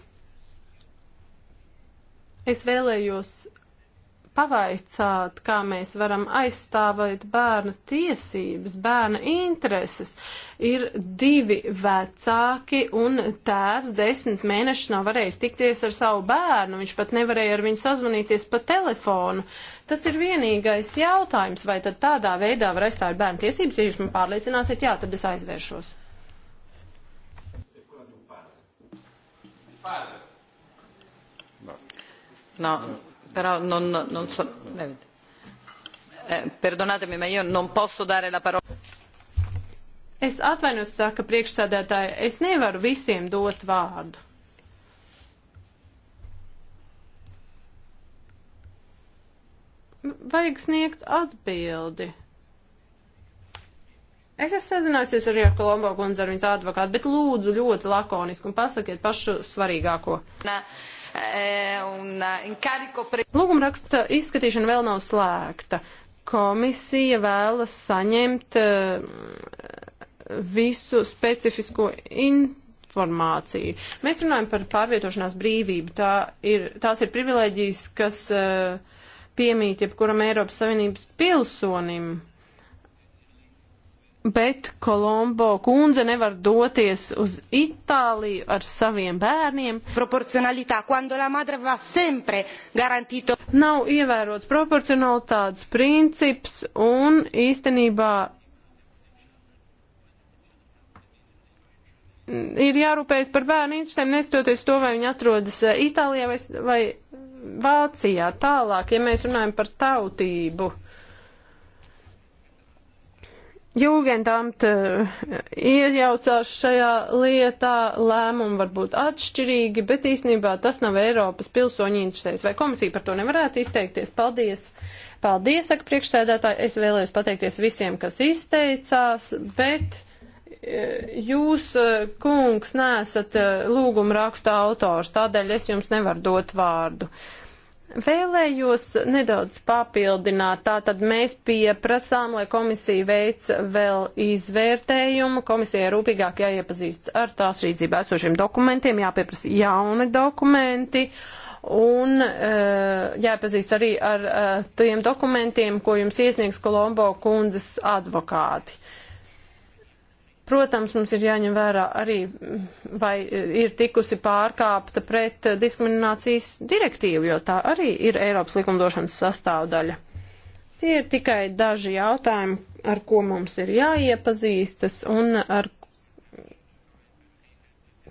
es vēlējos pavaicāt, kā mēs varam aizstāvēt bērna tiesības, bērna intereses. Ir divi vecāki un tēvs desmit mēnešus nav varējis tikties ar savu bērnu, viņš pat nevarēja ar viņu sazvanīties pa telefonu. Uh, Tas ir vienīgais jautājums, vai tad tādā veidā var aizstāvēt bērnu tiesības, ja jūs man pārliecināsiet, jā, tad es aizvēršos. No, però non, non so, eh, perdonatemi, ma io non posso dare la parola. Es atvainojos, saka priekšsēdētāja, es nevaru visiem dot vārdu. vajag sniegt atbildi. Es esmu sazinājusies ar Rieku Lombo kundzi, ar viņas advokātu, bet lūdzu ļoti lakoniski un pasakiet pašu svarīgāko. Nā. E, e, Lūgumraksta izskatīšana vēl nav slēgta. Komisija vēlas saņemt e, visu specifisko informāciju. Mēs runājam par pārvietošanās brīvību. Tā ir, tās ir privilēģijas, kas uh, piemīt jebkuram Eiropas Savienības pilsonim. Bet Kolombo kundze nevar doties uz Itāliju ar saviem bērniem. Garantito... Nav ievērots proporcionalitātes princips un īstenībā ir jārūpējas par bērnu interesēm, nestoties to, vai viņi atrodas eh, Itālijā vai, vai Vācijā. Tālāk, ja mēs runājam par tautību. Jūgendamt eh, iejaucās šajā lietā, lēmumi var būt atšķirīgi, bet īstenībā tas nav Eiropas pilsoņu interesēs. Vai komisija par to nevarētu izteikties? Paldies! Paldies, saka priekšsēdētāji. Es vēlējos pateikties visiem, kas izteicās, bet Jūs, eh, kungs, nesat eh, lūguma raksta autors, tādēļ es jums nevaru dot vārdu. Vēlējos nedaudz papildināt, tātad mēs pieprasām, lai komisija veic vēl izvērtējumu, komisija rūpīgāk jāiepazīst ar tās rīdzībā esošiem dokumentiem, jāpieprasa jauni dokumenti un eh, jāiepazīst arī ar tiem dokumentiem, ko jums iesniegs Kolombo kundzes advokāti Protams, mums ir jāņem vērā arī, mm, vai eh, ir tikusi pārkāpta pret eh, diskriminācijas direktīvu, jo tā arī ir Eiropas likumdošanas sastāvdaļa. Tie ir tikai daži jautājumi, ar ko mums ir jāiepazīstas un ar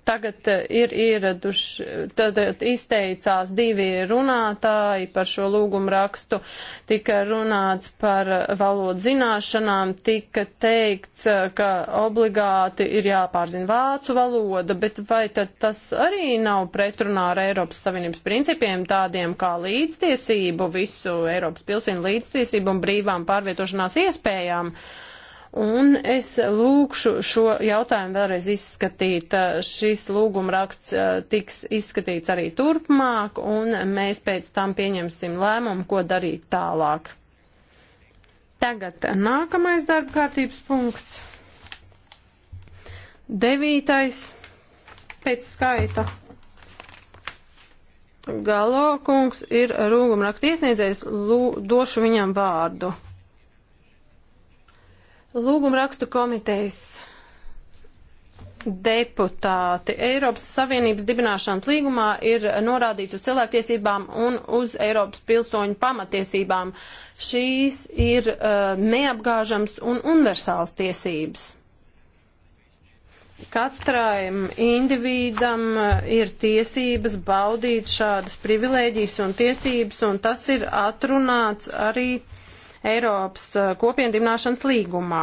Tagad eh, ir ieraduši, tad eh, izteicās divi runātāji par šo lūgumu rakstu, tika runāts par valodu zināšanām, tika teikts, eh, ka obligāti ir jāpārzina vācu valoda, bet vai tad tas arī nav pretrunā ar Eiropas Savienības principiem tādiem kā līdztiesību, visu Eiropas pilsēņu līdztiesību un brīvām pārvietošanās iespējām? Uh, Un es lūkšu šo jautājumu vēlreiz izskatīt. Eh, šis lūgumraksts eh, tiks izskatīts arī turpmāk, un mēs pēc tam pieņemsim lēmumu, ko darīt tālāk. Tagad nākamais darba kārtības punkts. Devītais pēc skaita. Galo kungs ir rūgumraksts iesniedzējs, došu viņam vārdu. Lūgumrakstu komitejas deputāti. Eiropas Savienības dibināšanas līgumā ir norādīts uz cilvēktiesībām un uz Eiropas pilsoņu pamatiesībām. Šīs ir uh, neapgāžams un universāls tiesības. Katram individam uh, ir tiesības baudīt šādas privilēģijas un tiesības, un tas ir atrunāts arī uh, Eiropas eh, kopiendimināšanas līgumā.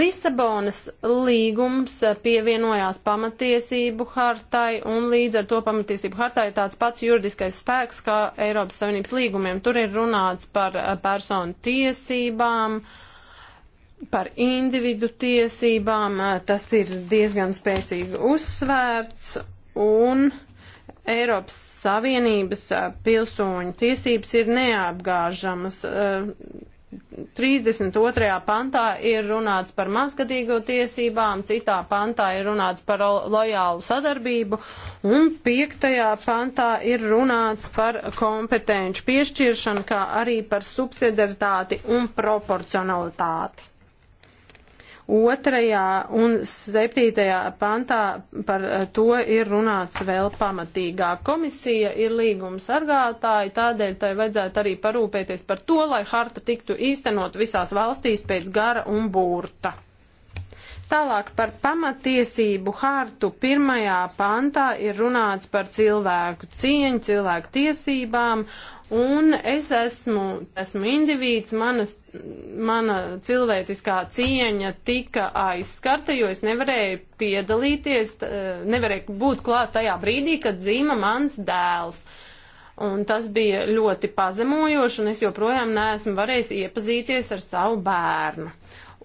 Lisabonas līgums eh, pievienojās pamatiesību hartai, un līdz ar to pamatiesību hartai ir tāds pats juridiskais spēks kā Eiropas Savienības līgumiem. Tur ir runāts par eh, personu tiesībām, par individu tiesībām, tas ir diezgan spēcīgi uzsvērts, un uh, Eiropas Savienības pilsoņu tiesības ir neapgāžamas. 32. pantā ir runāts par mazgadīgo tiesībām, citā pantā ir runāts par lojālu sadarbību, un 5. pantā ir runāts par kompetenci piešķiršanu, kā arī par subsidiaritāti un proporcionalitāti. Otrajā un septītajā pantā par eh, to ir runāts vēl pamatīgāk. Komisija ir līguma sargātāji, tādēļ tai vajadzētu arī parūpēties par to, lai harta tiktu īstenot visās valstīs pēc gara un burta. Tālāk par pamatiesību hartu pirmajā pantā ir runāts par cilvēku cieņu, cilvēku tiesībām, un es esmu, esmu indivīds, manas, mana cilvēciskā cieņa tika aizskarta, jo es nevarēju piedalīties, eh, nevarēju būt klāt tajā brīdī, kad dzīva mans dēls. Un tas bija ļoti pazemojoši, un es joprojām neesmu varējis iepazīties ar savu bērnu.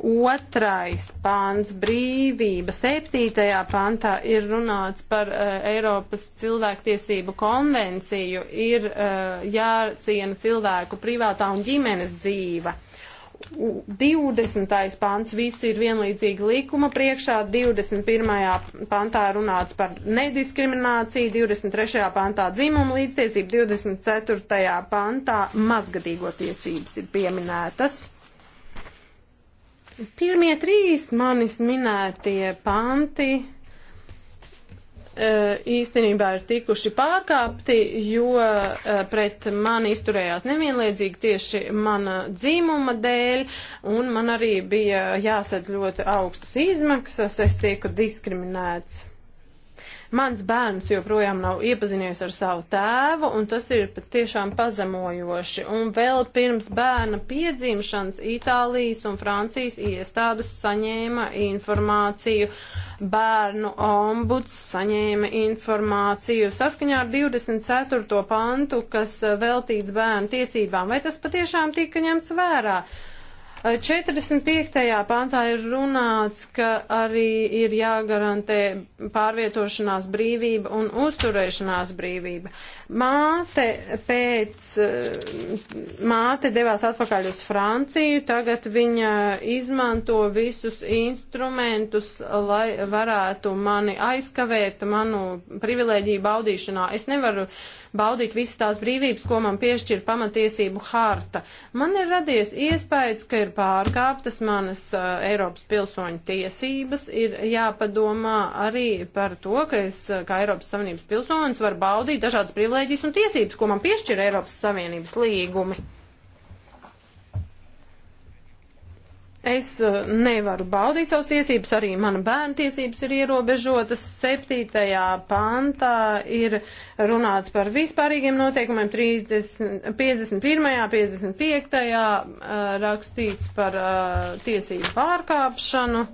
Otrais pāns - brīvība. Septītajā pantā ir runāts par uh, Eiropas cilvēktiesību konvenciju, ir uh, jāciena cilvēku privātā un ģimenes dzīve. 20. pants visi ir vienlīdzīgi likuma priekšā, 21. pantā runāts par nediskrimināciju, 23. pantā dzimumu līdztiesību, 24. pantā mazgadīgo tiesības ir pieminētas. Pirmie trīs manis minētie panti eh, īstenībā ir tikuši pārkāpti, jo eh, pret mani izturējās nevienlīdzīgi tieši mana dzīmuma dēļ, un man arī bija jāsadz ļoti augstas izmaksas, es tieku diskriminēts. Mans bērns joprojām nav iepazinies ar savu tēvu, un tas ir patiešām pazemojoši. Un vēl pirms bērna piedzimšanas Itālijas un Francijas iestādes saņēma informāciju, bērnu ombuds saņēma informāciju saskaņā ar 24. pantu, kas veltīts bērnu tiesībām. Vai tas patiešām tika ņemts vērā? 45. pantā ir runāts, ka arī ir jāgarantē pārvietošanās brīvība un uzturēšanās brīvība. Māte pēc, eh, māte devās atpakaļ uz Franciju, tagad viņa izmanto visus instrumentus, lai varētu mani aizkavēt, manu privilēģiju baudīšanā. Es nevaru baudīt visas tās brīvības, ko man piešķir pamatiesību harta. Man ir radies iespējas, ka ir pārkāptas manas uh, Eiropas pilsoņu tiesības, ir jāpadomā arī par to, ka es kā Eiropas Savienības pilsonis varu baudīt dažādas privilēģijas un tiesības, ko man piešķir Eiropas Savienības līgumi. Es eh, nevaru baudīt savas tiesības, arī mana bērna tiesības ir ierobežotas. Septītajā pantā ir runāts par vispārīgiem noteikumiem, 30, 51. 55. rakstīts par uh, tiesību pārkāpšanu.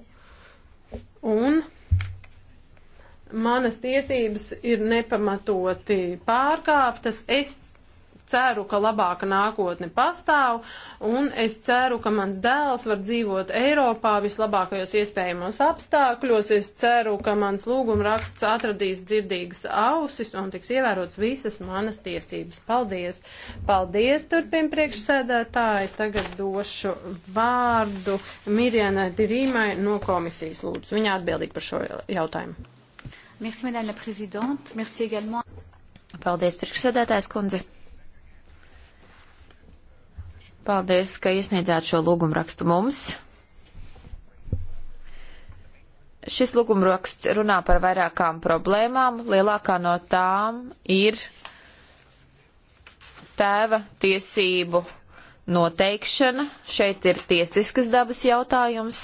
Un manas tiesības ir nepamatoti pārkāptas. Es ceru, ka labāka nākotne pastāv, un es ceru, ka mans dēls var dzīvot Eiropā vislabākajos iespējamos apstākļos. Es ceru, ka mans lūgumraksts atradīs dzirdīgas ausis un tiks ievērots visas manas tiesības. Paldies! Paldies, turpin priekšsēdētāji! Tagad došu vārdu Mirjanai Dirīmai no komisijas lūdzu. Viņa atbildīga par šo jautājumu. Merci, Madame la Présidente. Merci également. Paldies, priekšsēdētājs kundze. Paldies, ka iesniedzāt šo lūgumrakstu mums. Šis lūgumraksts runā par vairākām problēmām. Lielākā no tām ir tēva tiesību noteikšana. Šeit ir tiesiskas dabas jautājums.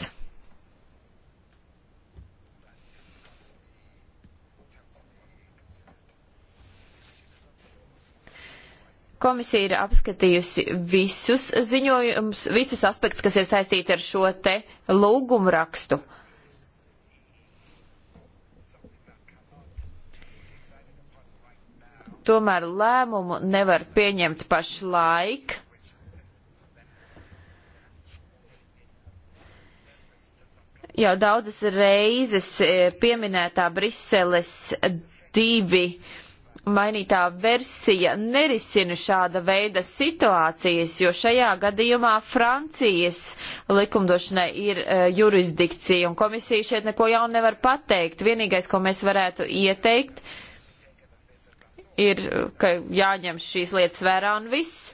Komisija ir apskatījusi visus ziņojumus, visus aspektus, kas ir saistīti ar šo te lūgumu rakstu. Tomēr lēmumu nevar pieņemt pašlaik. Jau daudzas reizes e, pieminētā Briseles divi uh, mainītā versija nerisina šāda veida situācijas, jo šajā gadījumā Francijas likumdošanai ir uh, jurisdikcija, un komisija šeit neko jaunu nevar pateikt. Vienīgais, ko mēs varētu ieteikt, ir, ka jāņem šīs lietas vērā un viss.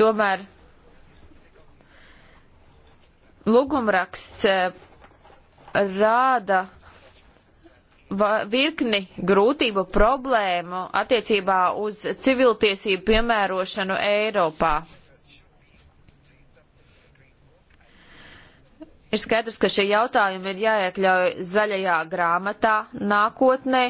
Tomēr lūgumraksts uh, rāda, virkni grūtību problēmu attiecībā uz civiltiesību piemērošanu Eiropā. Ir skaidrs, ka šie jautājumi ir jāiekļauj zaļajā grāmatā nākotnē,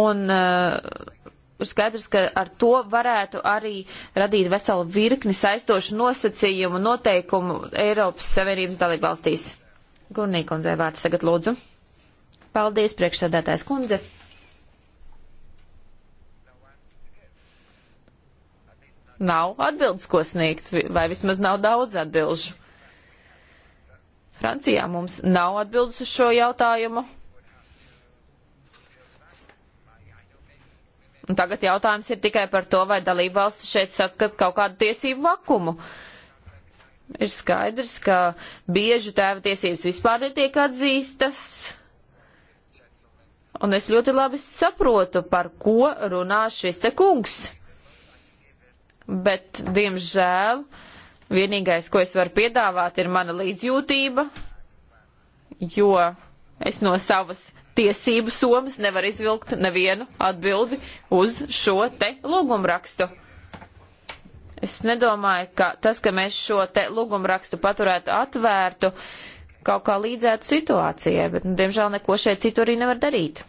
un uh, ir skaidrs, ka ar to varētu arī radīt veselu virkni saistošu nosacījumu noteikumu Eiropas Savienības dalībvalstīs. Gurnīkundzei vārds tagad lūdzu. Paldies, priekšsādātājs kundze. Nav atbildes, ko sniegt, vai vismaz nav daudz atbilžu. Francijā mums nav atbildes uz šo jautājumu. Un tagad jautājums ir tikai par to, vai dalībvalsts šeit saskat kaut kādu tiesību vakumu. Ir skaidrs, ka bieži tēva tiesības vispār netiek atzīstas. Un es ļoti labi saprotu, par ko runā šis te kungs. Bet, diemžēl, vienīgais, ko es varu piedāvāt, ir mana līdzjūtība, jo es no savas tiesību somas nevaru izvilkt nevienu atbildi uz šo te lūgumrakstu. Es nedomāju, ka tas, ka mēs šo te lūgumrakstu paturētu atvērtu, uh, kaut kā līdzētu situācijai, bet, nu, diemžēl, neko šeit citu arī nevar darīt.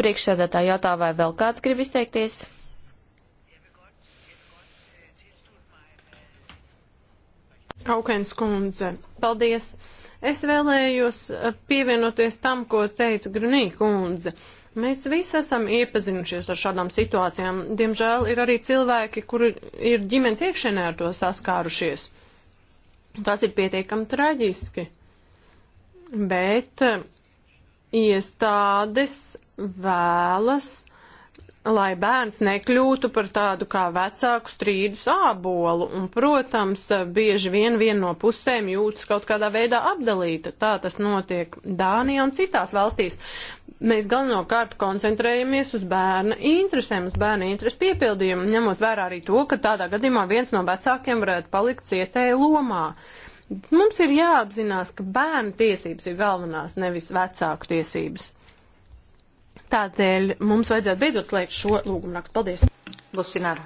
Priekšsēdētā jautā, vai vēl kāds grib izteikties? Aukens kundze, paldies! Es vēlējos eh, pievienoties tam, ko teica Grunī kundze. Mēs visi esam iepazinušies ar šādām situācijām. Diemžēl ir arī cilvēki, kuri ir ģimenes iekšienē ar to saskārušies. Tas ir pietiekami traģiski. Bet eh, iestādes vēlas lai bērns nekļūtu par tādu kā vecāku strīdu sābolu, un, protams, bieži vien viena no pusēm jūtas kaut kādā veidā apdalīta. Tā tas notiek Dānijā un citās valstīs. Mēs galvenokārt koncentrējamies uz bērna interesēm, uz bērna interesu piepildījumu, ņemot vērā arī to, ka tādā gadījumā viens no vecākiem varētu palikt cietēja lomā. Mums ir jāapzinās, ka bērnu tiesības ir galvenās, nevis vecāku tiesības. Tādēļ mums vajadzētu beidzot slēgt šo lūgumu rakstu. Paldies! Lusināru.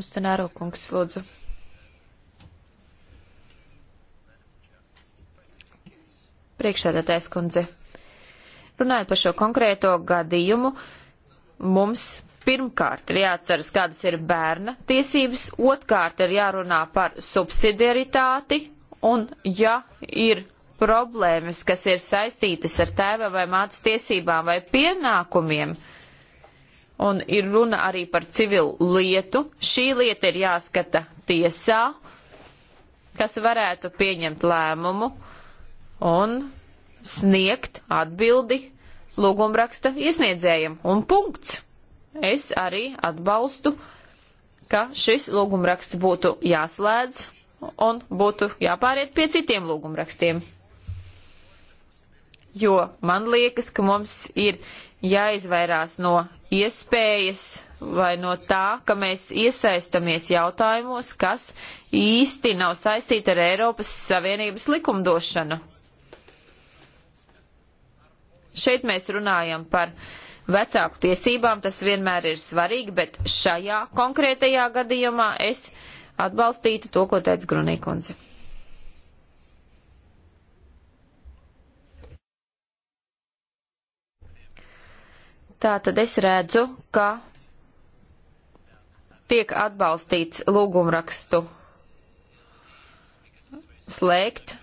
Lusināru kungs, lūdzu. Priekšsēdētājs kundze. Runājot par šo konkrēto gadījumu, mums pirmkārt ir jāatceras, kādas ir bērna tiesības, otrkārt ir jārunā par subsidiaritāti, un ja ir problēmas, kas ir saistītas ar tēva vai mātes tiesībām vai pienākumiem, un ir runa arī par civilu lietu, šī lieta ir jāskata tiesā, kas varētu pieņemt lēmumu un sniegt atbildi lūgumraksta iesniedzējiem. Un punkts. Es arī atbalstu, ka šis lūgumraksts būtu jāslēdz un būtu jāpāriet pie citiem lūgumrakstiem jo man liekas, ka mums ir jāizvairās no iespējas vai no tā, ka mēs iesaistamies jautājumos, kas īsti nav saistīti ar Eiropas Savienības likumdošanu. Šeit mēs runājam par vecāku tiesībām, tas vienmēr ir svarīgi, bet šajā konkrētajā gadījumā es atbalstītu to, ko teica Grunīkundze. Tā tad es redzu, ka tiek atbalstīts lūgumrakstu slēgt.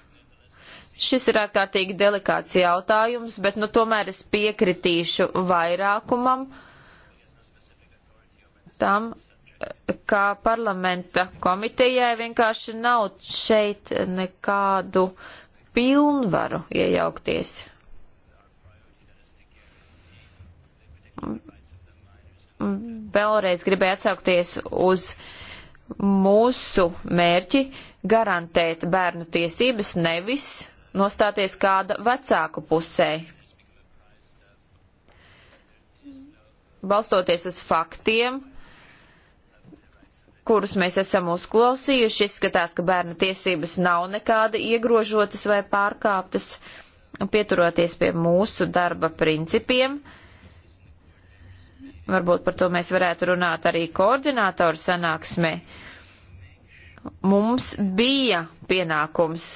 Šis ir ārkārtīgi delikāts jautājums, bet nu tomēr es piekritīšu vairākumam tam, kā parlamenta komitejai vienkārši nav šeit nekādu pilnvaru iejaukties. vēlreiz gribēju atsaukties uz mūsu mērķi garantēt bērnu tiesības, nevis nostāties kāda vecāku pusē. Balstoties uz faktiem, kurus mēs esam uzklausījuši, izskatās, ka bērna tiesības nav nekāda iegrožotas vai pārkāptas, pieturoties pie mūsu darba principiem. Uh, varbūt par to mēs varētu runāt arī koordinātoru sanāksmē, mums bija pienākums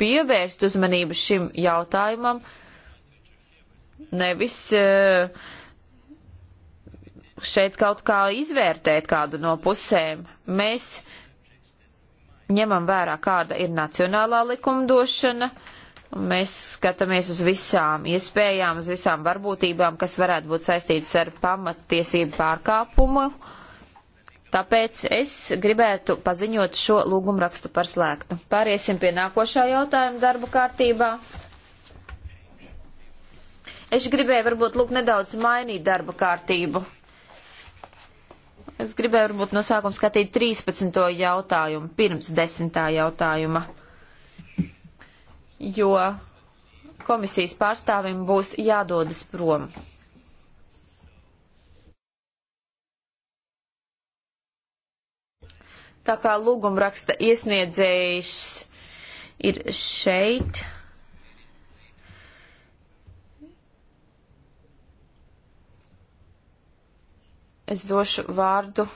pievērst uzmanību šim jautājumam, nevis eh, šeit kaut kā izvērtēt kādu no pusēm. Mēs ņemam vērā, kāda ir nacionālā likumdošana, uh, Mēs skatāmies uz visām iespējām, uz visām varbūtībām, kas varētu būt saistītas ar pamattiesību pārkāpumu. Tāpēc es gribētu paziņot šo lūgumu rakstu par slēgtu. Pāriesim pie nākošā jautājuma darba kārtībā. Es gribēju varbūt lūk nedaudz mainīt darba kārtību. Es gribēju varbūt no sākuma skatīt 13. jautājumu pirms 10. jautājuma jo komisijas pārstāvim būs jādodas prom. Tā kā lūgumraksta iesniedzējs ir šeit. Es došu vārdu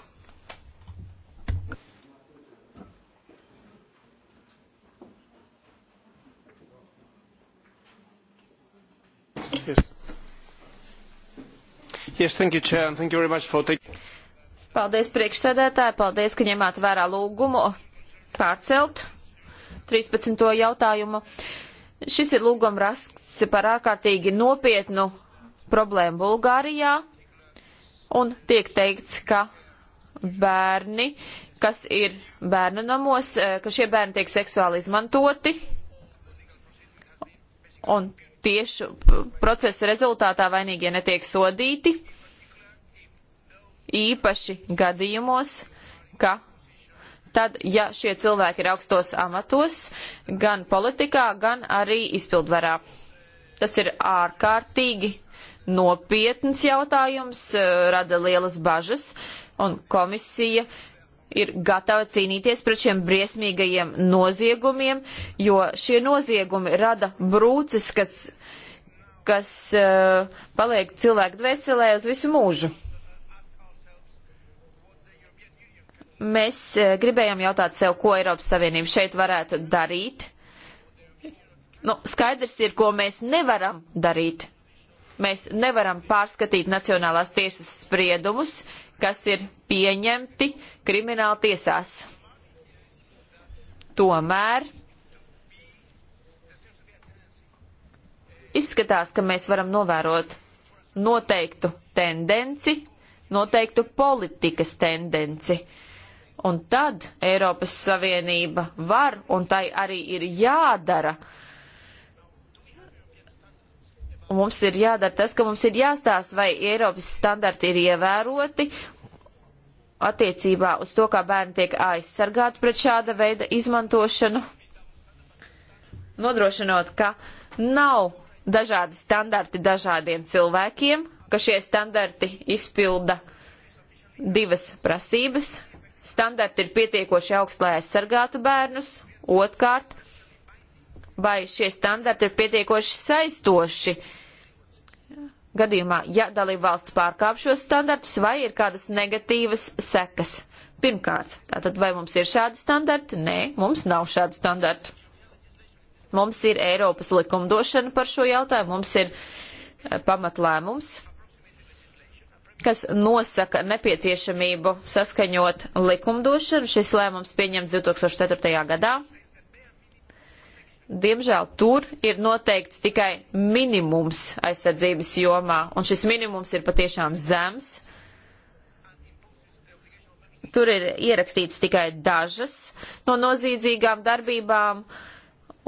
Yes. Yes, thank you, Chair, and thank you very much for taking... Paldies priekšsēdētāji, paldies, ka ņemāt vērā lūgumu pārcelt 13. jautājumu. Šis ir lūguma raksts par ārkārtīgi nopietnu problēmu Bulgārijā, un tiek teikts, ka bērni, kas ir bērnu namos, eh, ka šie bērni tiek seksuāli izmantoti, un tiešu procesa rezultātā vainīgie netiek sodīti, īpaši gadījumos, ka tad, ja šie cilvēki ir augstos amatos, gan politikā, gan arī izpildvarā. Tas ir ārkārtīgi nopietns jautājums, eh, rada lielas bažas, un komisija uh, ir gatava cīnīties pret šiem briesmīgajiem noziegumiem, jo šie noziegumi rada brūces, kas, kas uh, paliek cilvēku dvēselē uz visu mūžu. Mēs uh, gribējām jautāt sev, ko Eiropas Savienība šeit varētu darīt. Nu, skaidrs ir, ko mēs nevaram darīt. Mēs nevaram pārskatīt nacionālās tiesas spriedumus, uh, kas ir pieņemti krimināla tiesās. Tomēr izskatās, ka mēs varam novērot noteiktu tendenci, noteiktu politikas tendenci. Un tad Eiropas Savienība var un tai arī ir jādara uh, mums ir jādara tas, ka mums ir jāstāsta, vai Eiropas standarti ir ievēroti attiecībā uz to, kā bērni tiek aizsargāti pret šāda veida izmantošanu, nodrošinot, ka nav dažādi standarti dažādiem cilvēkiem, ka šie standarti izpilda divas prasības. Standarti ir pietiekoši augsts, lai aizsargātu bērnus. Otkārt, vai šie standarti ir pietiekoši saistoši gadījumā, ja dalībvalsts pārkāp šos standartus, vai ir kādas negatīvas sekas. Pirmkārt, tātad vai mums ir šādi standarti? Nē, mums nav šādu standartu. Mums ir Eiropas likumdošana par šo jautājumu, mums ir eh, pamatlēmums, kas nosaka nepieciešamību saskaņot likumdošanu. Šis lēmums pieņemts 2004. gadā. Diemžēl tur ir noteikts tikai minimums aizsardzības jomā, un šis minimums ir patiešām zems. Tur ir ierakstīts tikai dažas no noziedzīgām darbībām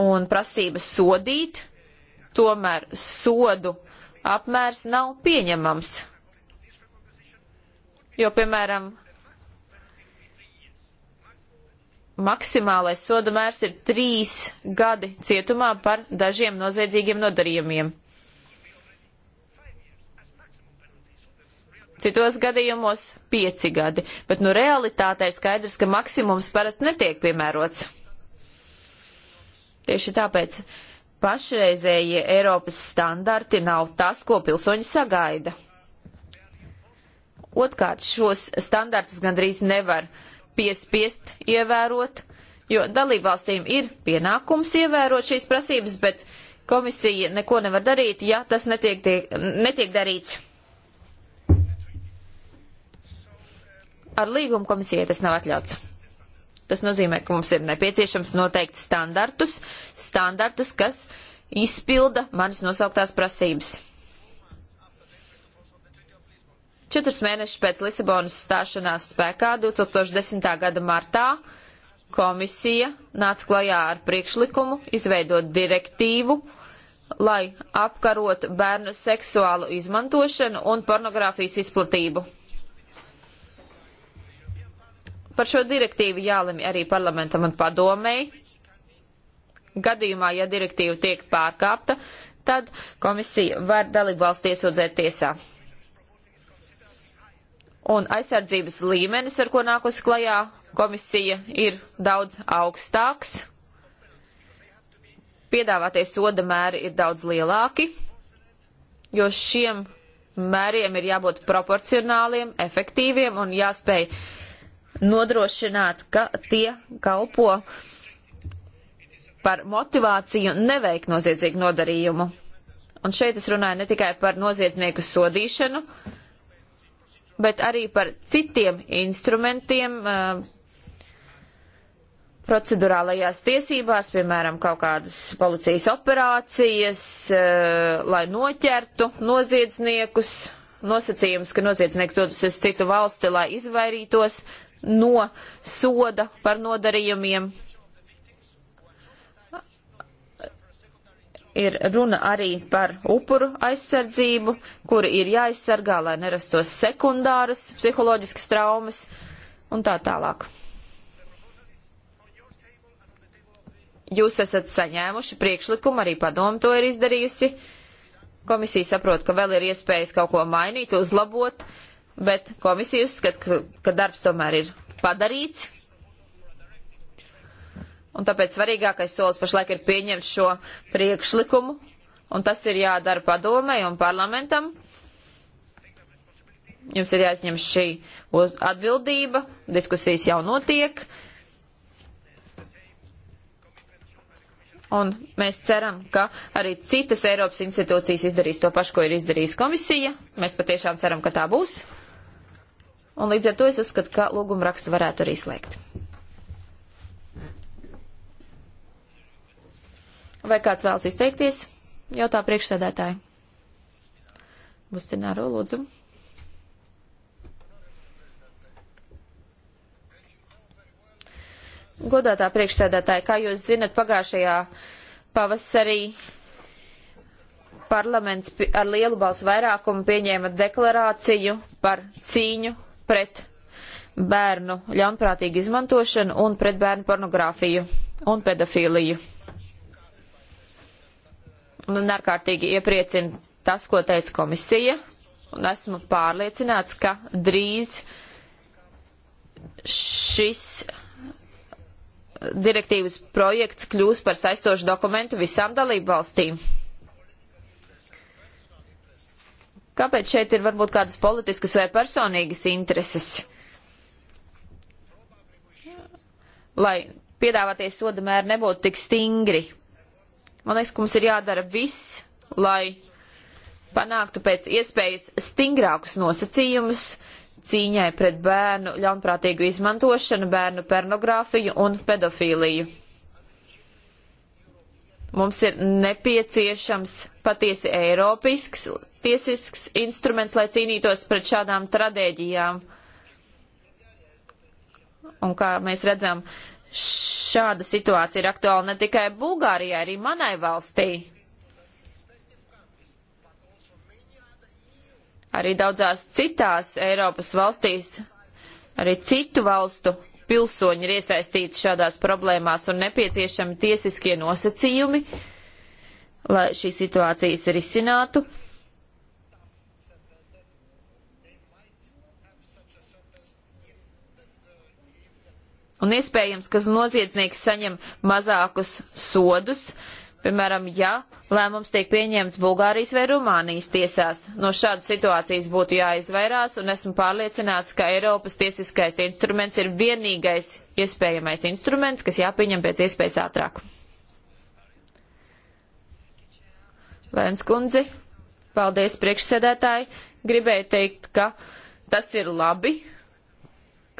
un prasības sodīt, tomēr sodu apmērs nav pieņemams. Jo, piemēram, maksimālais soda mērs ir trīs gadi cietumā par dažiem noziedzīgiem nodarījumiem. Citos gadījumos pieci gadi, bet nu realitāte ir skaidrs, ka maksimums parasti netiek piemērots. Tieši tāpēc pašreizējie Eiropas standarti nav tas, ko pilsoņi sagaida. Otkārt, šos standartus gandrīz nevar uh, piespiest ievērot, jo dalībvalstīm ir pienākums ievērot šīs prasības, bet komisija neko nevar darīt, ja tas netiek, tiek, netiek darīts. Ar līgumu komisijai tas nav atļauts. Tas nozīmē, ka mums ir nepieciešams noteikt standartus, standartus, kas izpilda manas nosauktās prasības. Četrus mēnešus pēc Lisabonas stāšanās spēkā 2010. gada martā komisija nāca klajā ar priekšlikumu izveidot direktīvu, lai apkarotu bērnu seksuālu izmantošanu un pornogrāfijas izplatību. Par šo direktīvu jālemj arī parlamentam un padomēji. Gadījumā, ja direktīva tiek pārkāpta, tad komisija var dalību valsts iesūdzēt tiesā un aizsardzības līmenis, ar ko nākusi klajā komisija, ir daudz augstāks. Piedāvātie soda mēri ir daudz lielāki, jo šiem mēriem ir jābūt proporcionāliem, efektīviem un jāspēj nodrošināt, ka tie kalpo par motivāciju neveikt noziedzīgu nodarījumu. Un šeit es runāju ne tikai par noziedznieku sodīšanu, uh, bet arī par citiem instrumentiem eh, procedurālajās tiesībās, piemēram, kaut kādas policijas operācijas, eh, lai noķertu noziedzniekus, nosacījums, ka noziedznieks dodas uz citu valsti, lai izvairītos no soda par nodarījumiem. ir runa arī par upuru aizsardzību, kuri ir jāaizsargā, lai nerastos sekundāras psiholoģiskas traumas un tā tālāk. Jūs esat saņēmuši priekšlikumu, arī padomu to ir izdarījusi. Komisija saprot, ka vēl ir iespējas kaut ko mainīt, uzlabot, bet komisija uzskata, ka, ka darbs tomēr ir padarīts, un tāpēc svarīgākais solis pašlaik ir pieņemt šo priekšlikumu, un tas ir jādara padomei un parlamentam. Jums ir jāizņem šī atbildība, diskusijas jau notiek, un mēs ceram, ka arī citas Eiropas institūcijas izdarīs to pašu, ko ir izdarījis komisija. Mēs patiešām ceram, ka tā būs. Un līdz ar to es uzskatu, ka lūgumu rakstu varētu arī slēgt. Vai kāds vēlas izteikties? Jautā priekšsēdētāji. Bustināro, lūdzu. Godātā priekšsēdētāja, kā jūs zinat, pagājušajā pavasarī parlaments ar lielu balsu vairākumu pieņēma deklarāciju par cīņu pret bērnu ļaunprātīgu izmantošanu un pret bērnu pornogrāfiju un pedofīliju. Man ārkārtīgi iepriecina tas, ko teica komisija, un esmu pārliecināts, ka drīz šis direktīvas projekts kļūs par saistošu dokumentu visām dalību valstīm. Kāpēc šeit ir varbūt kādas politiskas vai personīgas intereses? Lai piedāvāties sodamēri nebūtu tik stingri, Man liekas, ka mums ir jādara viss, lai panāktu pēc iespējas stingrākus nosacījumus cīņai pret bērnu ļaunprātīgu izmantošanu, bērnu pornogrāfiju un pedofīliju. Mums ir nepieciešams patiesi eiropisks tiesisks instruments, lai cīnītos pret šādām tradēģijām. Un kā mēs redzam, uh, Šāda situācija ir aktuāla ne tikai Bulgārijai, arī manai valstī. Arī daudzās citās Eiropas valstīs, arī citu valstu pilsoņi ir iesaistīti šādās problēmās un nepieciešami tiesiskie nosacījumi, lai šīs situācijas risinātu. izcinātu. un iespējams, ka noziedznieks saņem mazākus sodus, piemēram, ja lēmums tiek pieņemts Bulgārijas vai Rumānijas tiesās. No šādas situācijas būtu jāizvairās, un esmu pārliecināts, ka Eiropas tiesiskais instruments ir vienīgais iespējamais instruments, kas jāpieņem pēc iespējas ātrāk. Lēns kundzi, paldies priekšsēdētāji. Gribēju teikt, ka tas ir labi,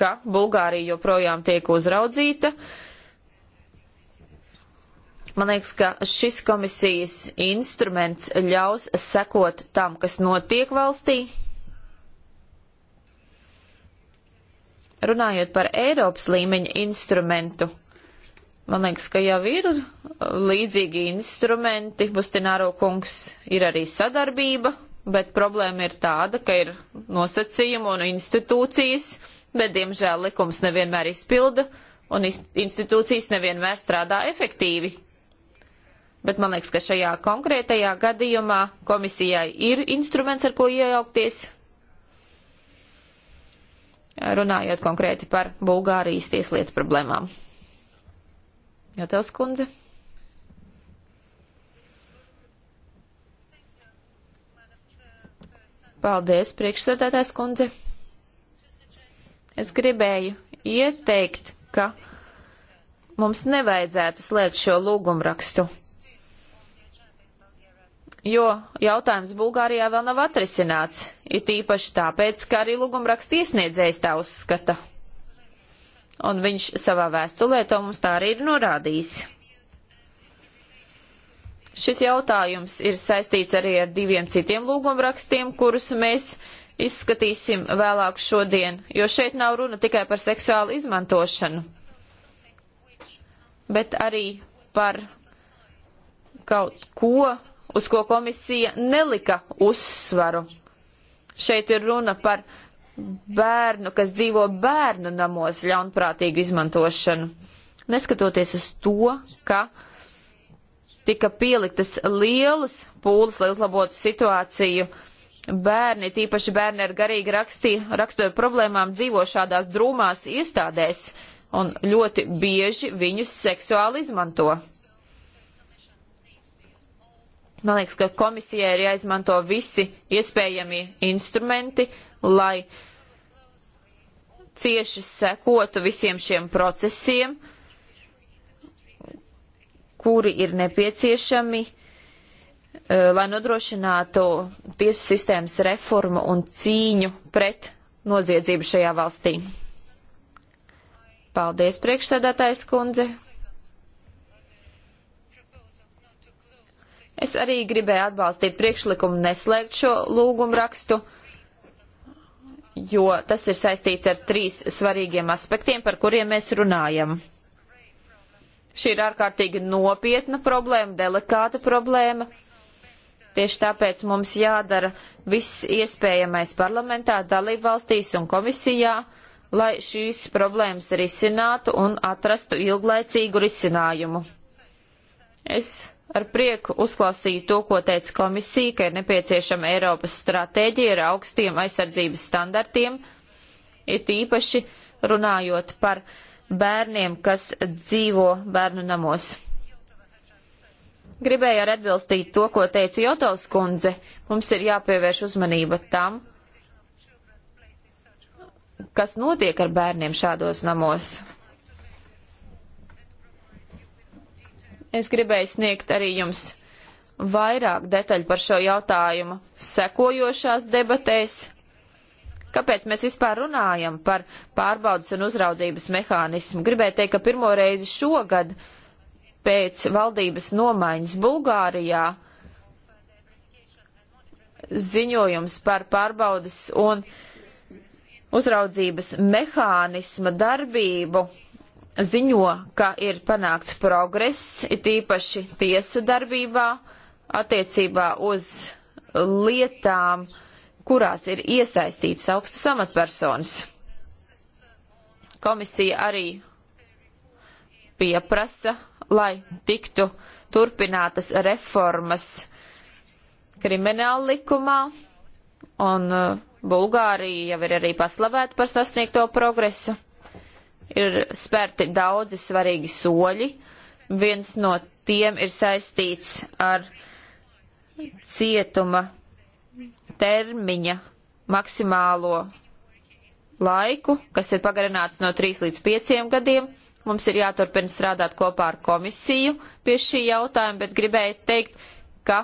ka Bulgārija joprojām tiek uzraudzīta. Man liekas, ka šis komisijas instruments ļaus sekot tam, kas notiek valstī. Runājot par Eiropas līmeņa instrumentu, Man liekas, ka jau ir līdzīgi instrumenti. Bustināro kungs ir arī sadarbība, bet problēma ir tāda, ka ir nosacījumi un institūcijas, bet, diemžēl, likums nevienmēr izpilda un institūcijas nevienmēr strādā efektīvi. Bet man liekas, ka šajā konkrētajā gadījumā komisijai ir instruments, ar ko iejaukties. Runājot konkrēti par Bulgārijas tieslietu problēmām. Jo tev, skundze? Paldies, priekšsēdētājs kundze. Es gribēju ieteikt, ka mums nevajadzētu slēgt šo lūgumrakstu, jo jautājums Bulgārijā vēl nav atrisināts, it īpaši tāpēc, ka arī lūgumraksta iesniedzējs tā uzskata. Un viņš savā vēstulē to mums tā arī ir norādījis. Šis jautājums ir saistīts arī ar diviem citiem lūgumrakstiem, kurus mēs uh, izskatīsim vēlāk šodien, jo šeit nav runa tikai par seksuālu izmantošanu, bet arī par kaut ko, uz ko komisija nelika uzsvaru. Šeit ir runa par bērnu, kas dzīvo bērnu namos ļaunprātīgu izmantošanu. Neskatoties uz to, ka tika pieliktas lielas pūles, lai uzlabotu situāciju, uh, bērni, tīpaši bērni ar garīgi raksti, rakstura problēmām, dzīvo šādās drūmās iestādēs un ļoti bieži viņus seksuāli izmanto. Man liekas, ka komisijai ir jāizmanto visi iespējamie instrumenti, lai cieši sekotu visiem šiem procesiem, kuri ir nepieciešami uh, Eh, lai nodrošinātu tiesu sistēmas reformu un cīņu pret noziedzību šajā valstī. Paldies, priekšsēdētājs kundze. Es arī gribēju atbalstīt priekšlikumu neslēgt šo lūgumu rakstu, jo tas ir saistīts ar trīs svarīgiem aspektiem, par kuriem mēs runājam. Šī ir ārkārtīgi nopietna problēma, delikāta problēma Tieši tāpēc mums jādara viss iespējamais parlamentā, dalībvalstīs un komisijā, lai šīs problēmas risinātu un atrastu ilglaicīgu risinājumu. Es ar prieku uzklausīju to, ko teica komisija, ka ir nepieciešama Eiropas stratēģija ar augstiem aizsardzības standartiem, it īpaši runājot par bērniem, kas dzīvo bērnu namos. Gribēju arī atbilstīt to, ko teica Jotovs kundze. Mums ir jāpievērš uzmanība tam, kas notiek ar bērniem šādos namos. Es gribēju sniegt arī jums vairāk detaļu par šo jautājumu sekojošās debatēs. Kāpēc mēs vispār runājam par pārbaudas un uzraudzības mehānismu? Gribēju teikt, ka pirmo reizi šogad uh, pēc valdības nomaiņas Bulgārijā ziņojums par pārbaudas un uzraudzības mehānisma darbību ziņo, ka ir panākts progress, it īpaši tiesu darbībā attiecībā uz lietām, kurās ir iesaistīts augstu samatpersonas. Komisija arī pieprasa lai tiktu turpinātas reformas krimināla likumā, un uh, Bulgārija jau ir arī paslavēta par sasniegto progresu. Ir spērti daudzi svarīgi soļi. Viens no tiem ir saistīts ar cietuma termiņa maksimālo laiku, kas ir pagarināts no 3 līdz 5 gadiem. Mums ir jāturpina strādāt kopā ar komisiju pie šī jautājuma, bet gribēju teikt, ka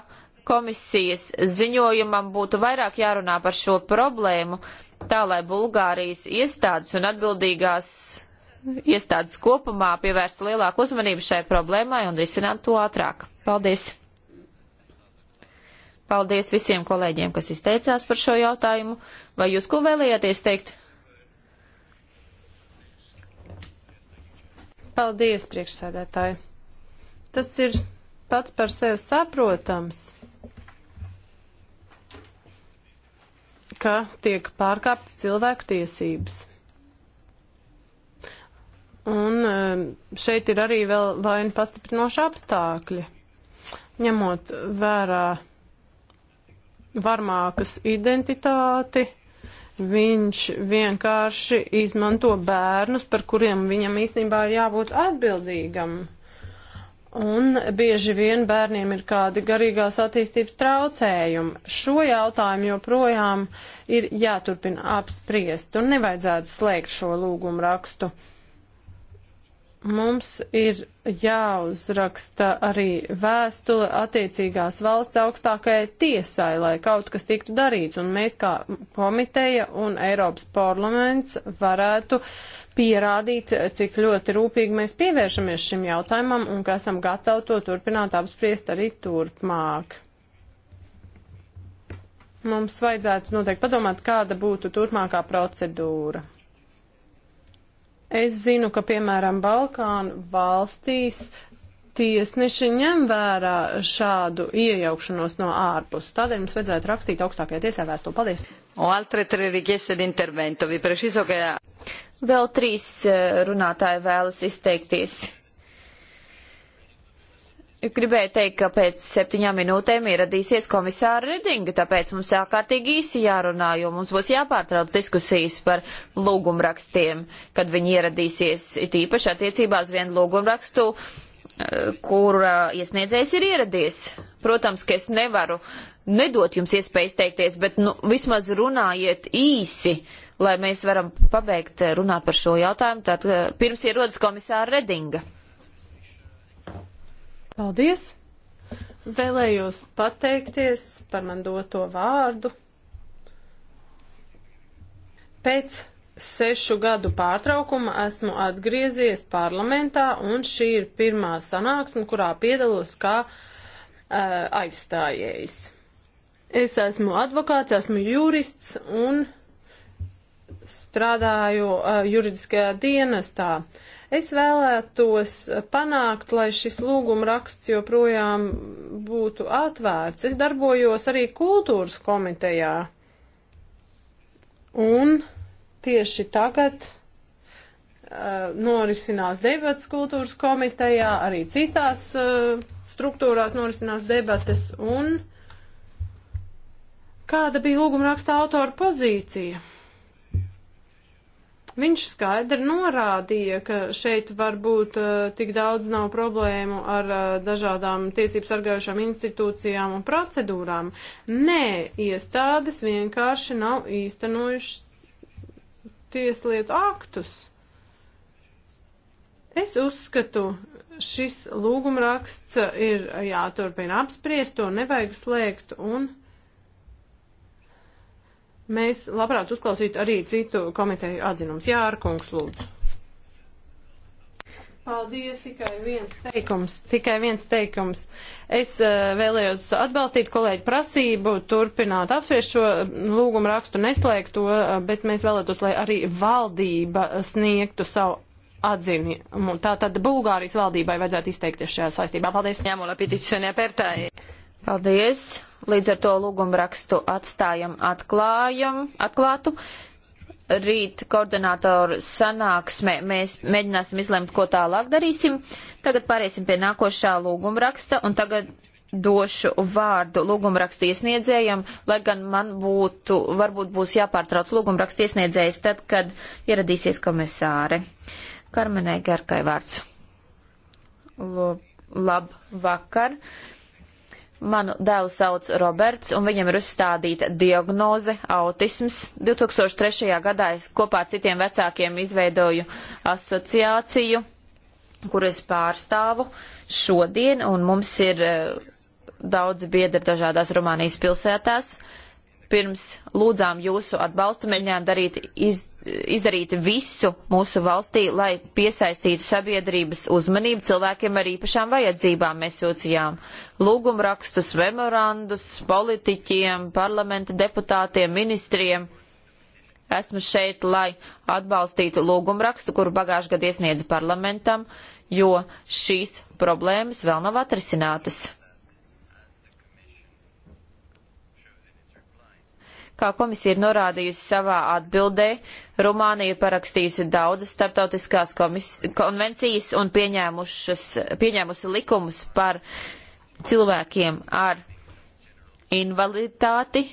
komisijas ziņojumam būtu vairāk jārunā par šo problēmu, tā lai Bulgārijas iestādes un atbildīgās iestādes kopumā pievērstu lielāku uzmanību šai problēmai un risinātu to ātrāk. Paldies! Paldies visiem kolēģiem, kas izteicās par šo jautājumu. Vai jūs ko vēlējāties teikt? Paldies, priekšsēdētāji. Tas ir pats par sevi saprotams, ka tiek pārkāptas cilvēku tiesības. Un um, šeit ir arī vēl vaina pastiprinoši apstākļi, ņemot vērā varmākas identitāti Viņš vienkārši izmanto bērnus, par kuriem viņam īstenībā ir jābūt atbildīgam. Un bieži vien bērniem ir kādi garīgās attīstības traucējumi. Šo jautājumu joprojām ir jāturpina apspriest un nevajadzētu slēgt šo lūgumu rakstu mums ir jāuzraksta arī vēstule attiecīgās valsts augstākajai tiesai, lai kaut kas tiktu darīts, un mēs kā komiteja un Eiropas parlaments varētu pierādīt, cik ļoti rūpīgi mēs pievēršamies šim jautājumam un ka esam gatavi to turpināt apspriest arī turpmāk. Mums vajadzētu noteikti padomāt, kāda būtu turpmākā procedūra. Es zinu, ka piemēram Balkānu valstīs tiesneši ņem vērā šādu iejaukšanos no ārpus. Tādēļ mums vajadzētu rakstīt augstākajā tiesā vēstuli. Paldies! O altre tre richieste di intervento. Vi preciso che... Vēl trīs eh, runātāji vēlas izteikties. Gribēju teikt, ka pēc septiņām minūtēm ieradīsies komisāra Redinga, tāpēc mums ārkārtīgi īsi jārunā, jo mums būs jāpārtrauc diskusijas par lūgumrakstiem, kad viņi ieradīsies, it īpaši attiecībā uz vienu lūgumrakstu, eh, kur iesniedzējs ir ieradies. Protams, ka es nevaru nedot jums iespēju izteikties, bet nu, vismaz runājiet īsi, lai mēs varam pabeigt eh, runāt par šo jautājumu, tad eh, pirms ierodas komisāra Redinga. Paldies! Vēlējos pateikties par man doto vārdu. Pēc sešu gadu pārtraukuma esmu atgriezies parlamentā, un šī ir pirmā sanāksme, kurā piedalos kā uh, aizstājējs. Es esmu advokāts, esmu jurists un strādāju uh, juridiskajā dienestā. Uh, Es vēlētos panākt, lai šis lūguma raksts joprojām būtu atvērts. Es darbojos arī kultūras komitejā. Un tieši tagad uh, norisinās debats kultūras komitejā, arī citās uh, struktūrās norisinās debates. Un kāda bija lūguma raksta autora pozīcija? Viņš skaidri norādīja, ka šeit varbūt uh, tik daudz nav problēmu ar uh, dažādām tiesību sargājušām institūcijām un procedūrām. Nē, iestādes vienkārši nav īstenojuši tieslietu aktus. Es uzskatu, šis lūgumraksts ir jāturpina apspriest, to nevajag slēgt un Mēs labprāt uzklausītu arī citu komiteju atzinums. Jā, ar kungs lūdzu. Paldies, tikai viens teikums, tikai viens teikums. Es uh, vēlējos atbalstīt kolēģi prasību, turpināt apsviest šo mm, lūgumu rakstu, neslēgt to, eh, bet mēs vēlētos, lai arī valdība sniegtu savu atzini. Tā tad Bulgārijas valdībai vajadzētu izteikties šajā saistībā. Paldies. Paldies! Līdz ar to lūgumu rakstu atstājam atklājam, atklātu. Rīt koordinātoru sanāksmē mēs mēģināsim izlemt, ko tālāk darīsim. Tagad pāriesim pie nākošā lūguma raksta un tagad došu vārdu lūgumraksta iesniedzējam, lai gan man būtu, varbūt būs jāpārtrauc lūgumraksta iesniedzējs tad, kad ieradīsies komisāre. Karmenai Garkai vārds. Lab, lab vakar. Uh, Manu dēlu sauc Roberts, un viņam ir uzstādīta diagnoze autisms. 2003. gadā es kopā ar citiem vecākiem izveidoju asociāciju, kuru es pārstāvu šodien, un mums ir e, daudzi biedri dažādās Rumānijas pilsētās. Pirms lūdzām jūsu atbalstu, mēģinājām darīt iz, izdarīt visu mūsu valstī, lai piesaistītu sabiedrības uzmanību cilvēkiem ar īpašām vajadzībām. Mēs sūcījām lūgumrakstus, memorandus politiķiem, parlamenta deputātiem, ministriem. Esmu šeit, lai atbalstītu lūgumrakstu, kuru pagājušajā gadā iesniedzu parlamentam, jo šīs problēmas vēl nav atrisinātas. Kā komisija ir norādījusi savā atbildē, Rumānija parakstījusi daudzas starptautiskās konvencijas un pieņēmusi likumus par cilvēkiem ar invaliditāti,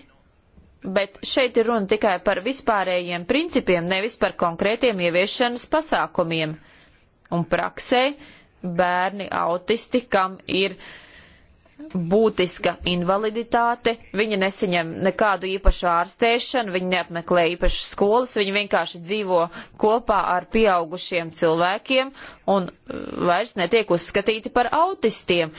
Bet šeit ir runa tikai par vispārējiem principiem, nevis par konkrētiem ieviešanas pasākumiem. Un praksē bērni autisti, kam ir uh, būtiska invaliditāte, viņa nesaņem nekādu īpašu ārstēšanu, viņa neapmeklē īpašas skolas, viņa vienkārši dzīvo kopā ar pieaugušiem cilvēkiem un uh, vairs netiek uzskatīti par autistiem,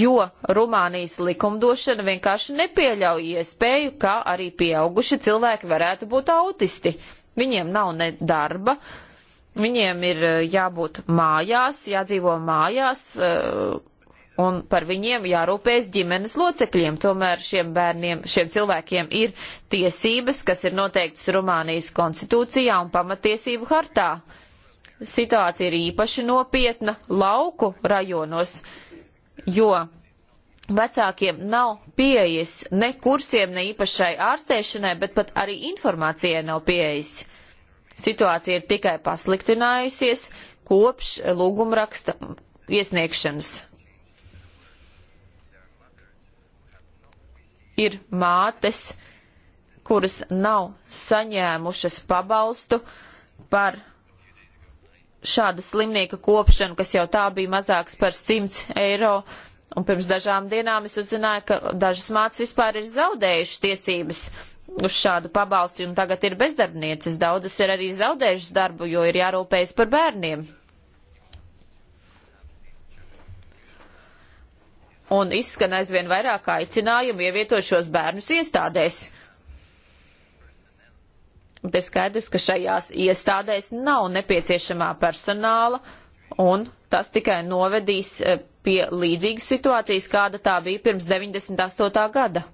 jo Rumānijas likumdošana vienkārši nepieļauj iespēju, ka arī pieauguši cilvēki varētu būt autisti. Viņiem nav ne darba, viņiem ir uh, jābūt mājās, jādzīvo mājās. Uh, un par viņiem jārūpējas ģimenes locekļiem. Tomēr šiem bērniem, šiem cilvēkiem ir tiesības, kas ir noteiktas Rumānijas konstitūcijā un pamatiesību hartā. Situācija ir īpaši nopietna lauku rajonos, jo vecākiem nav pieejas ne kursiem, ne īpašai ārstēšanai, bet pat arī informācijai nav pieejas. Situācija ir tikai pasliktinājusies kopš lūgumraksta iesniegšanas. ir mātes, kuras nav saņēmušas pabalstu par šāda slimnieka kopšanu, kas jau tā bija mazāks par 100 eiro. Un pirms dažām dienām es uzzināju, ka dažas mātes vispār ir zaudējušas tiesības uz šādu pabalstu, un tagad ir bezdarbnieces. Daudzas ir arī zaudējušas darbu, jo ir jārūpējas par bērniem. un izskan aizvien vairāk aicinājumu ievietot šos bērnus iestādēs. Bet ir skaidrs, ka šajās iestādēs nav nepieciešamā personāla, un tas tikai novedīs eh, pie līdzīgas situācijas, kāda tā bija pirms 98. gada.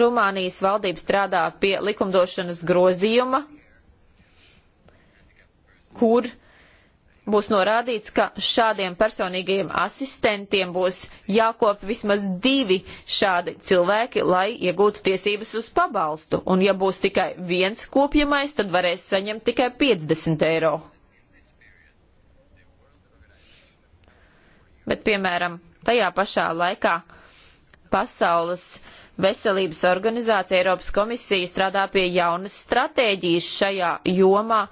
Rumānijas valdība strādā pie likumdošanas grozījuma, kur uh, būs norādīts, ka šādiem personīgajiem asistentiem būs jākop vismaz divi šādi cilvēki, lai iegūtu tiesības uz pabalstu. Un ja būs tikai viens kopjamais, tad varēs saņemt tikai 50 eiro. Bet, piemēram, tajā pašā laikā Pasaules veselības organizācija Eiropas komisija strādā pie jaunas stratēģijas šajā jomā,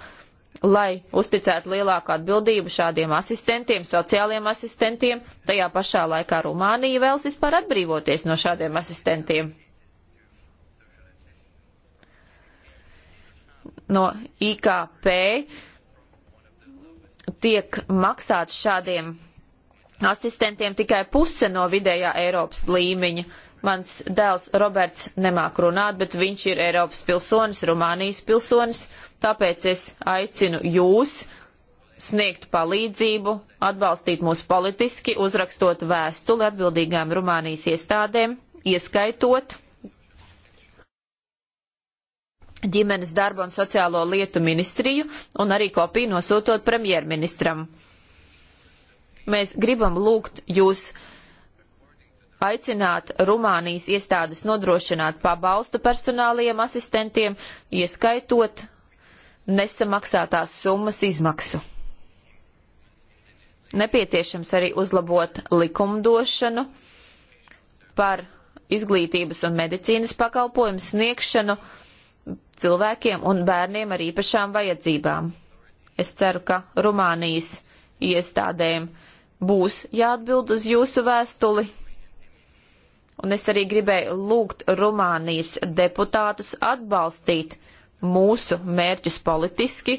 lai uzticētu lielāku atbildību šādiem asistentiem, sociāliem asistentiem. Tajā pašā laikā Rumānija vēlas vispār atbrīvoties no šādiem asistentiem. No IKP tiek maksāts šādiem asistentiem tikai puse no vidējā Eiropas līmeņa. Mans dēls Roberts nemāk runāt, bet viņš ir Eiropas pilsonis, Rumānijas pilsonis, tāpēc es aicinu jūs sniegt palīdzību, atbalstīt mūs politiski, uzrakstot vēstuli atbildīgām Rumānijas iestādēm, ieskaitot ģimenes darba un sociālo lietu ministriju un arī kopiju nosūtot premjerministram. Mēs gribam lūgt jūs aicināt Rumānijas iestādes nodrošināt pabalstu personālajiem asistentiem, ieskaitot nesamaksātās summas izmaksu. Nepieciešams arī uzlabot likumdošanu par izglītības un medicīnas pakalpojumu sniegšanu cilvēkiem un bērniem ar īpašām vajadzībām. Es ceru, ka Rumānijas iestādēm būs jāatbild uz jūsu vēstuli un es arī gribēju lūgt Rumānijas deputātus atbalstīt mūsu mērķus politiski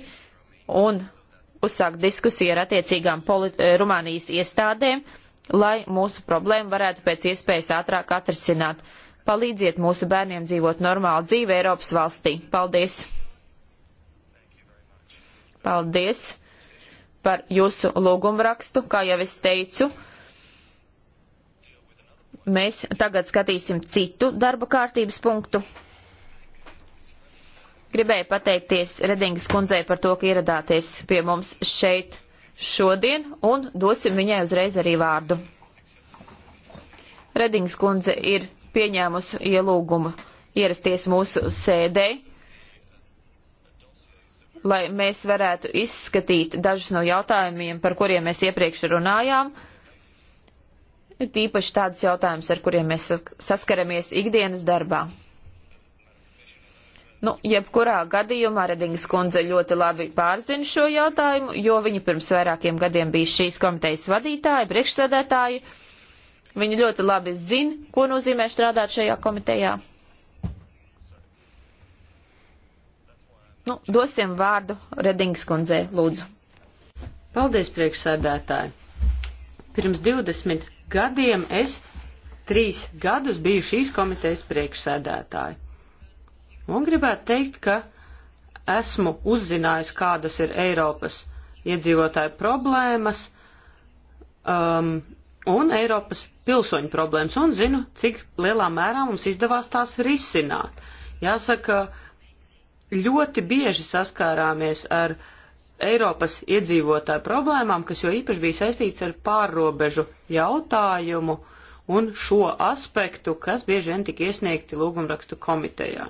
un uzsākt diskusiju ar attiecīgām eh, Rumānijas iestādēm, lai mūsu problēmu varētu pēc iespējas ātrāk atrisināt. Palīdziet mūsu bērniem dzīvot normālu dzīvi Eiropas valstī. Paldies! Paldies par jūsu lūgumrakstu, kā jau es teicu mēs tagad skatīsim citu darba kārtības punktu. Gribēju pateikties Redingas kundzei par to, ka ieradāties pie mums šeit šodien un dosim viņai uzreiz arī vārdu. Redingas kundze ir pieņēmusi ielūgumu ierasties mūsu sēdē, lai mēs varētu izskatīt dažus no jautājumiem, par kuriem mēs iepriekš runājām it īpaši tādus jautājumus, ar kuriem mēs saskaramies ikdienas darbā. Nu, jebkurā gadījumā Redingas kundze ļoti labi pārzina šo jautājumu, jo viņa pirms vairākiem gadiem bija šīs komitejas vadītāja, priekšsēdētāja. Viņa ļoti labi zina, ko nozīmē strādāt šajā komitejā. Nu, dosim vārdu Redingas kundzei, lūdzu. Paldies, priekšsēdētāji. Pirms 20 gadiem es trīs gadus biju šīs komitejas priekšsēdētāji. Un gribētu teikt, ka esmu uzzinājis, kādas ir Eiropas iedzīvotāju problēmas um, un Eiropas pilsoņu problēmas, un zinu, cik lielā mērā mums izdevās tās risināt. Jāsaka, ļoti bieži saskārāmies ar uh, Eiropas iedzīvotāju problēmām, kas jo īpaši bija saistīts ar pārrobežu jautājumu un šo aspektu, kas bieži vien tika iesniegti lūgumrakstu komitejā.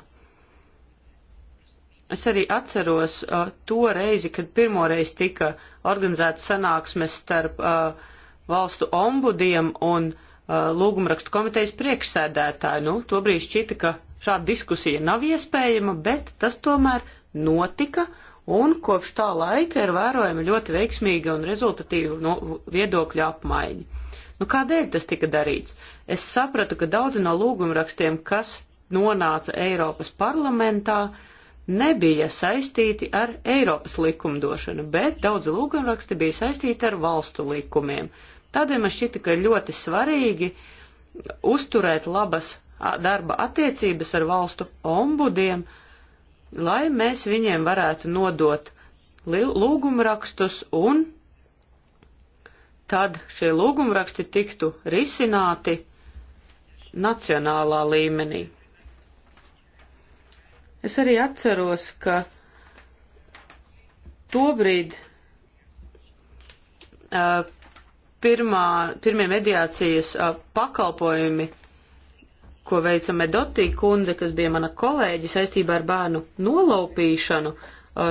Es arī atceros uh, to reizi, kad pirmoreiz tika organizēta sanāksmes starp uh, valstu ombudiem un uh, lūgumrakstu komitejas priekšsēdētāju. Nu, tobrīd šķita, ka šāda diskusija nav iespējama, bet tas tomēr notika, un kopš tā laika ir vērojama ļoti veiksmīga un rezultatīva no viedokļa apmaiņa. Nu, kādēļ tas tika darīts? Es sapratu, ka daudzi no lūgumrakstiem, kas nonāca Eiropas parlamentā, nebija saistīti ar Eiropas likumdošanu, bet daudzi lūgumraksti bija saistīti ar valstu likumiem. Tādēļ man šķita, ka ir ļoti svarīgi uzturēt labas darba attiecības ar valstu ombudiem, uh, lai mēs viņiem varētu nodot lūgumrakstus un tad šie lūgumraksti tiktu risināti nacionālā līmenī. Es arī atceros, ka tobrīd uh, pirmā, pirmie mediācijas uh, pakalpojumi ko veica Medotī kundze, kas bija mana kolēģi saistībā ar bērnu nolaupīšanu,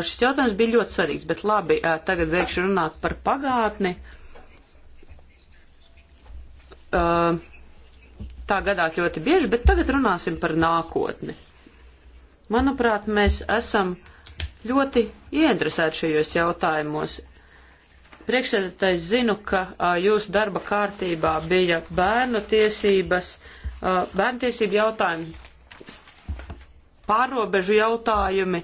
šis jautājums bija ļoti svarīgs, bet labi, tagad veikšu runāt par pagātni. Tā gadās ļoti bieži, bet tagad runāsim par nākotni. Manuprāt, mēs esam ļoti ieinteresēti šajos jautājumos. Priekšsēdētājs zinu, ka jūsu darba kārtībā bija bērnu tiesības Uh, bērntiesību jautājumi, pārobežu jautājumi.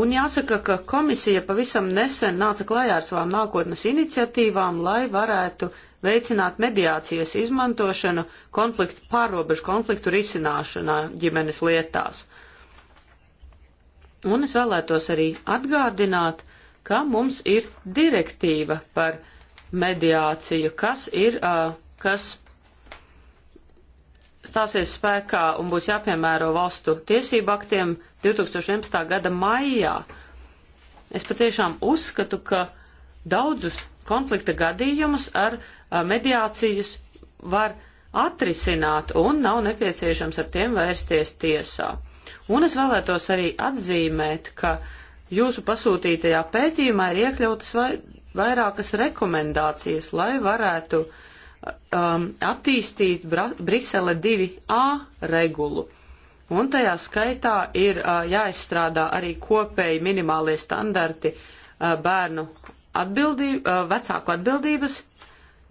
Un jāsaka, ka komisija pavisam nesen nāca klajā ar savām nākotnes iniciatīvām, lai varētu veicināt mediācijas izmantošanu konfliktu, pārobežu konfliktu risināšanā ģimenes lietās. Un es vēlētos arī atgādināt, ka mums ir direktīva par mediāciju, kas ir, uh, kas stāsies spēkā un būs jāpiemēro valstu tiesību aktiem 2011. gada maijā. Es patiešām uzskatu, ka daudzus konflikta gadījumus ar mediācijas var atrisināt un nav nepieciešams ar tiem vērsties tiesā. Un es vēlētos arī atzīmēt, ka jūsu pasūtītajā pētījumā ir iekļautas vai, vairākas rekomendācijas, lai varētu uh, um, attīstīt Bra Brisele 2A regulu. Un tajā skaitā ir uh, jāizstrādā arī kopēji minimālie standarti uh, bērnu atbildību, uh, vecāku atbildības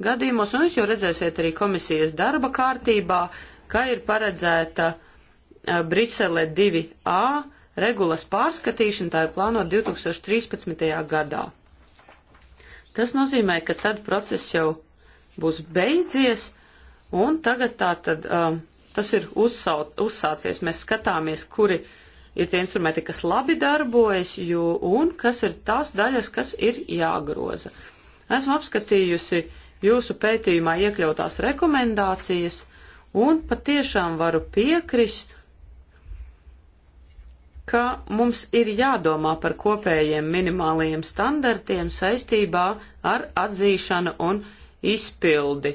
gadījumos, un jūs jau redzēsiet arī komisijas darba kārtībā, ka ir paredzēta uh, Brisele 2A regulas pārskatīšana, tā ir plānota 2013. gadā. Tas nozīmē, ka tad process jau būs beidzies, un tagad tā tad um, tas ir uzsauc, uzsācies. Mēs skatāmies, kuri ir tie instrumenti, kas labi darbojas, jo, un kas ir tās daļas, kas ir jāgroza. Esmu apskatījusi jūsu pētījumā iekļautās rekomendācijas, un patiešām varu piekrist, ka mums ir jādomā par kopējiem minimālajiem standartiem saistībā ar atzīšanu un izpildi,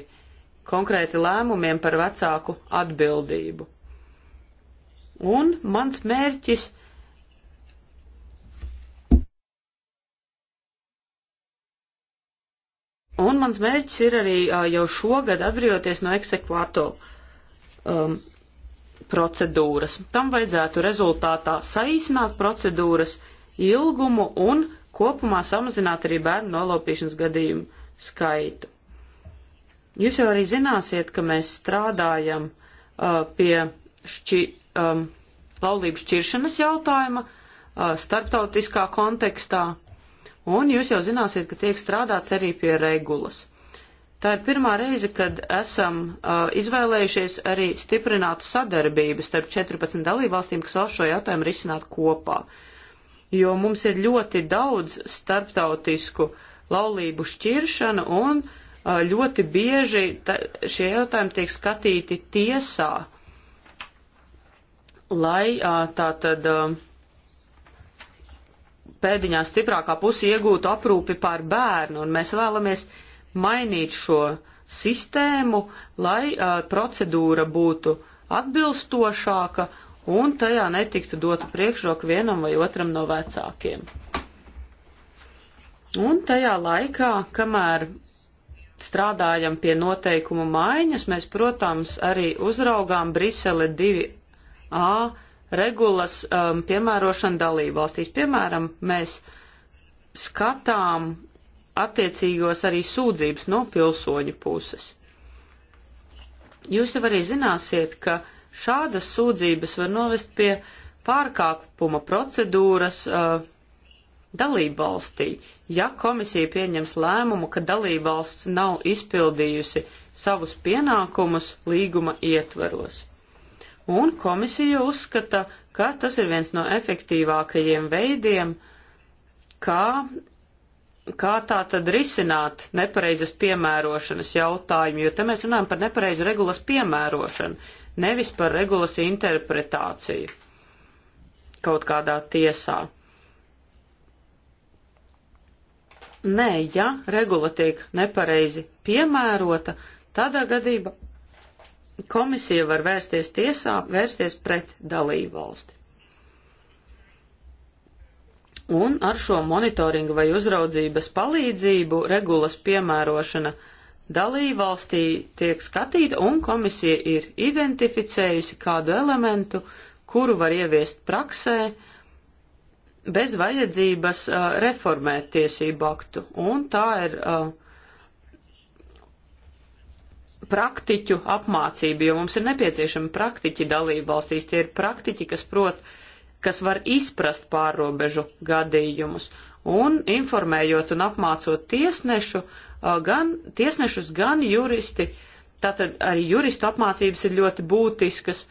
konkrēti lēmumiem par vecāku atbildību. Un mans mērķis Un mans mērķis ir arī jau šogad atbrīvoties no eksekvato um, procedūras. Tam vajadzētu rezultātā saīsināt procedūras ilgumu un kopumā samazināt arī bērnu nolaupīšanas gadījumu skaitu. Jūs jau arī zināsiet, ka mēs strādājam uh, pie šķi, um, laulību šķiršanas jautājuma uh, starptautiskā kontekstā, un jūs jau zināsiet, ka tiek strādāts arī pie regulas. Tā ir pirmā reize, kad esam uh, izvēlējušies arī stiprināt sadarbību starp 14 dalībvalstīm, kas vēl šo jautājumu risināt kopā. Jo mums ir ļoti daudz starptautisku laulību šķiršanu, un Eh, ļoti bieži šie jautājumi tiek skatīti tiesā, lai eh, tātad eh, pēdiņā stiprākā puse iegūtu aprūpi pār bērnu, un mēs vēlamies mainīt šo sistēmu, lai procedūra būtu atbilstošāka un tajā netiktu dota priekšroka vienam vai otram no vecākiem. Un tajā laikā, kamēr strādājam pie noteikumu maiņas, mēs, protams, arī uzraugām Brisele 2A regulas um, piemērošanu dalībvalstīs. Piemēram, mēs skatām attiecīgos arī sūdzības no pilsoņu puses. Jūs jau arī zināsiet, ka šādas sūdzības var novest pie pārkāpuma procedūras uh, dalībvalstī. Ja komisija pieņems lēmumu, ka dalībvalsts nav izpildījusi savus pienākumus līguma ietvaros. Un komisija uzskata, ka tas ir viens no efektīvākajiem veidiem, kā, kā tā tad risināt nepareizas piemērošanas jautājumu, jo te mēs runājam par nepareizu regulas piemērošanu, nevis par regulas interpretāciju kaut kādā tiesā. Nē, ja regula tiek nepareizi piemērota, tādā gadībā komisija var vērsties tiesā, vērsties pret dalību valsti. Un ar šo monitoringu vai uzraudzības palīdzību regulas piemērošana dalību valstī tiek skatīta un komisija ir identificējusi kādu elementu, kuru var ieviest praksē, uh, bez vajadzības uh, reformēt tiesību aktu. Un tā ir uh, praktiķu apmācība, jo mums ir nepieciešami praktiķi dalību valstīs. Tie ir praktiķi, kas prot, kas var izprast pārrobežu gadījumus. Un informējot un apmācot tiesnešu, uh, gan tiesnešus, gan juristi, tātad arī juristu apmācības ir ļoti būtiskas.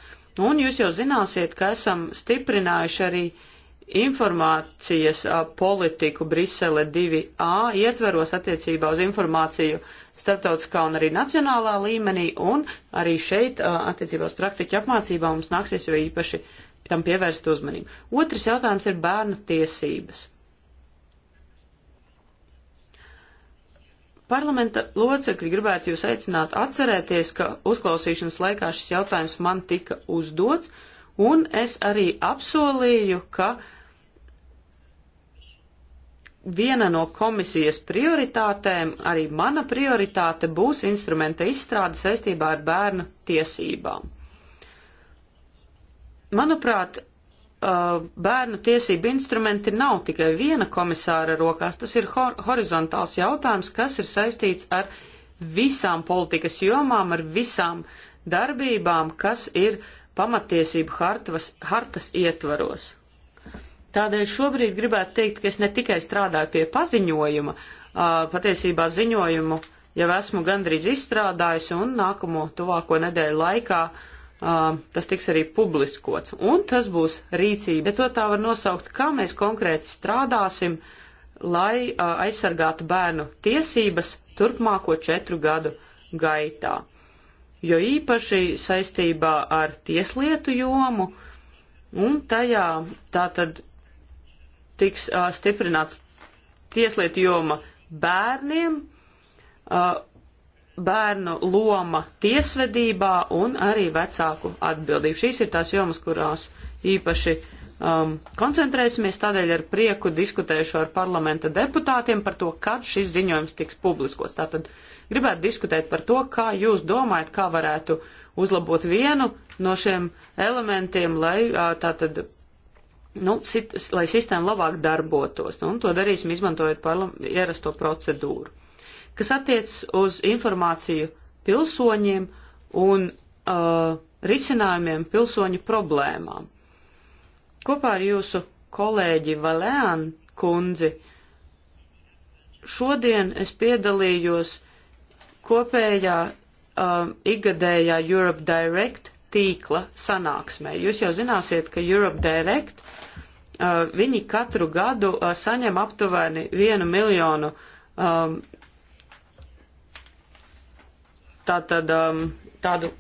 Un jūs jau zināsiet, ka esam stiprinājuši arī uh, informācijas politiku Brisele 2A ietveros attiecībā uz informāciju starptautiskā un arī nacionālā līmenī, un arī šeit attiecībā uz praktiķu apmācībā mums nāksies jau īpaši tam pievērst uzmanību. Otrs jautājums ir bērnu tiesības. Parlamenta locekļi gribētu jūs aicināt atcerēties, ka uzklausīšanas laikā šis jautājums man tika uzdots, un es arī apsolīju, ka uh, viena no komisijas prioritātēm, arī mana prioritāte, būs instrumenta izstrāde saistībā ar bērnu tiesībām. Manuprāt, uh, bērnu tiesību instrumenti nav tikai viena komisāra rokās, tas ir hor horizontāls jautājums, kas ir saistīts ar visām politikas jomām, ar visām darbībām, kas ir pamatiesību hartas, hartas ietvaros. Tādēļ šobrīd gribētu teikt, ka es ne tikai strādāju pie paziņojuma, patiesībā ziņojumu jau esmu gandrīz izstrādājis un nākamo tuvāko nedēļu laikā uh, tas tiks arī publiskots. Un tas būs rīcība, bet to tā var nosaukt, kā mēs konkrēti strādāsim, lai uh, aizsargātu bērnu tiesības turpmāko četru gadu gaitā. Jo īpaši saistībā ar tieslietu jomu un tajā tātad tiks uh, stiprināts tieslietu joma bērniem, uh, bērnu loma tiesvedībā un arī vecāku atbildību. Šīs ir tās jomas, kurās īpaši um, koncentrēsimies, tādēļ ar prieku diskutēšu ar parlamenta deputātiem par to, kad šis ziņojums tiks publiskots. Tātad gribētu diskutēt par to, kā jūs domājat, kā varētu uzlabot vienu no šiem elementiem, lai tātad nu, sit, lai sistēma labāk darbotos, un to darīsim izmantojot ierasto procedūru. Kas attiecas uz informāciju pilsoņiem un uh, risinājumiem pilsoņu problēmām. Kopā ar jūsu kolēģi Valēnu kundzi šodien es piedalījos kopējā uh, ikgadējā Europe Direct tīkla sanāksmē. Jūs jau zināsiet, ka Europe Direct uh, viņi katru gadu uh, saņem aptuveni vienu miljonu um, tātad, um, tādu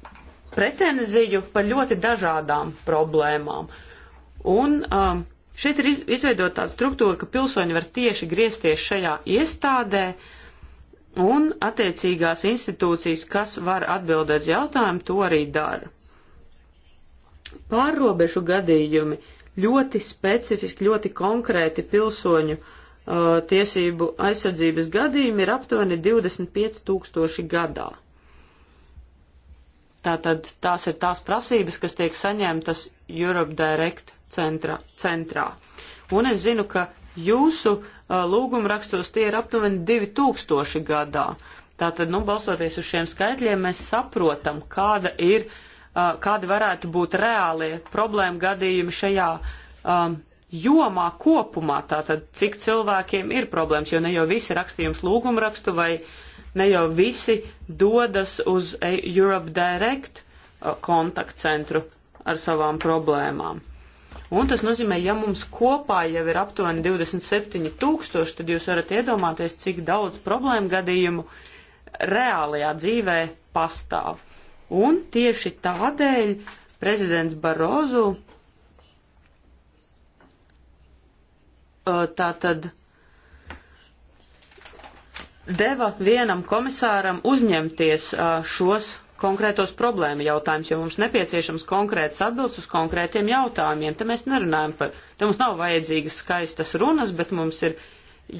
pretenziju par ļoti dažādām problēmām. Un um, šeit ir izveidota tāda struktūra, ka pilsoņi var tieši griezties šajā iestādē un attiecīgās institūcijas, kas var atbildēt jautājumu, to arī dara. Pārrobežu gadījumi ļoti specifiski, ļoti konkrēti pilsoņu uh, tiesību aizsardzības gadījumi ir aptuveni 25 tūkstoši gadā. Tātad tās ir tās prasības, kas tiek saņemtas Europe Direct centra, centrā. Un es zinu, ka jūsu uh, lūgumrakstos tie ir aptuveni 2000 gadā. Tātad, nu, balsoties uz šiem skaitļiem, mēs saprotam, kāda ir uh, Uh, kādi varētu būt reālie problēma gadījumi šajā um, jomā kopumā, tātad cik cilvēkiem ir problēmas, jo ne jau visi rakstījums lūgumu rakstu vai ne jau visi dodas uz e- Europe Direct uh, kontaktcentru ar savām problēmām. Un tas nozīmē, ja mums kopā jau ir aptuveni 27 tūkstoši, tad jūs varat iedomāties, cik daudz problēmu gadījumu reālajā dzīvē pastāv. Un tieši tādēļ prezidents Barozu uh, tātad deva vienam komisāram uzņemties uh, šos konkrētos problēma jautājums, jo mums nepieciešams konkrēts atbildes uz konkrētiem jautājumiem. Te mēs nerunājam par, te mums nav vajadzīgas skaistas runas, bet mums ir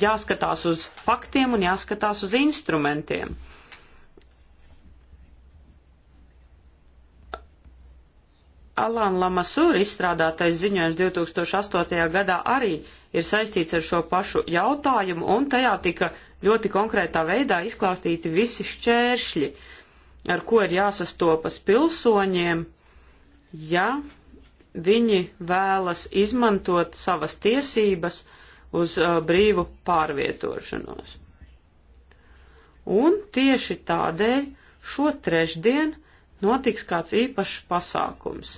jāskatās uz faktiem un jāskatās uz instrumentiem. Alāna Lamasūra izstrādātais ziņojums 2008. gadā arī ir saistīts ar šo pašu jautājumu, un tajā tika ļoti konkrētā veidā izklāstīti visi šķēršļi, ar ko ir jāsastopas pilsoņiem, ja viņi vēlas izmantot savas tiesības uz uh, brīvu pārvietošanos. Un tieši tādēļ šo trešdienu notiks kāds īpašs pasākums.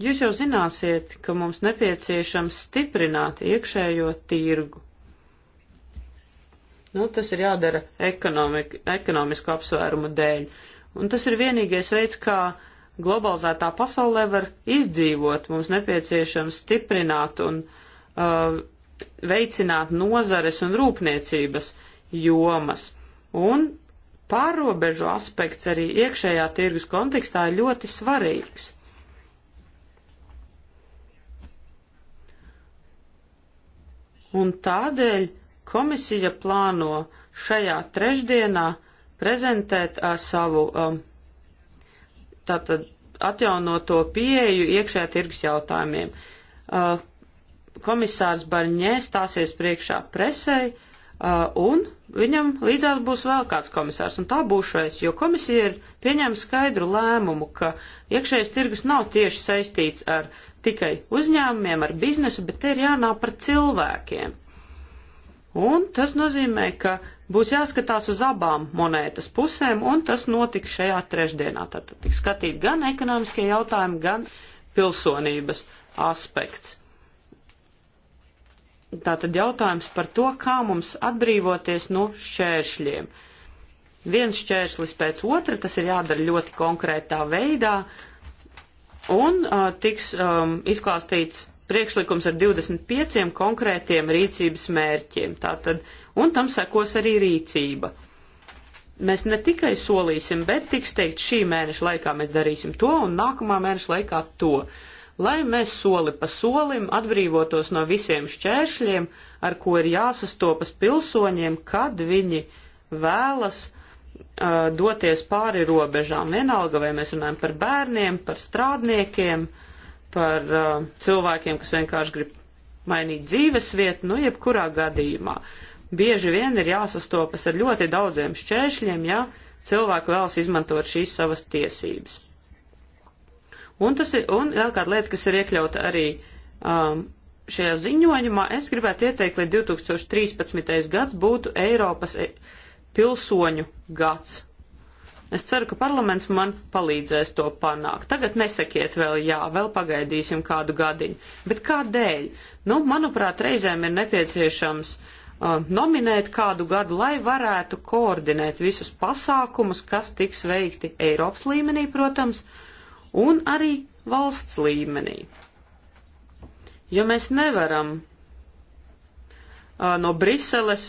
Jūs jau zināsiet, ka mums nepieciešams stiprināt iekšējo tirgu. Nu, tas ir jādara ekonomisku apsvērumu dēļ. Un tas ir vienīgais veids, kā globalizētā pasaulē var izdzīvot. Mums nepieciešams stiprināt un uh, veicināt nozares un rūpniecības jomas. Un pārobežu aspekts arī iekšējā tirgus kontekstā ir ļoti svarīgs. Un tādēļ komisija plāno šajā trešdienā prezentēt uh, savu um, tātad atjaunoto pieeju iekšējā tirgus jautājumiem. Uh, komisārs Barņē stāsies priekšā presei, uh, Uh, un viņam līdzās būs vēl kāds komisārs, un tā būšais, jo komisija ir pieņēma skaidru lēmumu, ka iekšējais tirgus nav tieši saistīts ar tikai uzņēmumiem, ar biznesu, bet te ir jānāk par cilvēkiem. Un tas nozīmē, ka būs jāskatās uz abām monētas pusēm, un tas notiks šajā trešdienā. Tātad tiks skatīt gan ekonomiskie jautājumi, gan pilsonības aspekts. Tātad jautājums par to, kā mums atbrīvoties no šķēršļiem. Viens šķērslis pēc otra, tas ir jādara ļoti konkrētā veidā, un uh, tiks um, izklāstīts priekšlikums ar 25 konkrētiem rīcības mērķiem. Tātad, un tam sekos arī rīcība. Mēs ne tikai solīsim, bet tiks teikt, šī mēneša laikā mēs darīsim to un nākamā mēneša laikā to. Uh, lai mēs soli pa solim atbrīvotos no visiem šķēršļiem, ar ko ir jāsastopas pilsoņiem, kad viņi vēlas uh, doties pāri robežām. Vienalga, vai mēs runājam par bērniem, par strādniekiem, par uh, cilvēkiem, kas vienkārši grib mainīt dzīvesvietu, nu, jebkurā gadījumā. Bieži vien ir jāsastopas ar ļoti daudziem šķēršļiem, ja cilvēki vēlas izmantot šīs savas tiesības. Un, tas ir, un vēl kāda lieta, kas ir iekļauta arī um, šajā ziņojumā, es gribētu ieteikt, lai 2013. gads būtu Eiropas e pilsoņu gads. Es ceru, ka parlaments man palīdzēs to panākt. Tagad nesakiet vēl jā, vēl pagaidīsim kādu gadiņu. Bet kādēļ? Nu, manuprāt, reizēm ir nepieciešams uh, nominēt kādu gadu, lai varētu koordinēt visus pasākumus, kas tiks veikti Eiropas līmenī, protams, uh, un arī valsts līmenī. Jo mēs nevaram no Briseles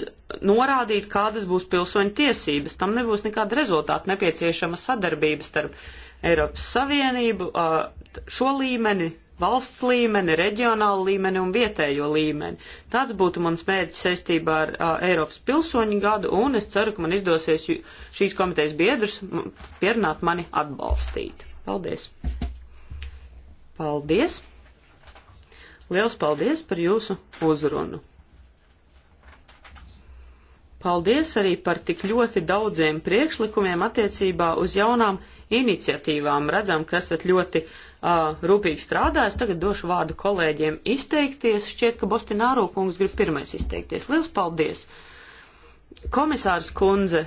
norādīt, kādas būs pilsoņu tiesības. Tam nebūs nekāda rezultāta nepieciešama sadarbība starp Eiropas Savienību, šo līmeni, valsts līmeni, reģionālu līmeni un vietējo līmeni. Tāds būtu mans mērķis saistībā ar Eiropas pilsoņu gadu, un es ceru, ka man izdosies šīs komitejas biedrus pierunāt mani atbalstīt. Paldies! Paldies! Liels paldies par jūsu uzrunu! Paldies arī par tik ļoti daudziem priekšlikumiem attiecībā uz jaunām iniciatīvām. Redzam, ka esat ļoti uh, rūpīgi strādājis. Tagad došu vārdu kolēģiem izteikties. Šķiet, ka Bostināro kungs grib pirmais izteikties. Liels paldies! Uh, Komisārs kundze,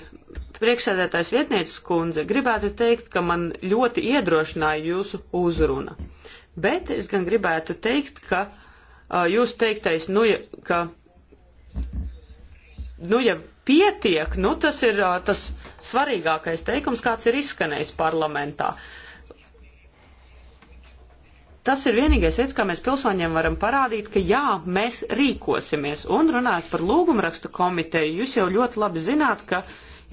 priekšsēdētājs vietnieces kundze, gribētu teikt, ka man ļoti iedrošināja jūsu uzruna. Bet es gan gribētu teikt, ka uh, jūs teiktais, nu, ja, ka, nu, ja pietiek, nu, tas ir uh, tas svarīgākais teikums, kāds ir izskanējis parlamentā. Uh, Tas ir vienīgais veids, kā mēs pilsoņiem varam parādīt, ka jā, mēs rīkosimies. Un runājot par lūgumrakstu komiteju, jūs jau ļoti labi zināt, ka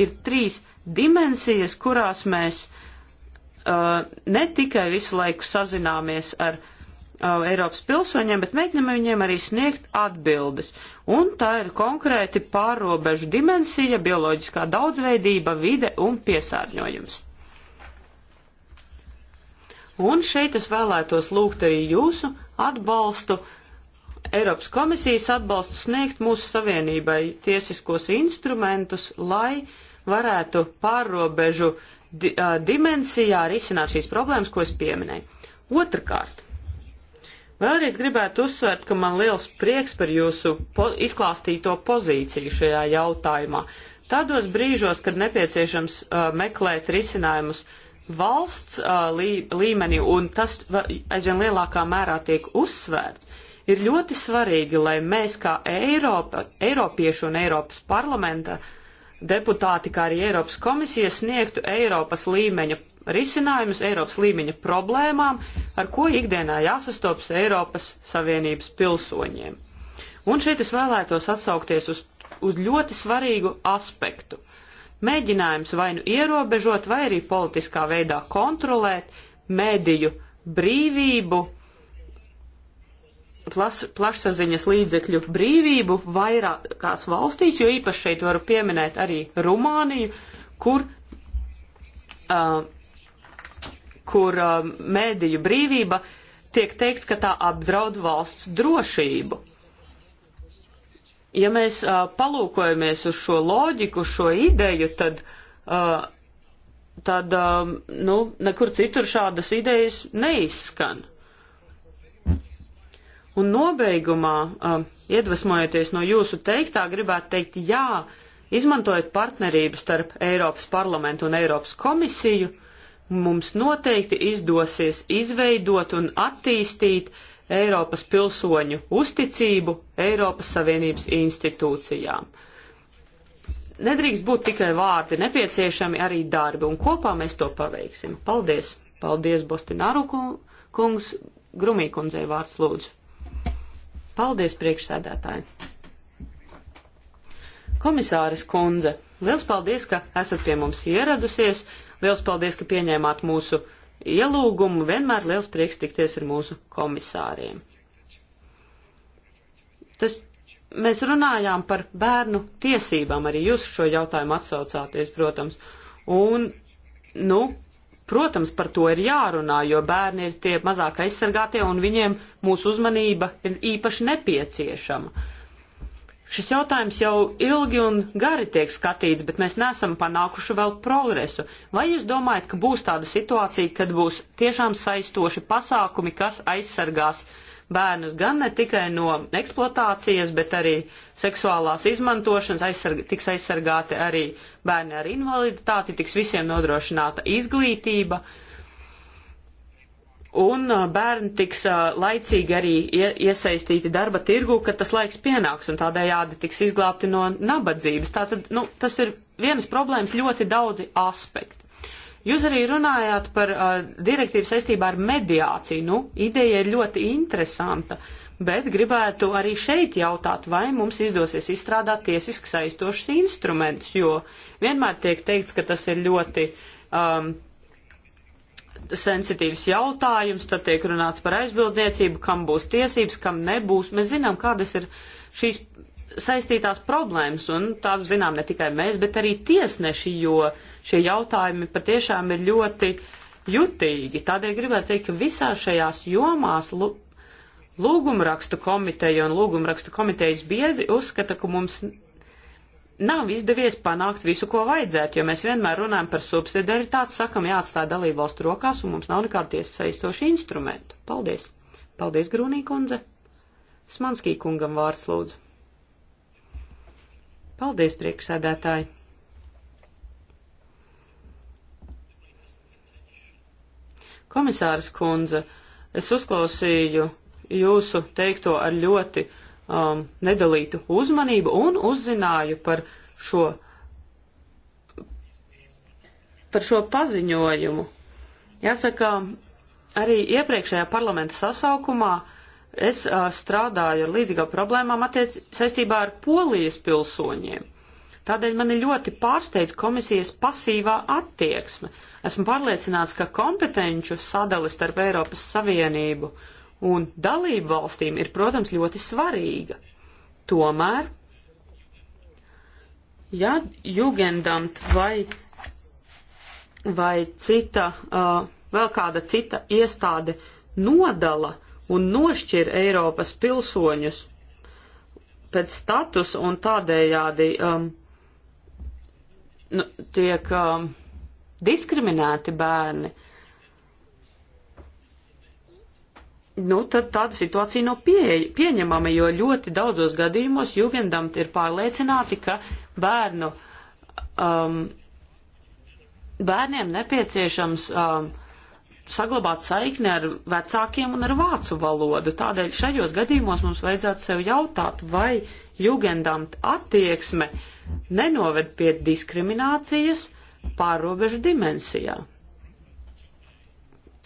ir trīs dimensijas, kurās mēs uh, ne tikai visu laiku sazināmies ar uh, Eiropas pilsoņiem, bet mēģinām viņiem arī sniegt atbildes. Un tā ir konkrēti pārobežu dimensija, bioloģiskā daudzveidība, vide un piesārņojums. Un šeit es vēlētos lūgt arī jūsu atbalstu, Eiropas komisijas atbalstu sniegt mūsu savienībai tiesiskos instrumentus, lai varētu pārrobežu di dimensijā risināt šīs problēmas, ko es pieminēju. Otrakārt, vēlreiz gribētu uzsvērt, ka man liels prieks par jūsu po izklāstīto pozīciju šajā jautājumā. Tādos brīžos, kad nepieciešams uh, meklēt risinājumus uh, valsts uh, lī, līmenī, un tas aizvien lielākā mērā tiek uzsvērts, ir ļoti svarīgi, lai mēs kā Eiropa, Eiropieši un Eiropas parlamenta deputāti, kā arī Eiropas komisija sniegtu Eiropas līmeņa risinājumus Eiropas līmeņa problēmām, ar ko ikdienā jāsastopas Eiropas Savienības pilsoņiem. Un šeit es vēlētos atsaukties uz, uz ļoti svarīgu aspektu mēģinājums vai nu ierobežot, vai arī politiskā veidā kontrolēt mediju brīvību, plas, plašsaziņas līdzekļu brīvību vairākās valstīs, jo īpaši šeit varu pieminēt arī Rumāniju, kur, uh, kur uh, mēdīju brīvība tiek teikts, ka tā apdraud valsts drošību ja mēs uh, palūkojamies uz šo loģiku, šo ideju, tad, uh, tad uh, nu, nekur citur šādas idejas neizskan. Un nobeigumā, uh, iedvesmojoties no jūsu teiktā, gribētu teikt jā, izmantojot partnerību starp Eiropas parlamentu un Eiropas komisiju, mums noteikti izdosies izveidot un attīstīt uh, Eiropas pilsoņu uzticību Eiropas Savienības institūcijām. Nedrīkst būt tikai vārdi, nepieciešami arī darbi, un kopā mēs to paveiksim. Paldies! Paldies, Bostināru kungs! Grumī kundzei vārds lūdzu. Paldies, priekšsēdētāji! Komisāres kundze, liels paldies, ka esat pie mums ieradusies, liels paldies, ka pieņēmāt mūsu ielūgumu. Vienmēr liels prieks tikties ar mūsu komisāriem. Tas, mēs runājām par bērnu tiesībām, arī jūs šo jautājumu atsaucāties, protams. Un, nu, protams, par to ir jārunā, jo bērni ir tie mazāk aizsargātie un viņiem mūsu uzmanība ir īpaši nepieciešama. Uh, Šis jautājums jau ilgi un gari tiek skatīts, bet mēs nesam panākuši vēl progresu. Vai jūs domājat, ka būs tāda situācija, kad būs tiešām saistoši pasākumi, kas aizsargās bērnus gan ne tikai no eksploatācijas, bet arī seksuālās izmantošanas, aizsarg tiks aizsargāti arī bērni ar invaliditāti, tiks visiem nodrošināta izglītība? Uh, un bērni tiks laicīgi arī iesaistīti darba tirgu, kad tas laiks pienāks, un tādējādi tiks izglābti no nabadzības. Tātad, nu, tas ir vienas problēmas ļoti daudzi aspekti. Jūs arī runājāt par uh, direktīvu saistībā ar mediāciju. Nu, ideja ir ļoti interesanta, bet gribētu arī šeit jautāt, vai mums izdosies izstrādāt tiesiski saistošus instrumentus, jo vienmēr tiek teikts, ka tas ir ļoti. Um, sensitīvs jautājums, tad tiek runāts par aizbildniecību, kam būs tiesības, kam nebūs. Mēs zinām, kādas ir šīs saistītās problēmas, un tās zinām ne tikai mēs, bet arī tiesneši, jo šie jautājumi patiešām ir ļoti jutīgi. Tādēļ gribētu teikt, ka visās šajās jomās lūgumrakstu komiteja un lūgumrakstu komitejas biedri uzskata, ka mums nav izdevies panākt visu, ko vajadzētu, jo mēs vienmēr runājam par subsidiaritāti, sakam jāatstāj dalībvalstu rokās un mums nav nekāda tiesa saistoša instrumentu. Paldies! Paldies, Grūnī kundze! Smanskī kungam vārds lūdzu. Paldies, priekšsēdētāji! Komisārs kundze, es uzklausīju jūsu teikto ar ļoti um, nedalītu uzmanību un uzzināju par šo, par šo paziņojumu. Jāsaka, arī iepriekšējā parlamenta sasaukumā es uh, strādāju ar līdzīgām problēmām attiec saistībā ar polijas pilsoņiem. Tādēļ mani ļoti pārsteidz komisijas pasīvā attieksme. Esmu pārliecināts, ka kompetenču sadali starp Eiropas Savienību uh, un dalību valstīm ir, protams, ļoti svarīga. Tomēr, ja Jugendamt vai, vai cita, uh, vēl kāda cita iestāde nodala un nošķir Eiropas pilsoņus pēc status un tādējādi um, nu, tiek um, diskriminēti bērni, nu, tad tāda situācija nav pie, pieņemama, jo ļoti daudzos gadījumos jugendamti ir pārliecināti, ka bērnu, um, bērniem nepieciešams um, saglabāt saikni ar vecākiem un ar vācu valodu. Tādēļ šajos gadījumos mums vajadzētu sev jautāt, vai jugendamta attieksme nenoved pie diskriminācijas pārobežu dimensijā.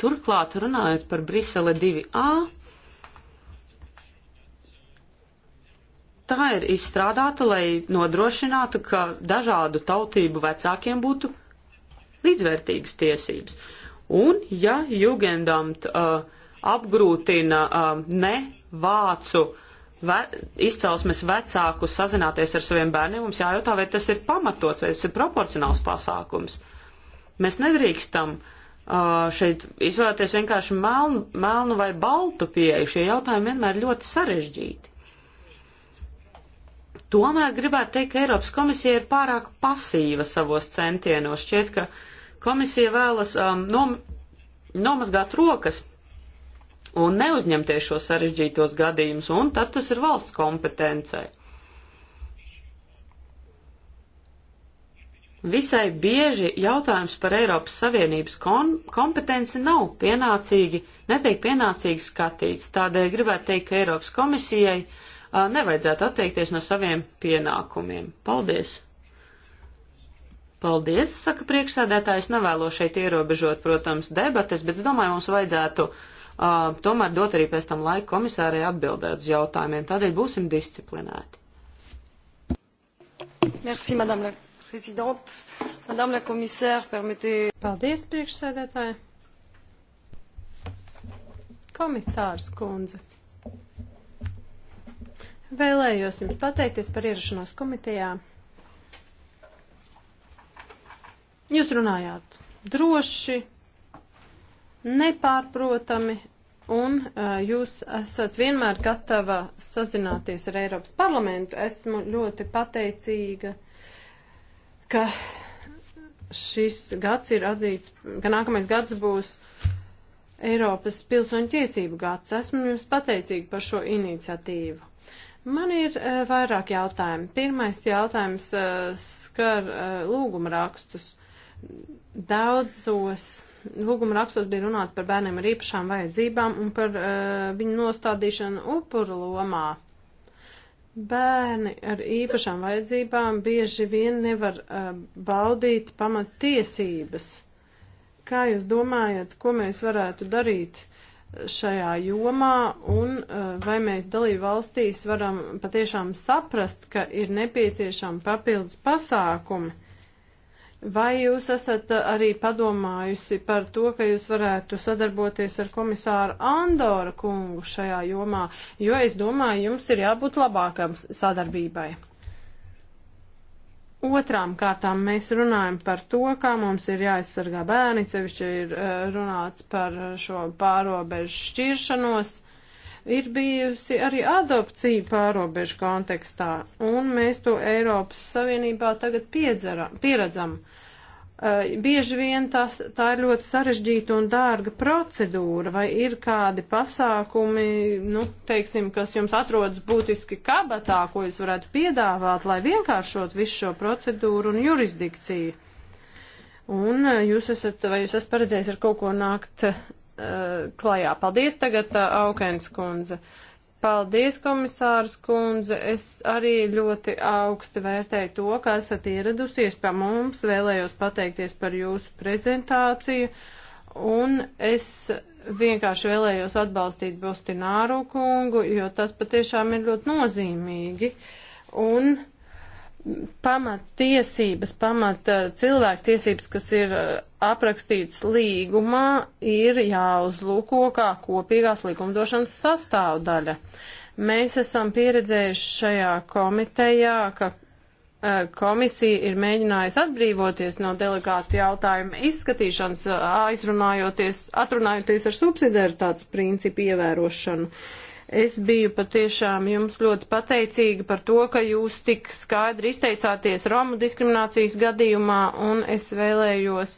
Turklāt, runājot par Brisele 2A, tā ir izstrādāta, lai nodrošinātu, ka dažādu tautību vecākiem būtu līdzvērtīgas tiesības. Un, ja Jugendamt uh, apgrūtina uh, ne vācu ve izcelsmes vecāku sazināties ar saviem bērniem, mums jājautā, vai tas ir pamatots, vai tas ir proporcionāls pasākums. Mēs nedrīkstam uh, šeit izvēlēties vienkārši melnu, melnu vai baltu pieeju. Šie jautājumi vienmēr ļoti sarežģīti. Tomēr gribētu teikt, ka Eiropas komisija ir pārāk pasīva savos centienos. Šķiet, ka komisija vēlas um, nom, nomazgāt rokas un neuzņemties šo sarežģītos gadījumus, un tad tas ir valsts kompetencei. Visai bieži jautājums par Eiropas Savienības kompetenci nav pienācīgi, netiek pienācīgi skatīts. Tādēļ gribētu teikt, ka Eiropas komisijai a, nevajadzētu atteikties no saviem pienākumiem. Paldies! Paldies, saka priekšsēdētājs, nevēlo šeit ierobežot, protams, debates, bet es domāju, mums vajadzētu uh, tomēr dot arī pēc tam laiku komisārai atbildēt uz jautājumiem. Tādēļ būsim disciplinēti. Merci, madame présidente, madame la commissaire, permettez. Paldies, priekšsēdētāji. Komisārs kundze. Vēlējos jums pateikties par ierašanos komitejā. Jūs runājāt droši, nepārprotami, un uh, jūs esat vienmēr gatava sazināties ar Eiropas parlamentu. Esmu ļoti pateicīga ka šis gads ir atzīts, ka nākamais gads būs Eiropas pilsoņu tiesību gads. Esmu jums pateicīga par šo iniciatīvu. Man ir uh, vairāk jautājumu. Pirmais jautājums uh, skar uh, eh, lūguma rakstus. Daudzos lūguma rakstos bija runāt par bērniem ar īpašām vajadzībām un par uh, viņu nostādīšanu upuru lomā. Uh, Bērni ar īpašām vajadzībām bieži vien nevar uh, baudīt pamattiesības. Kā jūs domājat, ko mēs varētu darīt šajā jomā un uh, vai mēs dalību valstīs varam patiešām saprast, ka ir nepieciešami papildus pasākumi? Vai jūs esat arī padomājusi par to, ka jūs varētu sadarboties ar komisāru Andoru kungu šajā jomā, jo es domāju, jums ir jābūt labākam sadarbībai. Otrām kārtām mēs runājam par to, kā mums ir jāaizsargā bērni, cevišķi ir eh, runāts par šo pārobežu šķiršanos ir bijusi arī adopcija pārobežu kontekstā, un mēs to Eiropas Savienībā tagad piedzara, pieredzam. Uh, bieži vien tas, tā ir ļoti sarežģīta un dārga procedūra, vai ir kādi pasākumi, nu, teiksim, kas jums atrodas būtiski kabatā, ko jūs varētu piedāvāt, lai vienkāršot visu šo procedūru un jurisdikciju. Un eh, jūs esat, vai jūs esat paredzējis ar kaut ko nākt Eh, klajā. Paldies tagad, eh, Aukens kundze. Paldies, komisārs kundze. Es arī ļoti augsti vērtēju to, ka esat ieradusies pie mums. Vēlējos pateikties par jūsu prezentāciju. Un es vienkārši vēlējos atbalstīt Bostināru kungu, jo tas patiešām ir ļoti nozīmīgi. Un pamattiesības, pamat eh, cilvēktiesības, kas ir eh, aprakstīts līgumā, ir jāuzlūko kā kopīgās likumdošanas sastāvdaļa. Mēs esam pieredzējuši šajā komitejā, ka eh, komisija ir mēģinājusi atbrīvoties no delegāta jautājuma izskatīšanas, aizrunājoties, atrunājoties ar subsidiaritātes principu ievērošanu. Uh, Es biju patiešām jums ļoti pateicīga par to, ka jūs tik skaidri izteicāties Romu diskriminācijas gadījumā, un es vēlējos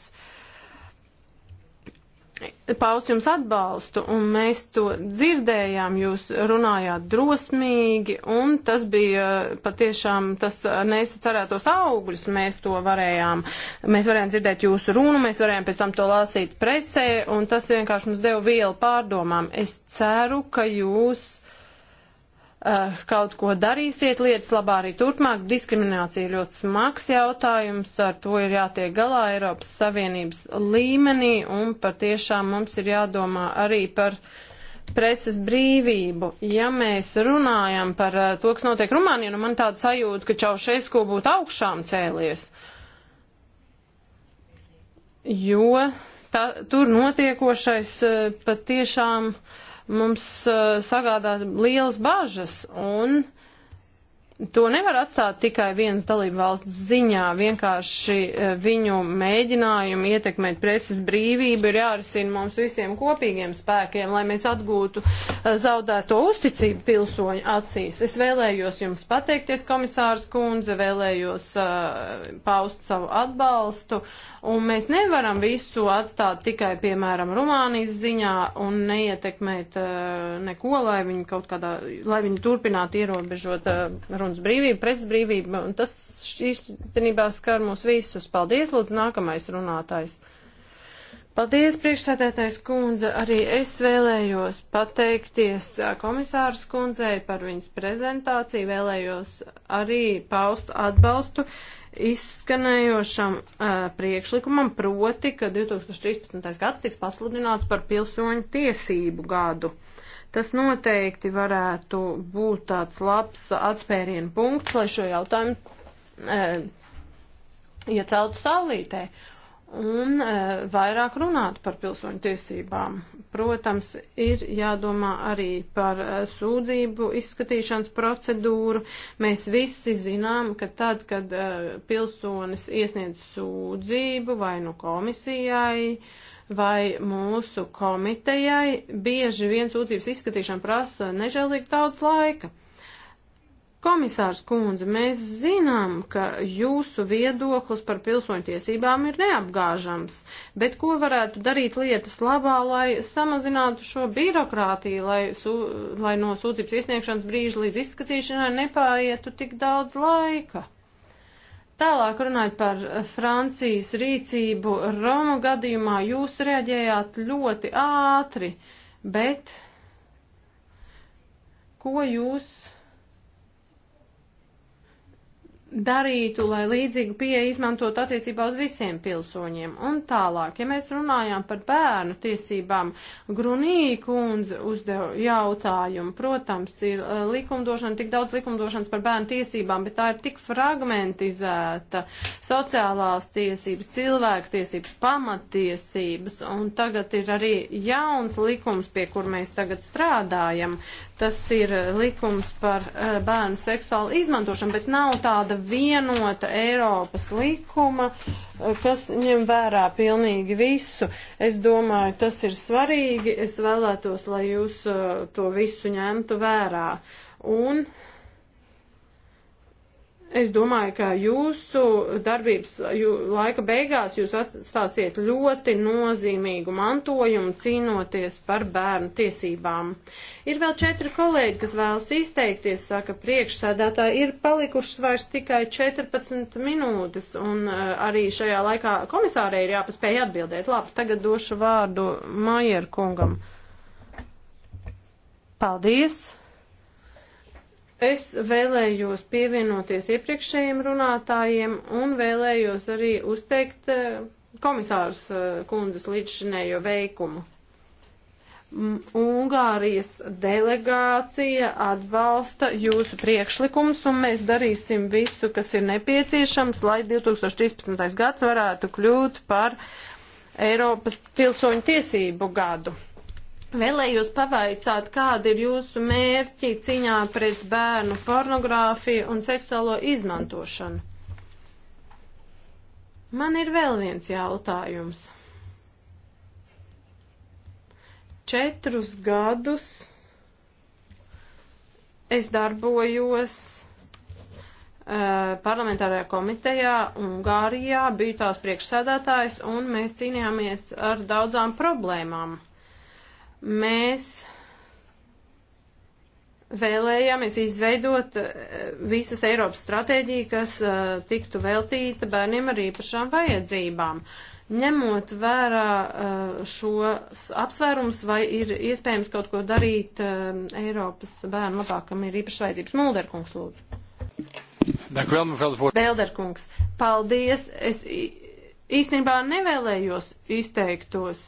paust jums atbalstu, un mēs to dzirdējām, jūs runājāt drosmīgi, un tas bija patiešām, tas nesa cerētos augļus, mēs to varējām, mēs varējām dzirdēt jūsu runu, mēs varējām pēc tam to lasīt presē, un tas vienkārši mums deva vielu pārdomām. Es ceru, ka jūs uh, kaut ko darīsiet lietas labā arī turpmāk. Diskriminācija ir ļoti smags jautājums, ar to ir jātiek galā Eiropas Savienības līmenī un patiešām mums ir jādomā arī par preses brīvību. Ja mēs runājam par uh, to, kas notiek Rumānijā, nu man tāda sajūta, ka Čaušesko būtu augšām cēlies. Jo ta, tur notiekošais uh, patiešām uh, mums uh, sagādā lielas bažas un uh, To nevar atstāt tikai vienas dalību valsts ziņā, vienkārši eh, viņu mēģinājumu ietekmēt preses brīvību ir jārisina mums visiem kopīgiem spēkiem, lai mēs atgūtu eh, zaudēto uzticību pilsoņu acīs. Es vēlējos jums pateikties, komisārs kundze, vēlējos uh, paust savu atbalstu, un mēs nevaram visu atstāt tikai, piemēram, Rumānijas ziņā un neietekmēt uh, neko, lai viņi kaut kādā, lai viņi turpinātu ierobežot uh, runas brīvība, presas brīvība, un tas īstenībā skar mūs visus. Paldies, lūdzu, nākamais runātājs. Paldies, priekšsēdētājs kundze. Arī es vēlējos pateikties komisārs kundzei par viņas prezentāciju, vēlējos arī paust atbalstu izskanējošam uh, priekšlikumam, proti, ka 2013. gads tiks pasludināts par pilsoņu tiesību gadu. Tas noteikti varētu būt tāds labs atspērienu punkts, lai šo jautājumu e, ieceltu saulītē un e, vairāk runāt par pilsoņu tiesībām. Protams, ir jādomā arī par e, sūdzību izskatīšanas procedūru. Mēs visi zinām, ka tad, kad e, pilsonis iesniedz sūdzību vai nu komisijai, e, vai mūsu komitejai bieži viens sūdzības izskatīšana prasa nežēlīgi daudz laika. Komisārs kundze, mēs zinām, ka jūsu viedoklis par pilsoņu tiesībām ir neapgāžams, bet ko varētu darīt lietas labā, lai samazinātu šo birokrātiju, lai, su, lai no sūdzības iesniegšanas brīža līdz izskatīšanai nepārietu tik daudz laika? Tālāk runājot par eh, Francijas rīcību Romu gadījumā, jūs reaģējāt ļoti ātri, bet ko jūs darītu, lai līdzīgu pieeju izmantot attiecībā uz visiem pilsoņiem. Un tālāk, ja mēs runājām par bērnu tiesībām, Grunī kundze uzdeva jautājumu. Protams, ir eh, likumdošana, tik daudz likumdošanas par bērnu tiesībām, bet tā ir tik fragmentizēta. Sociālās tiesības, cilvēktiesības, pamattiesības, un tagad ir arī jauns likums, pie kur mēs tagad strādājam. Tas ir likums par eh, bērnu seksuālu izmantošanu, bet nav tāda vienota Eiropas likuma, eh, kas ņem vērā pilnīgi visu. Es domāju, tas ir svarīgi. Es vēlētos, lai jūs eh, to visu ņemtu vērā. Un uh, Es domāju, ka jūsu darbības jū, laika beigās jūs atstāsiet ļoti nozīmīgu mantojumu cīnoties par bērnu tiesībām. Ir vēl četri kolēģi, kas vēlas izteikties, saka priekšsēdētāji, ir palikušas vairs tikai 14 minūtes, un uh, arī šajā laikā komisārei ir jāpaspēj atbildēt. Labi, tagad došu vārdu Majer kungam. Paldies! Es vēlējos pievienoties iepriekšējiem runātājiem un vēlējos arī uzteikt eh, komisārs eh, kundzes līdzšinējo veikumu. Ungārijas delegācija atbalsta jūsu priekšlikums, un mēs darīsim visu, kas ir nepieciešams, lai 2013. gads varētu kļūt par Eiropas pilsoņu tiesību gadu. Vēlējos pavaicāt, kāda ir jūsu mērķi ciņā pret bērnu pornogrāfiju un seksuālo izmantošanu. Man ir vēl viens jautājums. Četrus gadus es darbojos eh, parlamentārajā komitejā Ungārijā, biju tās priekšsēdētājs, un mēs cīnījāmies ar daudzām problēmām mēs vēlējāmies izveidot eh, visas Eiropas stratēģiju, kas uh, tiktu veltīta bērniem ar īpašām vajadzībām. Ņemot vērā uh, šos apsvērums, vai ir iespējams kaut ko darīt uh, Eiropas bērnu labākam ir īpašas vajadzības? Mulderkungs, lūdzu. Belderkungs, paldies. Es īstenībā nevēlējos izteiktos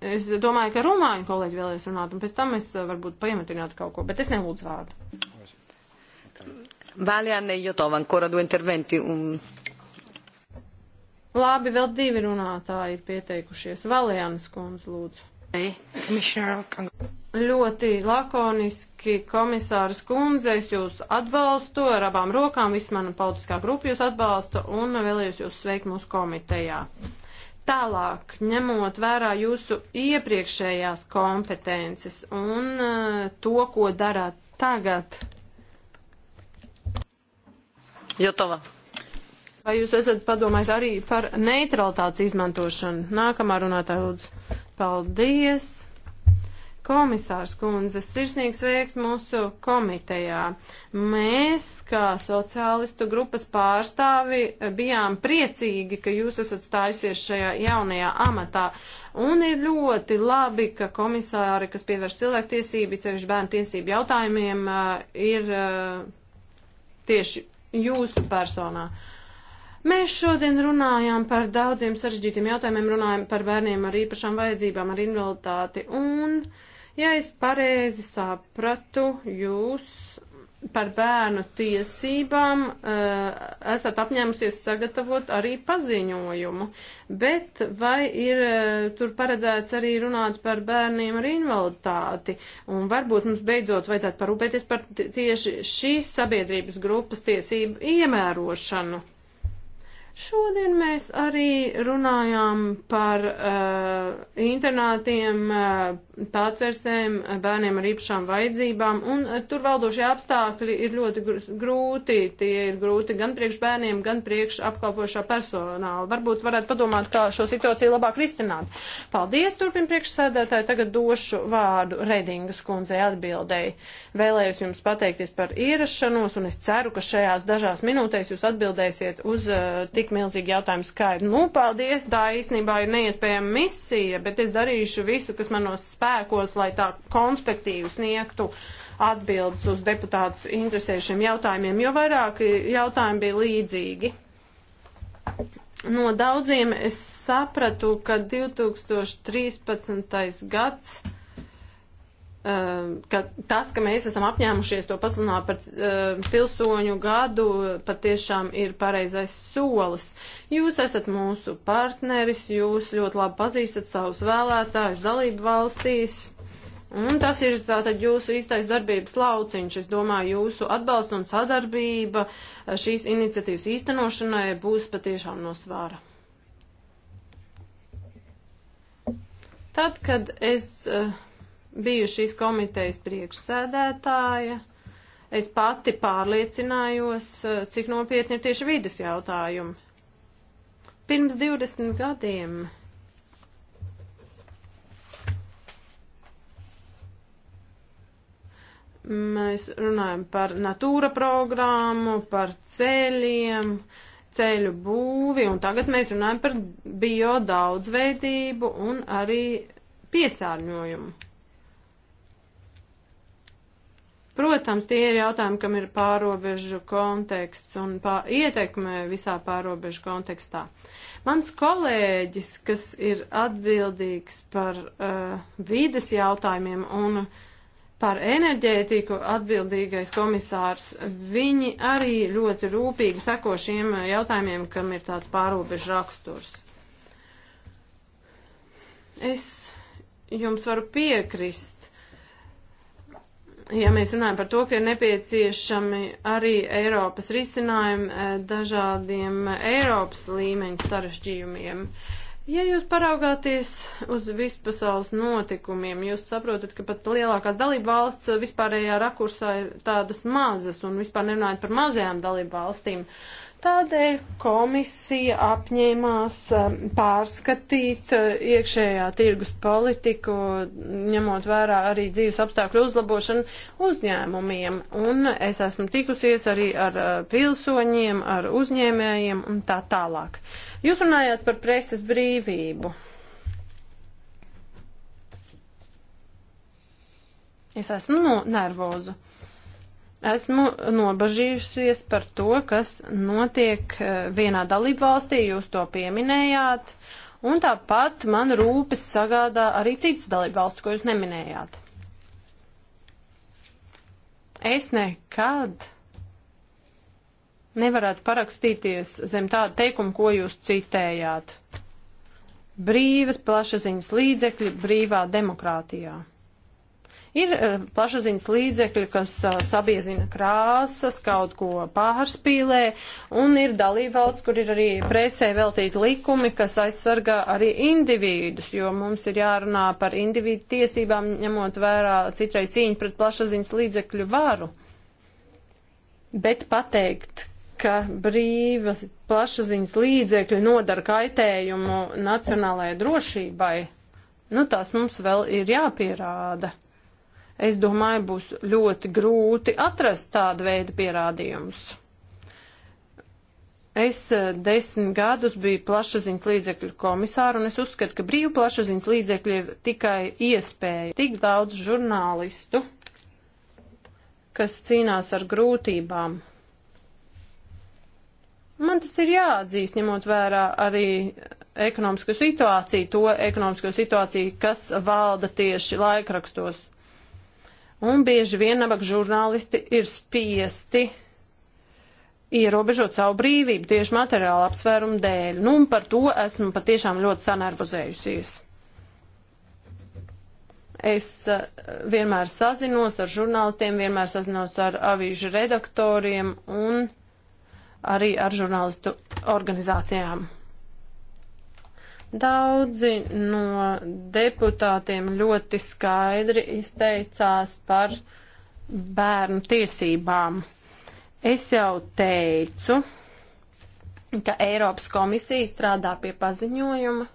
Es domāju, ka Rumāņu kolēģi vēlēs runāt, un pēc tam es eh, varbūt paimetinātu kaut ko, bet es nelūdzu vārdu. Vēlēnē Jotova, ancora due interventi. Un... Labi, vēl divi runātāji ir pieteikušies. Valēnas kundze, lūdzu. Ļoti lakoniski komisārs kundze, es jūs atbalstu ar abām rokām, viss mana politiskā grupa jūs atbalsta un vēlējos jūs sveikt mūsu komitejā. Tālāk, ņemot vērā jūsu iepriekšējās kompetences un uh, to, ko darāt tagad. Jotova. Vai jūs esat padomājis arī par neutralitātes izmantošanu? Nākamā runātāja lūdzu. Paldies. Komisārs kundze, sirsnīgs veikt mūsu komitejā. Mēs, kā sociālistu grupas pārstāvi, bijām priecīgi, ka jūs esat stājusies šajā jaunajā amatā. Un ir ļoti labi, ka komisāri, kas pievērš cilvēktiesību, ceļš bērnu tiesību jautājumiem, ir tieši jūsu personā. Mēs šodien runājām par daudziem sarežģītiem jautājumiem, runājām par bērniem ar īpašām vajadzībām, ar invaliditāti un uh, Ja es pareizi sapratu, jūs par bērnu tiesībām uh, esat apņēmusies sagatavot arī paziņojumu, bet vai ir uh, tur paredzēts arī runāt par bērniem ar invaliditāti? Un varbūt mums beidzot vajadzētu parūpēties par tieši šīs sabiedrības grupas tiesību iemērošanu. Šodien mēs arī runājām par uh, internātiem, uh, eh, patversēm, bērniem ar īpašām vajadzībām, un uh, tur valdošie apstākļi ir ļoti grūti. Tie ir grūti gan priekš bērniem, gan priekš apkalpošā personāla. Varbūt varētu padomāt, kā šo situāciju labāk risināt. Paldies, turpin priekšsēdētāji. Tagad došu vārdu Redingas kundzei atbildēji. Vēlējos jums pateikties par ierašanos, un es ceru, ka šajās dažās minūtēs jūs atbildēsiet uz uh, tik milzīgu jautājumu skaitu. Nu, paldies, tā īstenībā ir neiespējama misija, bet es darīšu visu, kas manos spēkos, lai tā konspektīvi sniegtu atbildes uz deputātus interesējušiem jautājumiem, jo vairāk jautājumi bija līdzīgi. No daudziem es sapratu, ka 2013. gads Ehm, ka tas, ka mēs esam apņēmušies to pasludināt par uh, pilsoņu gadu, patiešām ir pareizais solis. Jūs esat mūsu partneris, jūs ļoti labi pazīstat savus vēlētājus dalību valstīs. Un tas ir tātad jūsu īstais darbības lauciņš. Es domāju, jūsu atbalsts un sadarbība eh, šīs iniciatīvas īstenošanai būs patiešām no svāra. Tad, kad es uh, biju šīs komitejas priekšsēdētāja. Es pati pārliecinājos, eh, cik nopietni ir tieši vides jautājumi. Pirms 20 gadiem mēs runājam par natūra programmu, par ceļiem, ceļu būvi, un tagad mēs runājam par biodaudzveidību un arī piesārņojumu. Protams, tie ir jautājumi, kam ir pārobežu konteksts un pār, ietekme visā pārobežu kontekstā. Mans kolēģis, kas ir atbildīgs par uh, vīdes jautājumiem un par enerģētiku atbildīgais komisārs, viņi arī ļoti rūpīgi seko šiem jautājumiem, kam ir tāds pārobežu raksturs. Es jums varu piekrist ja mēs runājam par to, ka ir nepieciešami arī Eiropas risinājumi eh, dažādiem eh, Eiropas līmeņa sarežģījumiem. Ja jūs paraugāties uz vispasaules notikumiem, jūs saprotat, ka pat lielākās dalība valsts vispārējā rakursā ir tādas mazas un vispār nerunājot par mazajām dalību valstīm. Uh, Tādēļ komisija apņēmās um, pārskatīt uh, iekšējā tirgus politiku, ņemot vērā arī dzīves apstākļu uzlabošanu uzņēmumiem. Un es esmu tikusies arī ar uh, pilsoņiem, ar uzņēmējiem un tā tālāk. Jūs runājāt par preses brīvību. Es esmu no nervoza. Esmu nobažījusies par to, kas notiek eh, vienā dalību valstī, jūs to pieminējāt, un tāpat man rūpes sagādā arī citas dalību valsts, ko jūs neminējāt. Es nekad nevarētu parakstīties zem tāda teikuma, ko jūs citējāt. Brīvas plašaziņas līdzekļi brīvā demokrātijā. Ir eh, plašsaziņas līdzekļi, kas eh, sabiezina krāsas, kaut ko pārspīlē, un ir dalībvalsts, kur ir arī presē veltīti likumi, kas aizsargā arī individus, jo mums ir jārunā par individu tiesībām, ņemot vērā citreiz cīņu pret plašsaziņas līdzekļu varu. Bet pateikt, ka brīvas plašsaziņas līdzekļi nodara kaitējumu nacionālajai drošībai, nu tas mums vēl ir jāpierāda es domāju, būs ļoti grūti atrast tādu veidu pierādījumus. Es eh, desmit gadus biju plašsaziņas līdzekļu komisāra, un es uzskatu, ka brīvu plašsaziņas līdzekļi ir tikai iespēja. Tik daudz žurnālistu, kas cīnās ar grūtībām. Man tas ir jāatzīst, ņemot vērā arī ekonomisko situāciju, to ekonomisko situāciju, kas valda tieši laikrakstos. Un bieži vien nabaga žurnālisti ir spiesti ierobežot savu brīvību tieši materiāla apsvērumu dēļ. Nu, un par to esmu patiešām ļoti sanervozējusies. Es eh, vienmēr sazinos ar žurnālistiem, vienmēr sazinos ar avīžu redaktoriem un arī ar žurnālistu organizācijām. Daudzi no deputātiem ļoti skaidri izteicās par bērnu tiesībām. Es jau teicu, ka Eiropas komisija strādā pie paziņojuma,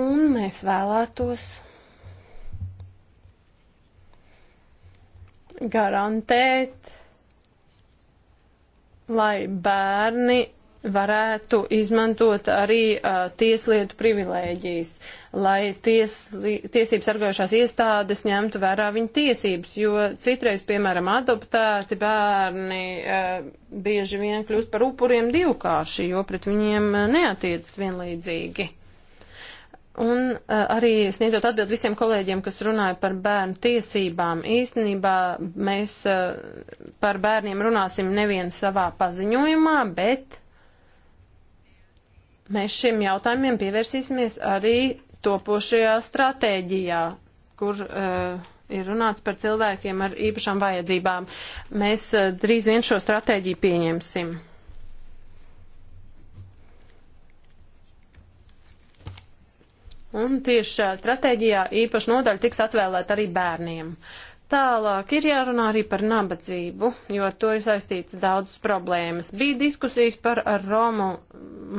un mēs vēlētos garantēt, lai bērni varētu izmantot arī uh, tieslietu privilēģijas, lai tiesli, tiesības sargājušās iestādes ņemtu vērā viņu tiesības, jo citreiz, piemēram, adoptēti bērni uh, bieži vien kļūst par upuriem divkārši, jo pret viņiem neatiecas vienlīdzīgi. Un uh, arī sniedzot atbildi visiem kolēģiem, kas runāja par bērnu tiesībām, īstenībā mēs uh, par bērniem runāsim nevien savā paziņojumā, bet mēs šiem jautājumiem pievērsīsimies arī topošajā stratēģijā, kur uh, ir runāts par cilvēkiem ar īpašām vajadzībām. Mēs uh, drīz vien šo stratēģiju pieņemsim. Un tieši šajā stratēģijā īpaši nodaļa tiks atvēlēta arī bērniem. Uh, Tālāk ir jārunā arī par nabadzību, jo to ir saistīts daudzas problēmas. Bija diskusijas par Romu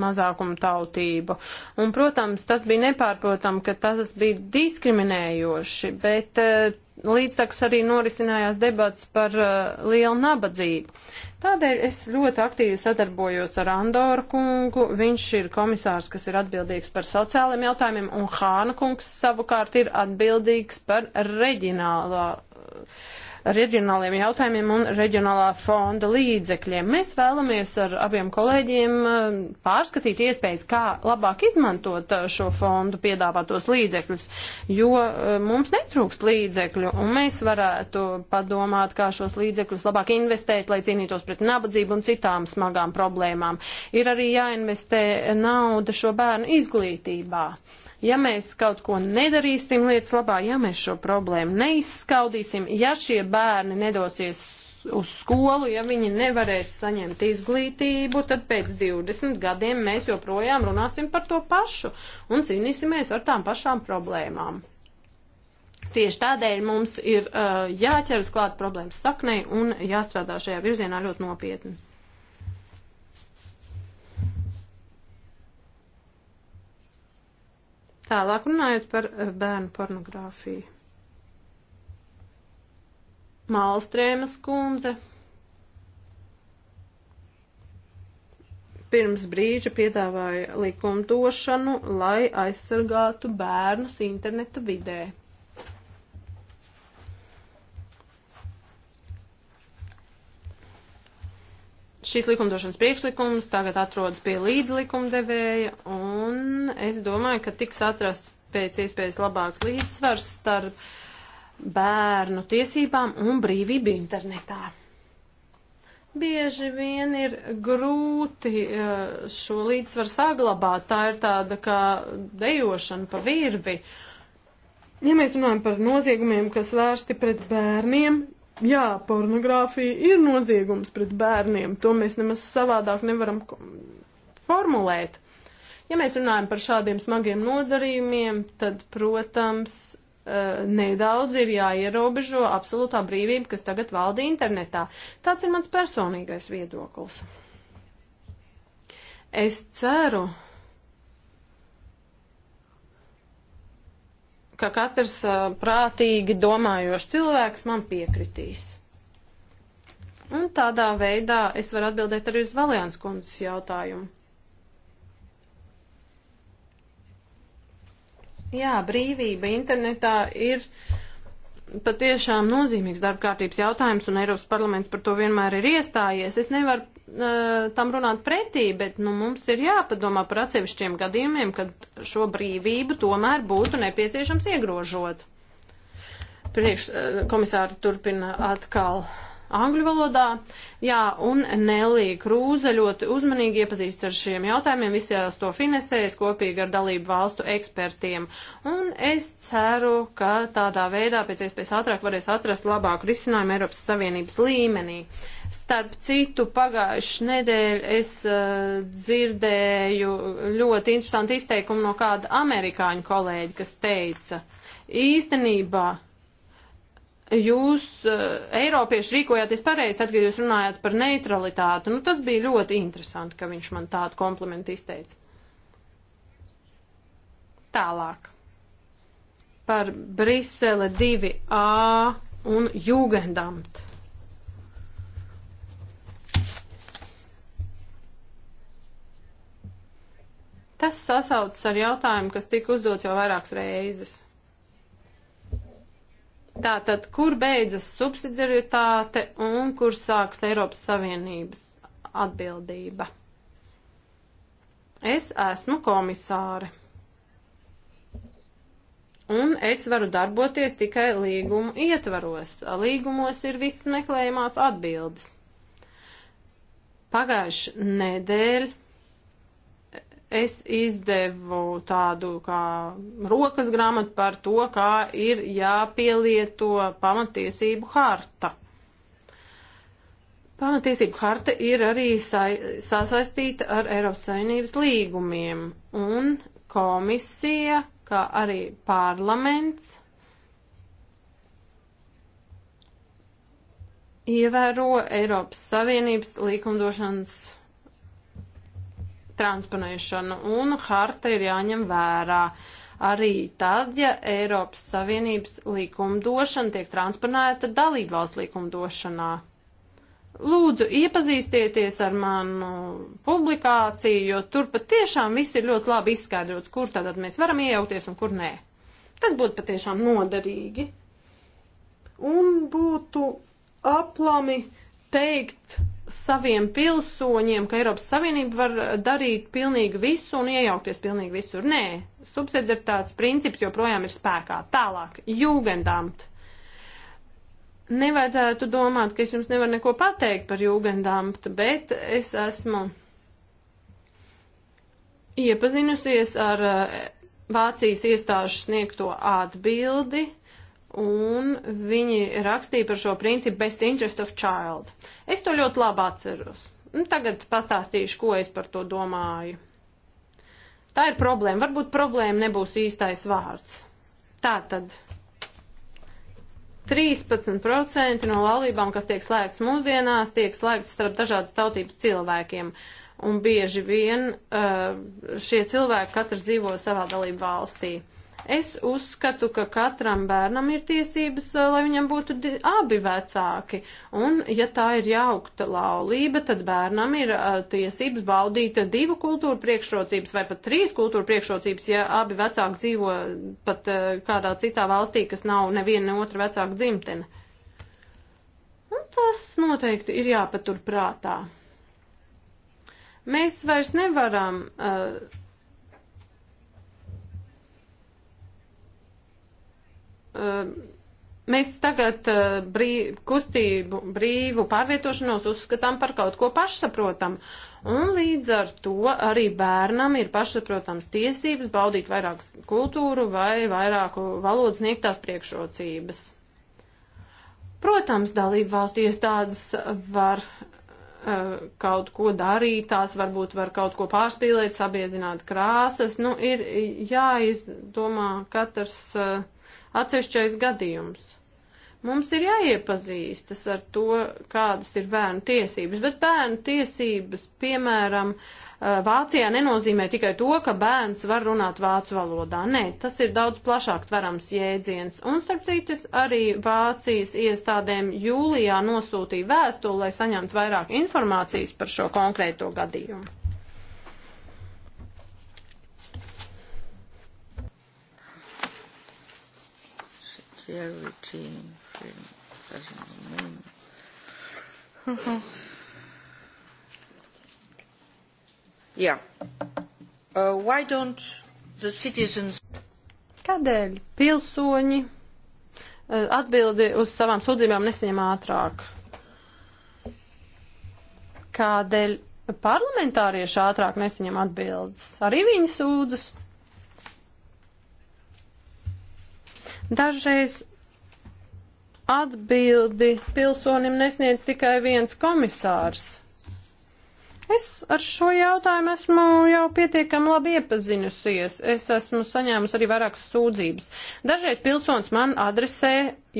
mazākumu tautību, un, protams, tas bija nepārprotam, ka tas bija diskriminējoši, bet eh, Līdztekus arī norisinājās debats par uh, lielu nabadzību. Tādēļ es ļoti aktīvi sadarbojos ar Andoru kungu. Viņš ir komisārs, kas ir atbildīgs par sociāliem jautājumiem, un Hāna kungs savukārt ir atbildīgs par reģionālā. Uh, reģionāliem jautājumiem un reģionālā fonda līdzekļiem. Mēs vēlamies ar abiem kolēģiem uh, pārskatīt iespējas, kā labāk izmantot uh, šo fondu piedāvātos līdzekļus, jo uh, mums netrūkst līdzekļu, un mēs varētu padomāt, kā šos līdzekļus labāk investēt, lai cīnītos pret nabadzību un citām smagām problēmām. Ir arī jāinvestē nauda šo bērnu izglītībā. Ja mēs kaut ko nedarīsim lietas labā, ja mēs šo problēmu neizskaudīsim, ja šie bērni nedosies uz skolu, ja viņi nevarēs saņemt izglītību, tad pēc 20 gadiem mēs joprojām runāsim par to pašu un cīnīsimies ar tām pašām problēmām. Tieši tādēļ mums ir uh, jāķeras klāt problēmas saknei un jāstrādā šajā virzienā ļoti nopietni. Tālāk runājot par eh, bērnu pornogrāfiju. Mālstrēmas kundze pirms brīža piedāvāja likumdošanu, lai aizsargātu bērnus interneta vidē. šis likumdošanas priekšlikums tagad atrodas pie līdzlikumdevēja, un es domāju, ka tiks atrasts pēc iespējas labāks līdzsvars starp bērnu tiesībām un brīvību internetā. Bieži vien ir grūti eh, šo līdzsvaru saglabāt, tā ir tāda kā dejošana pa virvi. Ja mēs runājam par noziegumiem, kas vērsti pret bērniem, jā, pornogrāfija ir noziegums pret bērniem, to mēs nemaz savādāk nevaram formulēt. Ja mēs runājam par šādiem smagiem nodarījumiem, tad, protams, eh, nedaudz ir jāierobežo absolūtā brīvība, kas tagad valda internetā. Tāds ir mans personīgais viedoklis. Es ceru, ka katrs uh, prātīgi domājošs cilvēks man piekritīs. Un tādā veidā es varu atbildēt arī uz Valjāns kundzes jautājumu. Jā, brīvība internetā ir patiešām nozīmīgs darbkārtības jautājums, un Eiropas parlaments par to vienmēr ir iestājies. Es nevaru tam runāt pretī, bet nu, mums ir jāpadomā par atsevišķiem gadījumiem, kad šo brīvību tomēr būtu nepieciešams iegrožot. Priekš komisāri turpina atkal angļu valodā. Jā, un Nelī Krūze ļoti uzmanīgi iepazīstas ar šiem jautājumiem, visās to finesēs kopīgi ar dalību valstu ekspertiem. Un es ceru, ka tādā veidā pēc iespējas ātrāk varēs atrast labāku risinājumu Eiropas Savienības līmenī. Starp citu, pagājuši nedēļ es uh, dzirdēju ļoti interesantu izteikumu no kāda amerikāņu kolēģa, kas teica, īstenībā jūs, eh, Eiropieši, rīkojāties pareizi, tad, kad jūs runājāt par neutralitāti. Nu, tas bija ļoti interesanti, ka viņš man tādu komplimentu izteica. Tālāk par Brisele 2A un Jugendamt. Tas sasaucas ar jautājumu, kas tika uzdots jau vairākas reizes. Tātad, kur beidzas subsidiaritāte un kur sāks Eiropas Savienības atbildība? Es esmu komisāre. Un es varu darboties tikai līgumu ietvaros. Līgumos ir viss meklējumās atbildes. Pagājuši nedēļa es izdevu tādu kā rokas grāmatu par to, kā ir jāpielieto pamatiesību harta. Pamatiesību harta ir arī sa sasaistīta ar Eiropas Savienības līgumiem, un komisija, kā arī parlaments, ievēro Eiropas Savienības likumdošanas transponēšanu, un harta ir jāņem vērā. Arī tad, ja Eiropas Savienības likumdošana tiek transponēta dalībvalsts likumdošanā. Lūdzu, iepazīstieties ar manu publikāciju, jo tur pat tiešām viss ir ļoti labi izskaidrots, kur tātad mēs varam iejaukties un kur nē. Tas būtu patiešām noderīgi. Un būtu aplami teikt, saviem pilsoņiem, ka Eiropas Savienība var darīt pilnīgi visu un iejaukties pilnīgi visur. Nē, subsidiaritātes princips joprojām ir spēkā. Tālāk, jūgendamt. Nevajadzētu domāt, ka es jums nevaru neko pateikt par jūgendamt, bet es esmu iepazinusies ar eh, Vācijas iestāžu sniegto atbildi. Uh, un viņi rakstīja par šo principu best interest of child. Es to ļoti labi atceros. Un tagad pastāstīšu, ko es par to domāju. Tā ir problēma. Varbūt problēma nebūs īstais vārds. Tā tad 13% no laulībām, kas tiek slēgts mūsdienās, tiek slēgts starp dažādas tautības cilvēkiem. Un bieži vien uh, šie cilvēki katrs dzīvo savā dalību valstī. Uh, Es uzskatu, ka katram bērnam ir tiesības, eh, lai viņam būtu abi vecāki. Un, ja tā ir jaukta laulība, tad bērnam ir uh, tiesības baudīt divu kultūru priekšrocības vai pat trīs kultūru priekšrocības, ja abi vecāki dzīvo pat uh, kādā citā valstī, kas nav neviena ne otra vecāka dzimtene. Un nu, tas noteikti ir jāpatur prātā. Mēs vairs nevaram uh, Ehm, mēs tagad eh, brīv, kustību brīvu pārvietošanos uzskatām par kaut ko pašsaprotamu. Un līdz ar to arī bērnam ir pašsaprotams tiesības baudīt vairāk kultūru vai vairāku valodu sniegtās priekšrocības. Protams, dalību valstu iestādes var eh, kaut ko darīt, tās varbūt var kaut ko pārspīlēt, sabiezināt krāsas. Nu, ir jāizdomā katrs uh, atsevišķais gadījums. Mums ir jāiepazīstas ar to, kādas ir bērnu tiesības, bet bērnu tiesības, piemēram, Vācijā nenozīmē tikai to, ka bērns var runāt vācu valodā. Nē, tas ir daudz plašāk tverams jēdziens. Un, starp citu, arī Vācijas iestādēm jūlijā nosūtīja vēstuli, lai saņemtu vairāk informācijas par šo konkrēto gadījumu. clarity doesn't mean. Uh-huh. Yeah. Uh, why don't the citizens... Kādēļ pilsoņi uh, atbildi uz savām sūdzībām nesaņem ātrāk? Kādēļ parlamentārieši ātrāk nesaņem atbildes? Arī viņi sūdzas. Dažreiz atbildi pilsonim nesniedz tikai viens komisārs. Es ar šo jautājumu esmu jau pietiekami labi iepazinusies. Es esmu saņēmusi arī vairākas sūdzības. Dažreiz pilsonis man adresē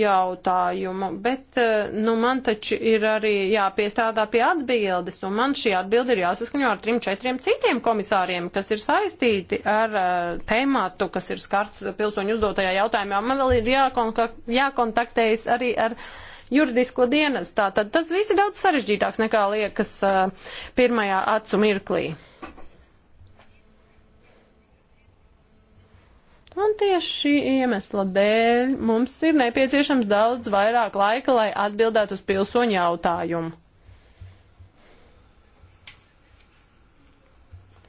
jautājumu, bet eh, nu, man taču ir arī jāpiestādā pie atbildes, un man šī atbilde ir jāsaskaņo ar trim, četriem citiem komisāriem, kas ir saistīti ar uh, eh, tēmātu, kas ir skarts pilsoņu uzdotajā jautājumā. Man vēl ir jākontaktējas arī ar. Uh, juridisko dienas. Tātad tas viss ir daudz sarežģītāks nekā liekas pirmajā acu mirklī. Un tieši šī iemesla dēļ mums ir nepieciešams daudz vairāk laika, lai atbildētu uz pilsoņu jautājumu.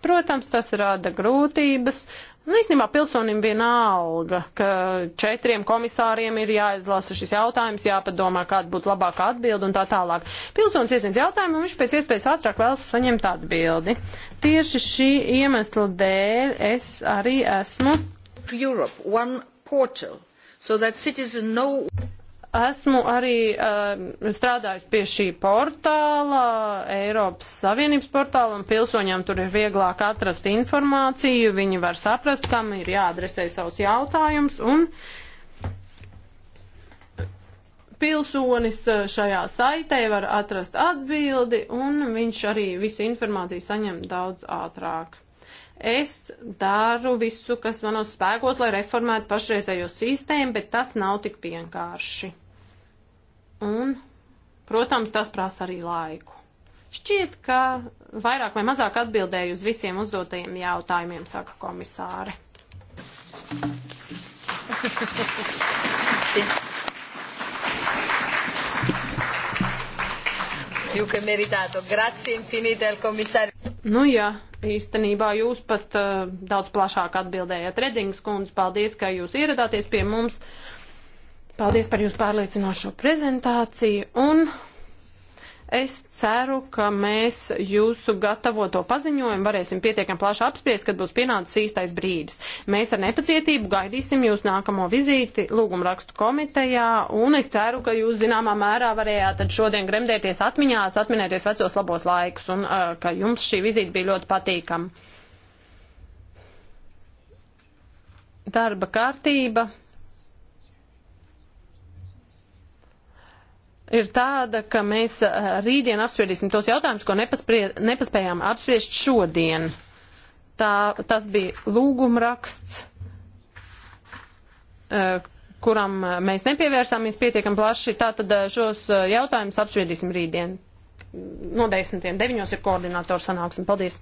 Protams, tas rada grūtības, Nu, īstenībā pilsonim vienalga, ka četriem komisāriem ir jāizlasa šis jautājums, jāpadomā, kāda būtu labākā atbilda un tā tālāk. Pilsonis iesniedz jautājumu un viņš pēc iespējas ātrāk vēlas saņemt atbildi. Tieši šī iemesla dēļ es arī esmu. Europe, one portal, so that citizens know Esmu arī uh, eh, strādājis pie šī portāla, Eiropas Savienības portāla, un pilsoņiem tur ir vieglāk atrast informāciju, viņi var saprast, kam ir jāadresē savus jautājumus, un pilsonis eh, šajā saitē var atrast atbildi, un viņš arī visu informāciju saņem daudz ātrāk. Es daru visu, kas manos spēkos, lai reformētu pašreizējo sistēmu, bet tas nav tik vienkārši. Un, protams, tas prasa arī laiku. Šķiet, ka vairāk vai mazāk atbildēju uz visiem uzdotajiem jautājumiem, saka komisāre. Thank you. Più che meritato. Grazie infinite al komisāri. Nu jā, īstenībā jūs pat uh, daudz plašāk atbildējat. Redings kundze, paldies, ka jūs ieradāties pie mums. Paldies par jūsu pārliecinošo prezentāciju un Es ceru, ka mēs jūsu gatavoto paziņojumu varēsim pietiekami plaši apspriest, kad būs pienācis īstais brīdis. Mēs ar nepacietību gaidīsim jūs nākamo vizīti lūgumrakstu komitejā, un es ceru, ka jūs zināmā mērā varējāt tad šodien gremdēties atmiņās, atminēties vecos labos laikus, un uh, ka jums šī vizīte bija ļoti patīkama. Darba kārtība ir tāda, ka mēs rītdien apspriedīsim tos jautājumus, ko nepaspējām apspriest šodien. Tā, tas bija lūgumraksts, kuram mēs nepievērsāmies pietiekam plaši. Tātad šos jautājumus apspriedīsim rītdien. No desmitiem, deviņos ir koordinātors sanāksim. Paldies!